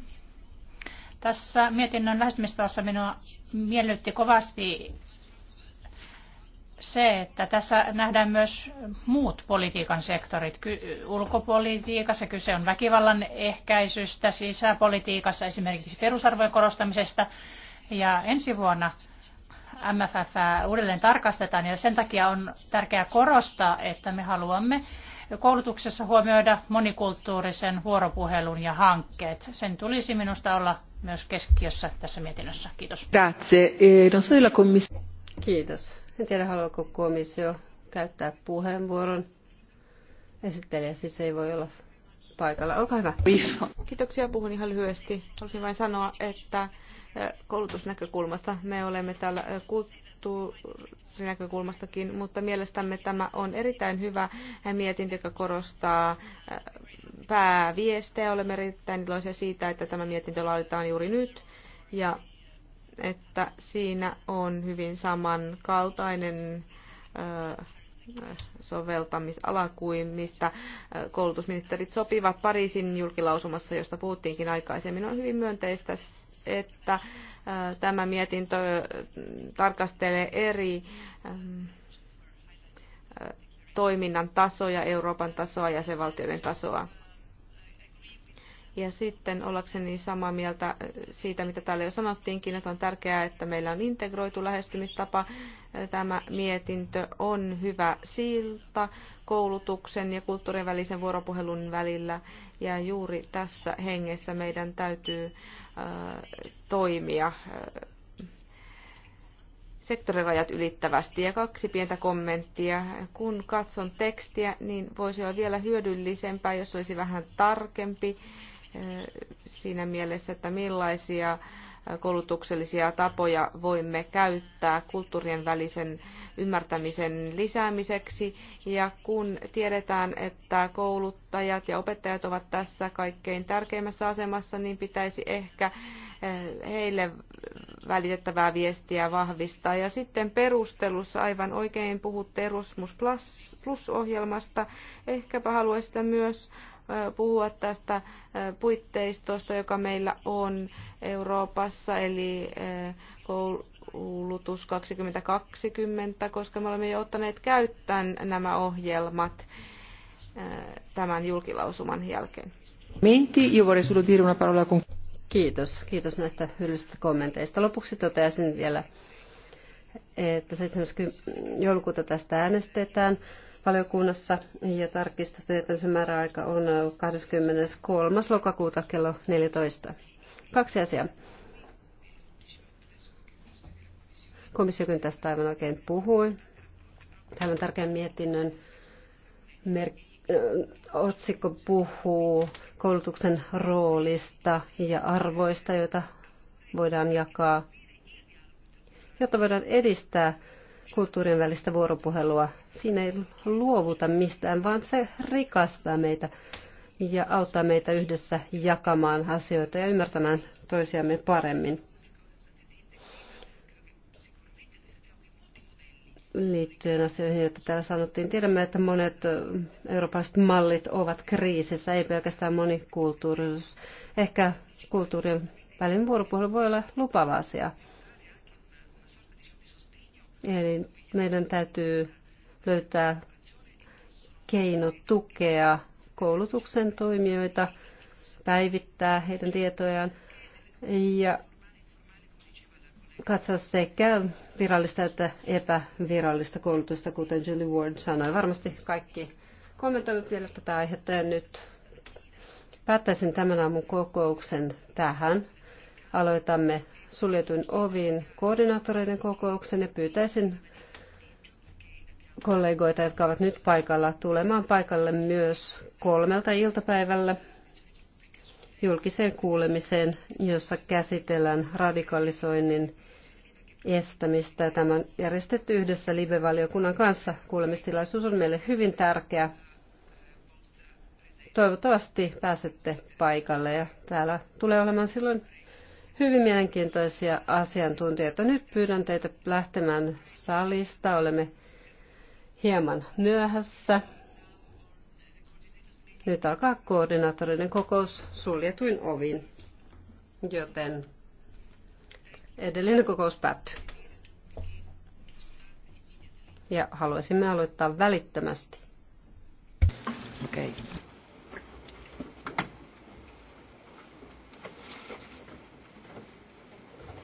tässä mietinnön lähestymistavassa minua miellytti kovasti se, että tässä nähdään myös muut politiikan sektorit. Ulkopolitiikassa kyse on väkivallan ehkäisystä, sisäpolitiikassa esimerkiksi perusarvojen korostamisesta. Ja ensi vuonna MFF uudelleen tarkastetaan ja sen takia on tärkeää korostaa, että me haluamme koulutuksessa huomioida monikulttuurisen vuoropuhelun ja hankkeet. Sen tulisi minusta olla myös keskiössä tässä mietinnössä. Kiitos. Eh, Kiitos. En tiedä, haluaako komissio käyttää puheenvuoron. Esittelijä siis ei voi olla paikalla. Olkaa hyvä. Kiitoksia. Puhun ihan lyhyesti. Haluaisin vain sanoa, että eh, koulutusnäkökulmasta me olemme täällä eh, kulttuurissa kulttuurinäkökulmastakin, mutta mielestämme tämä on erittäin hyvä mietintö, joka korostaa äh, pääviestejä. Olemme erittäin iloisia siitä, että tämä mietintö laaditaan juuri nyt ja että siinä on hyvin samankaltainen äh, soveltamisala kuin mistä äh, koulutusministerit sopivat Pariisin julkilausumassa, josta puhuttiinkin aikaisemmin. On hyvin myönteistä että äh, tämä mietintö äh, tarkastelee eri ähm, äh, toiminnan tasoja, Euroopan tasoa ja jäsenvaltioiden tasoa. Ja sitten ollakseni samaa mieltä siitä, mitä täällä jo sanottiinkin, että on tärkeää, että meillä on integroitu lähestymistapa. Tämä mietintö on hyvä silta koulutuksen ja kulttuurin välisen vuoropuhelun välillä. Ja juuri tässä hengessä meidän täytyy toimia äh, sektorirajat ylittävästi. Ja kaksi pientä kommenttia. Kun katson tekstiä, niin voisi olla vielä hyödyllisempää, jos olisi vähän tarkempi äh, siinä mielessä, että millaisia koulutuksellisia tapoja voimme käyttää kulttuurien välisen ymmärtämisen lisäämiseksi. Ja kun tiedetään, että kouluttajat ja opettajat ovat tässä kaikkein tärkeimmässä asemassa, niin pitäisi ehkä eh, heille välitettävää viestiä vahvistaa. Ja sitten perustelussa aivan oikein puhutte Erasmus Plus-ohjelmasta. Ehkäpä haluaisitte myös puhua tästä puitteistosta, joka meillä on Euroopassa, eli koulutus 2020, koska me olemme jo ottaneet käyttöön nämä ohjelmat tämän julkilausuman jälkeen. Kiitos. Kiitos näistä hyllyistä kommenteista. Lopuksi toteaisin vielä, että 70. joulukuuta tästä äänestetään valiokunnassa ja tarkistusten jättämisen määräaika on 23. lokakuuta kello 14. Kaksi asiaa. Komissiokin tästä aivan oikein puhui. Tämän tärkeän mietinnön otsikko puhuu koulutuksen roolista ja arvoista, joita voidaan jakaa, jotta voidaan edistää kulttuurien välistä vuoropuhelua. Siinä ei luovuta mistään, vaan se rikastaa meitä ja auttaa meitä yhdessä jakamaan asioita ja ymmärtämään toisiamme paremmin. Liittyen asioihin, joita täällä sanottiin, tiedämme, että monet eurooppalaiset mallit ovat kriisissä, ei pelkästään monikulttuurisuus. Ehkä kulttuurien välinen vuoropuhelu voi olla lupava asia. Eli meidän täytyy löytää keino tukea koulutuksen toimijoita, päivittää heidän tietojaan ja katsoa sekä virallista että epävirallista koulutusta, kuten Julie Ward sanoi. Varmasti kaikki kommentoivat vielä tätä aihetta ja nyt päättäisin tämän aamun kokouksen tähän. Aloitamme suljetun ovin koordinaattoreiden kokouksen ja pyytäisin kollegoita, jotka ovat nyt paikalla, tulemaan paikalle myös kolmelta iltapäivällä julkiseen kuulemiseen, jossa käsitellään radikalisoinnin estämistä. Tämä on järjestetty yhdessä live-valiokunnan kanssa. Kuulemistilaisuus on meille hyvin tärkeä. Toivottavasti pääsette paikalle ja täällä tulee olemaan silloin hyvin mielenkiintoisia asiantuntijoita. Nyt pyydän teitä lähtemään salista. Olemme hieman myöhässä. Nyt alkaa koordinaattorinen kokous suljetuin ovin, joten edellinen kokous päättyy. Ja haluaisimme aloittaa välittömästi. Okei. Okay.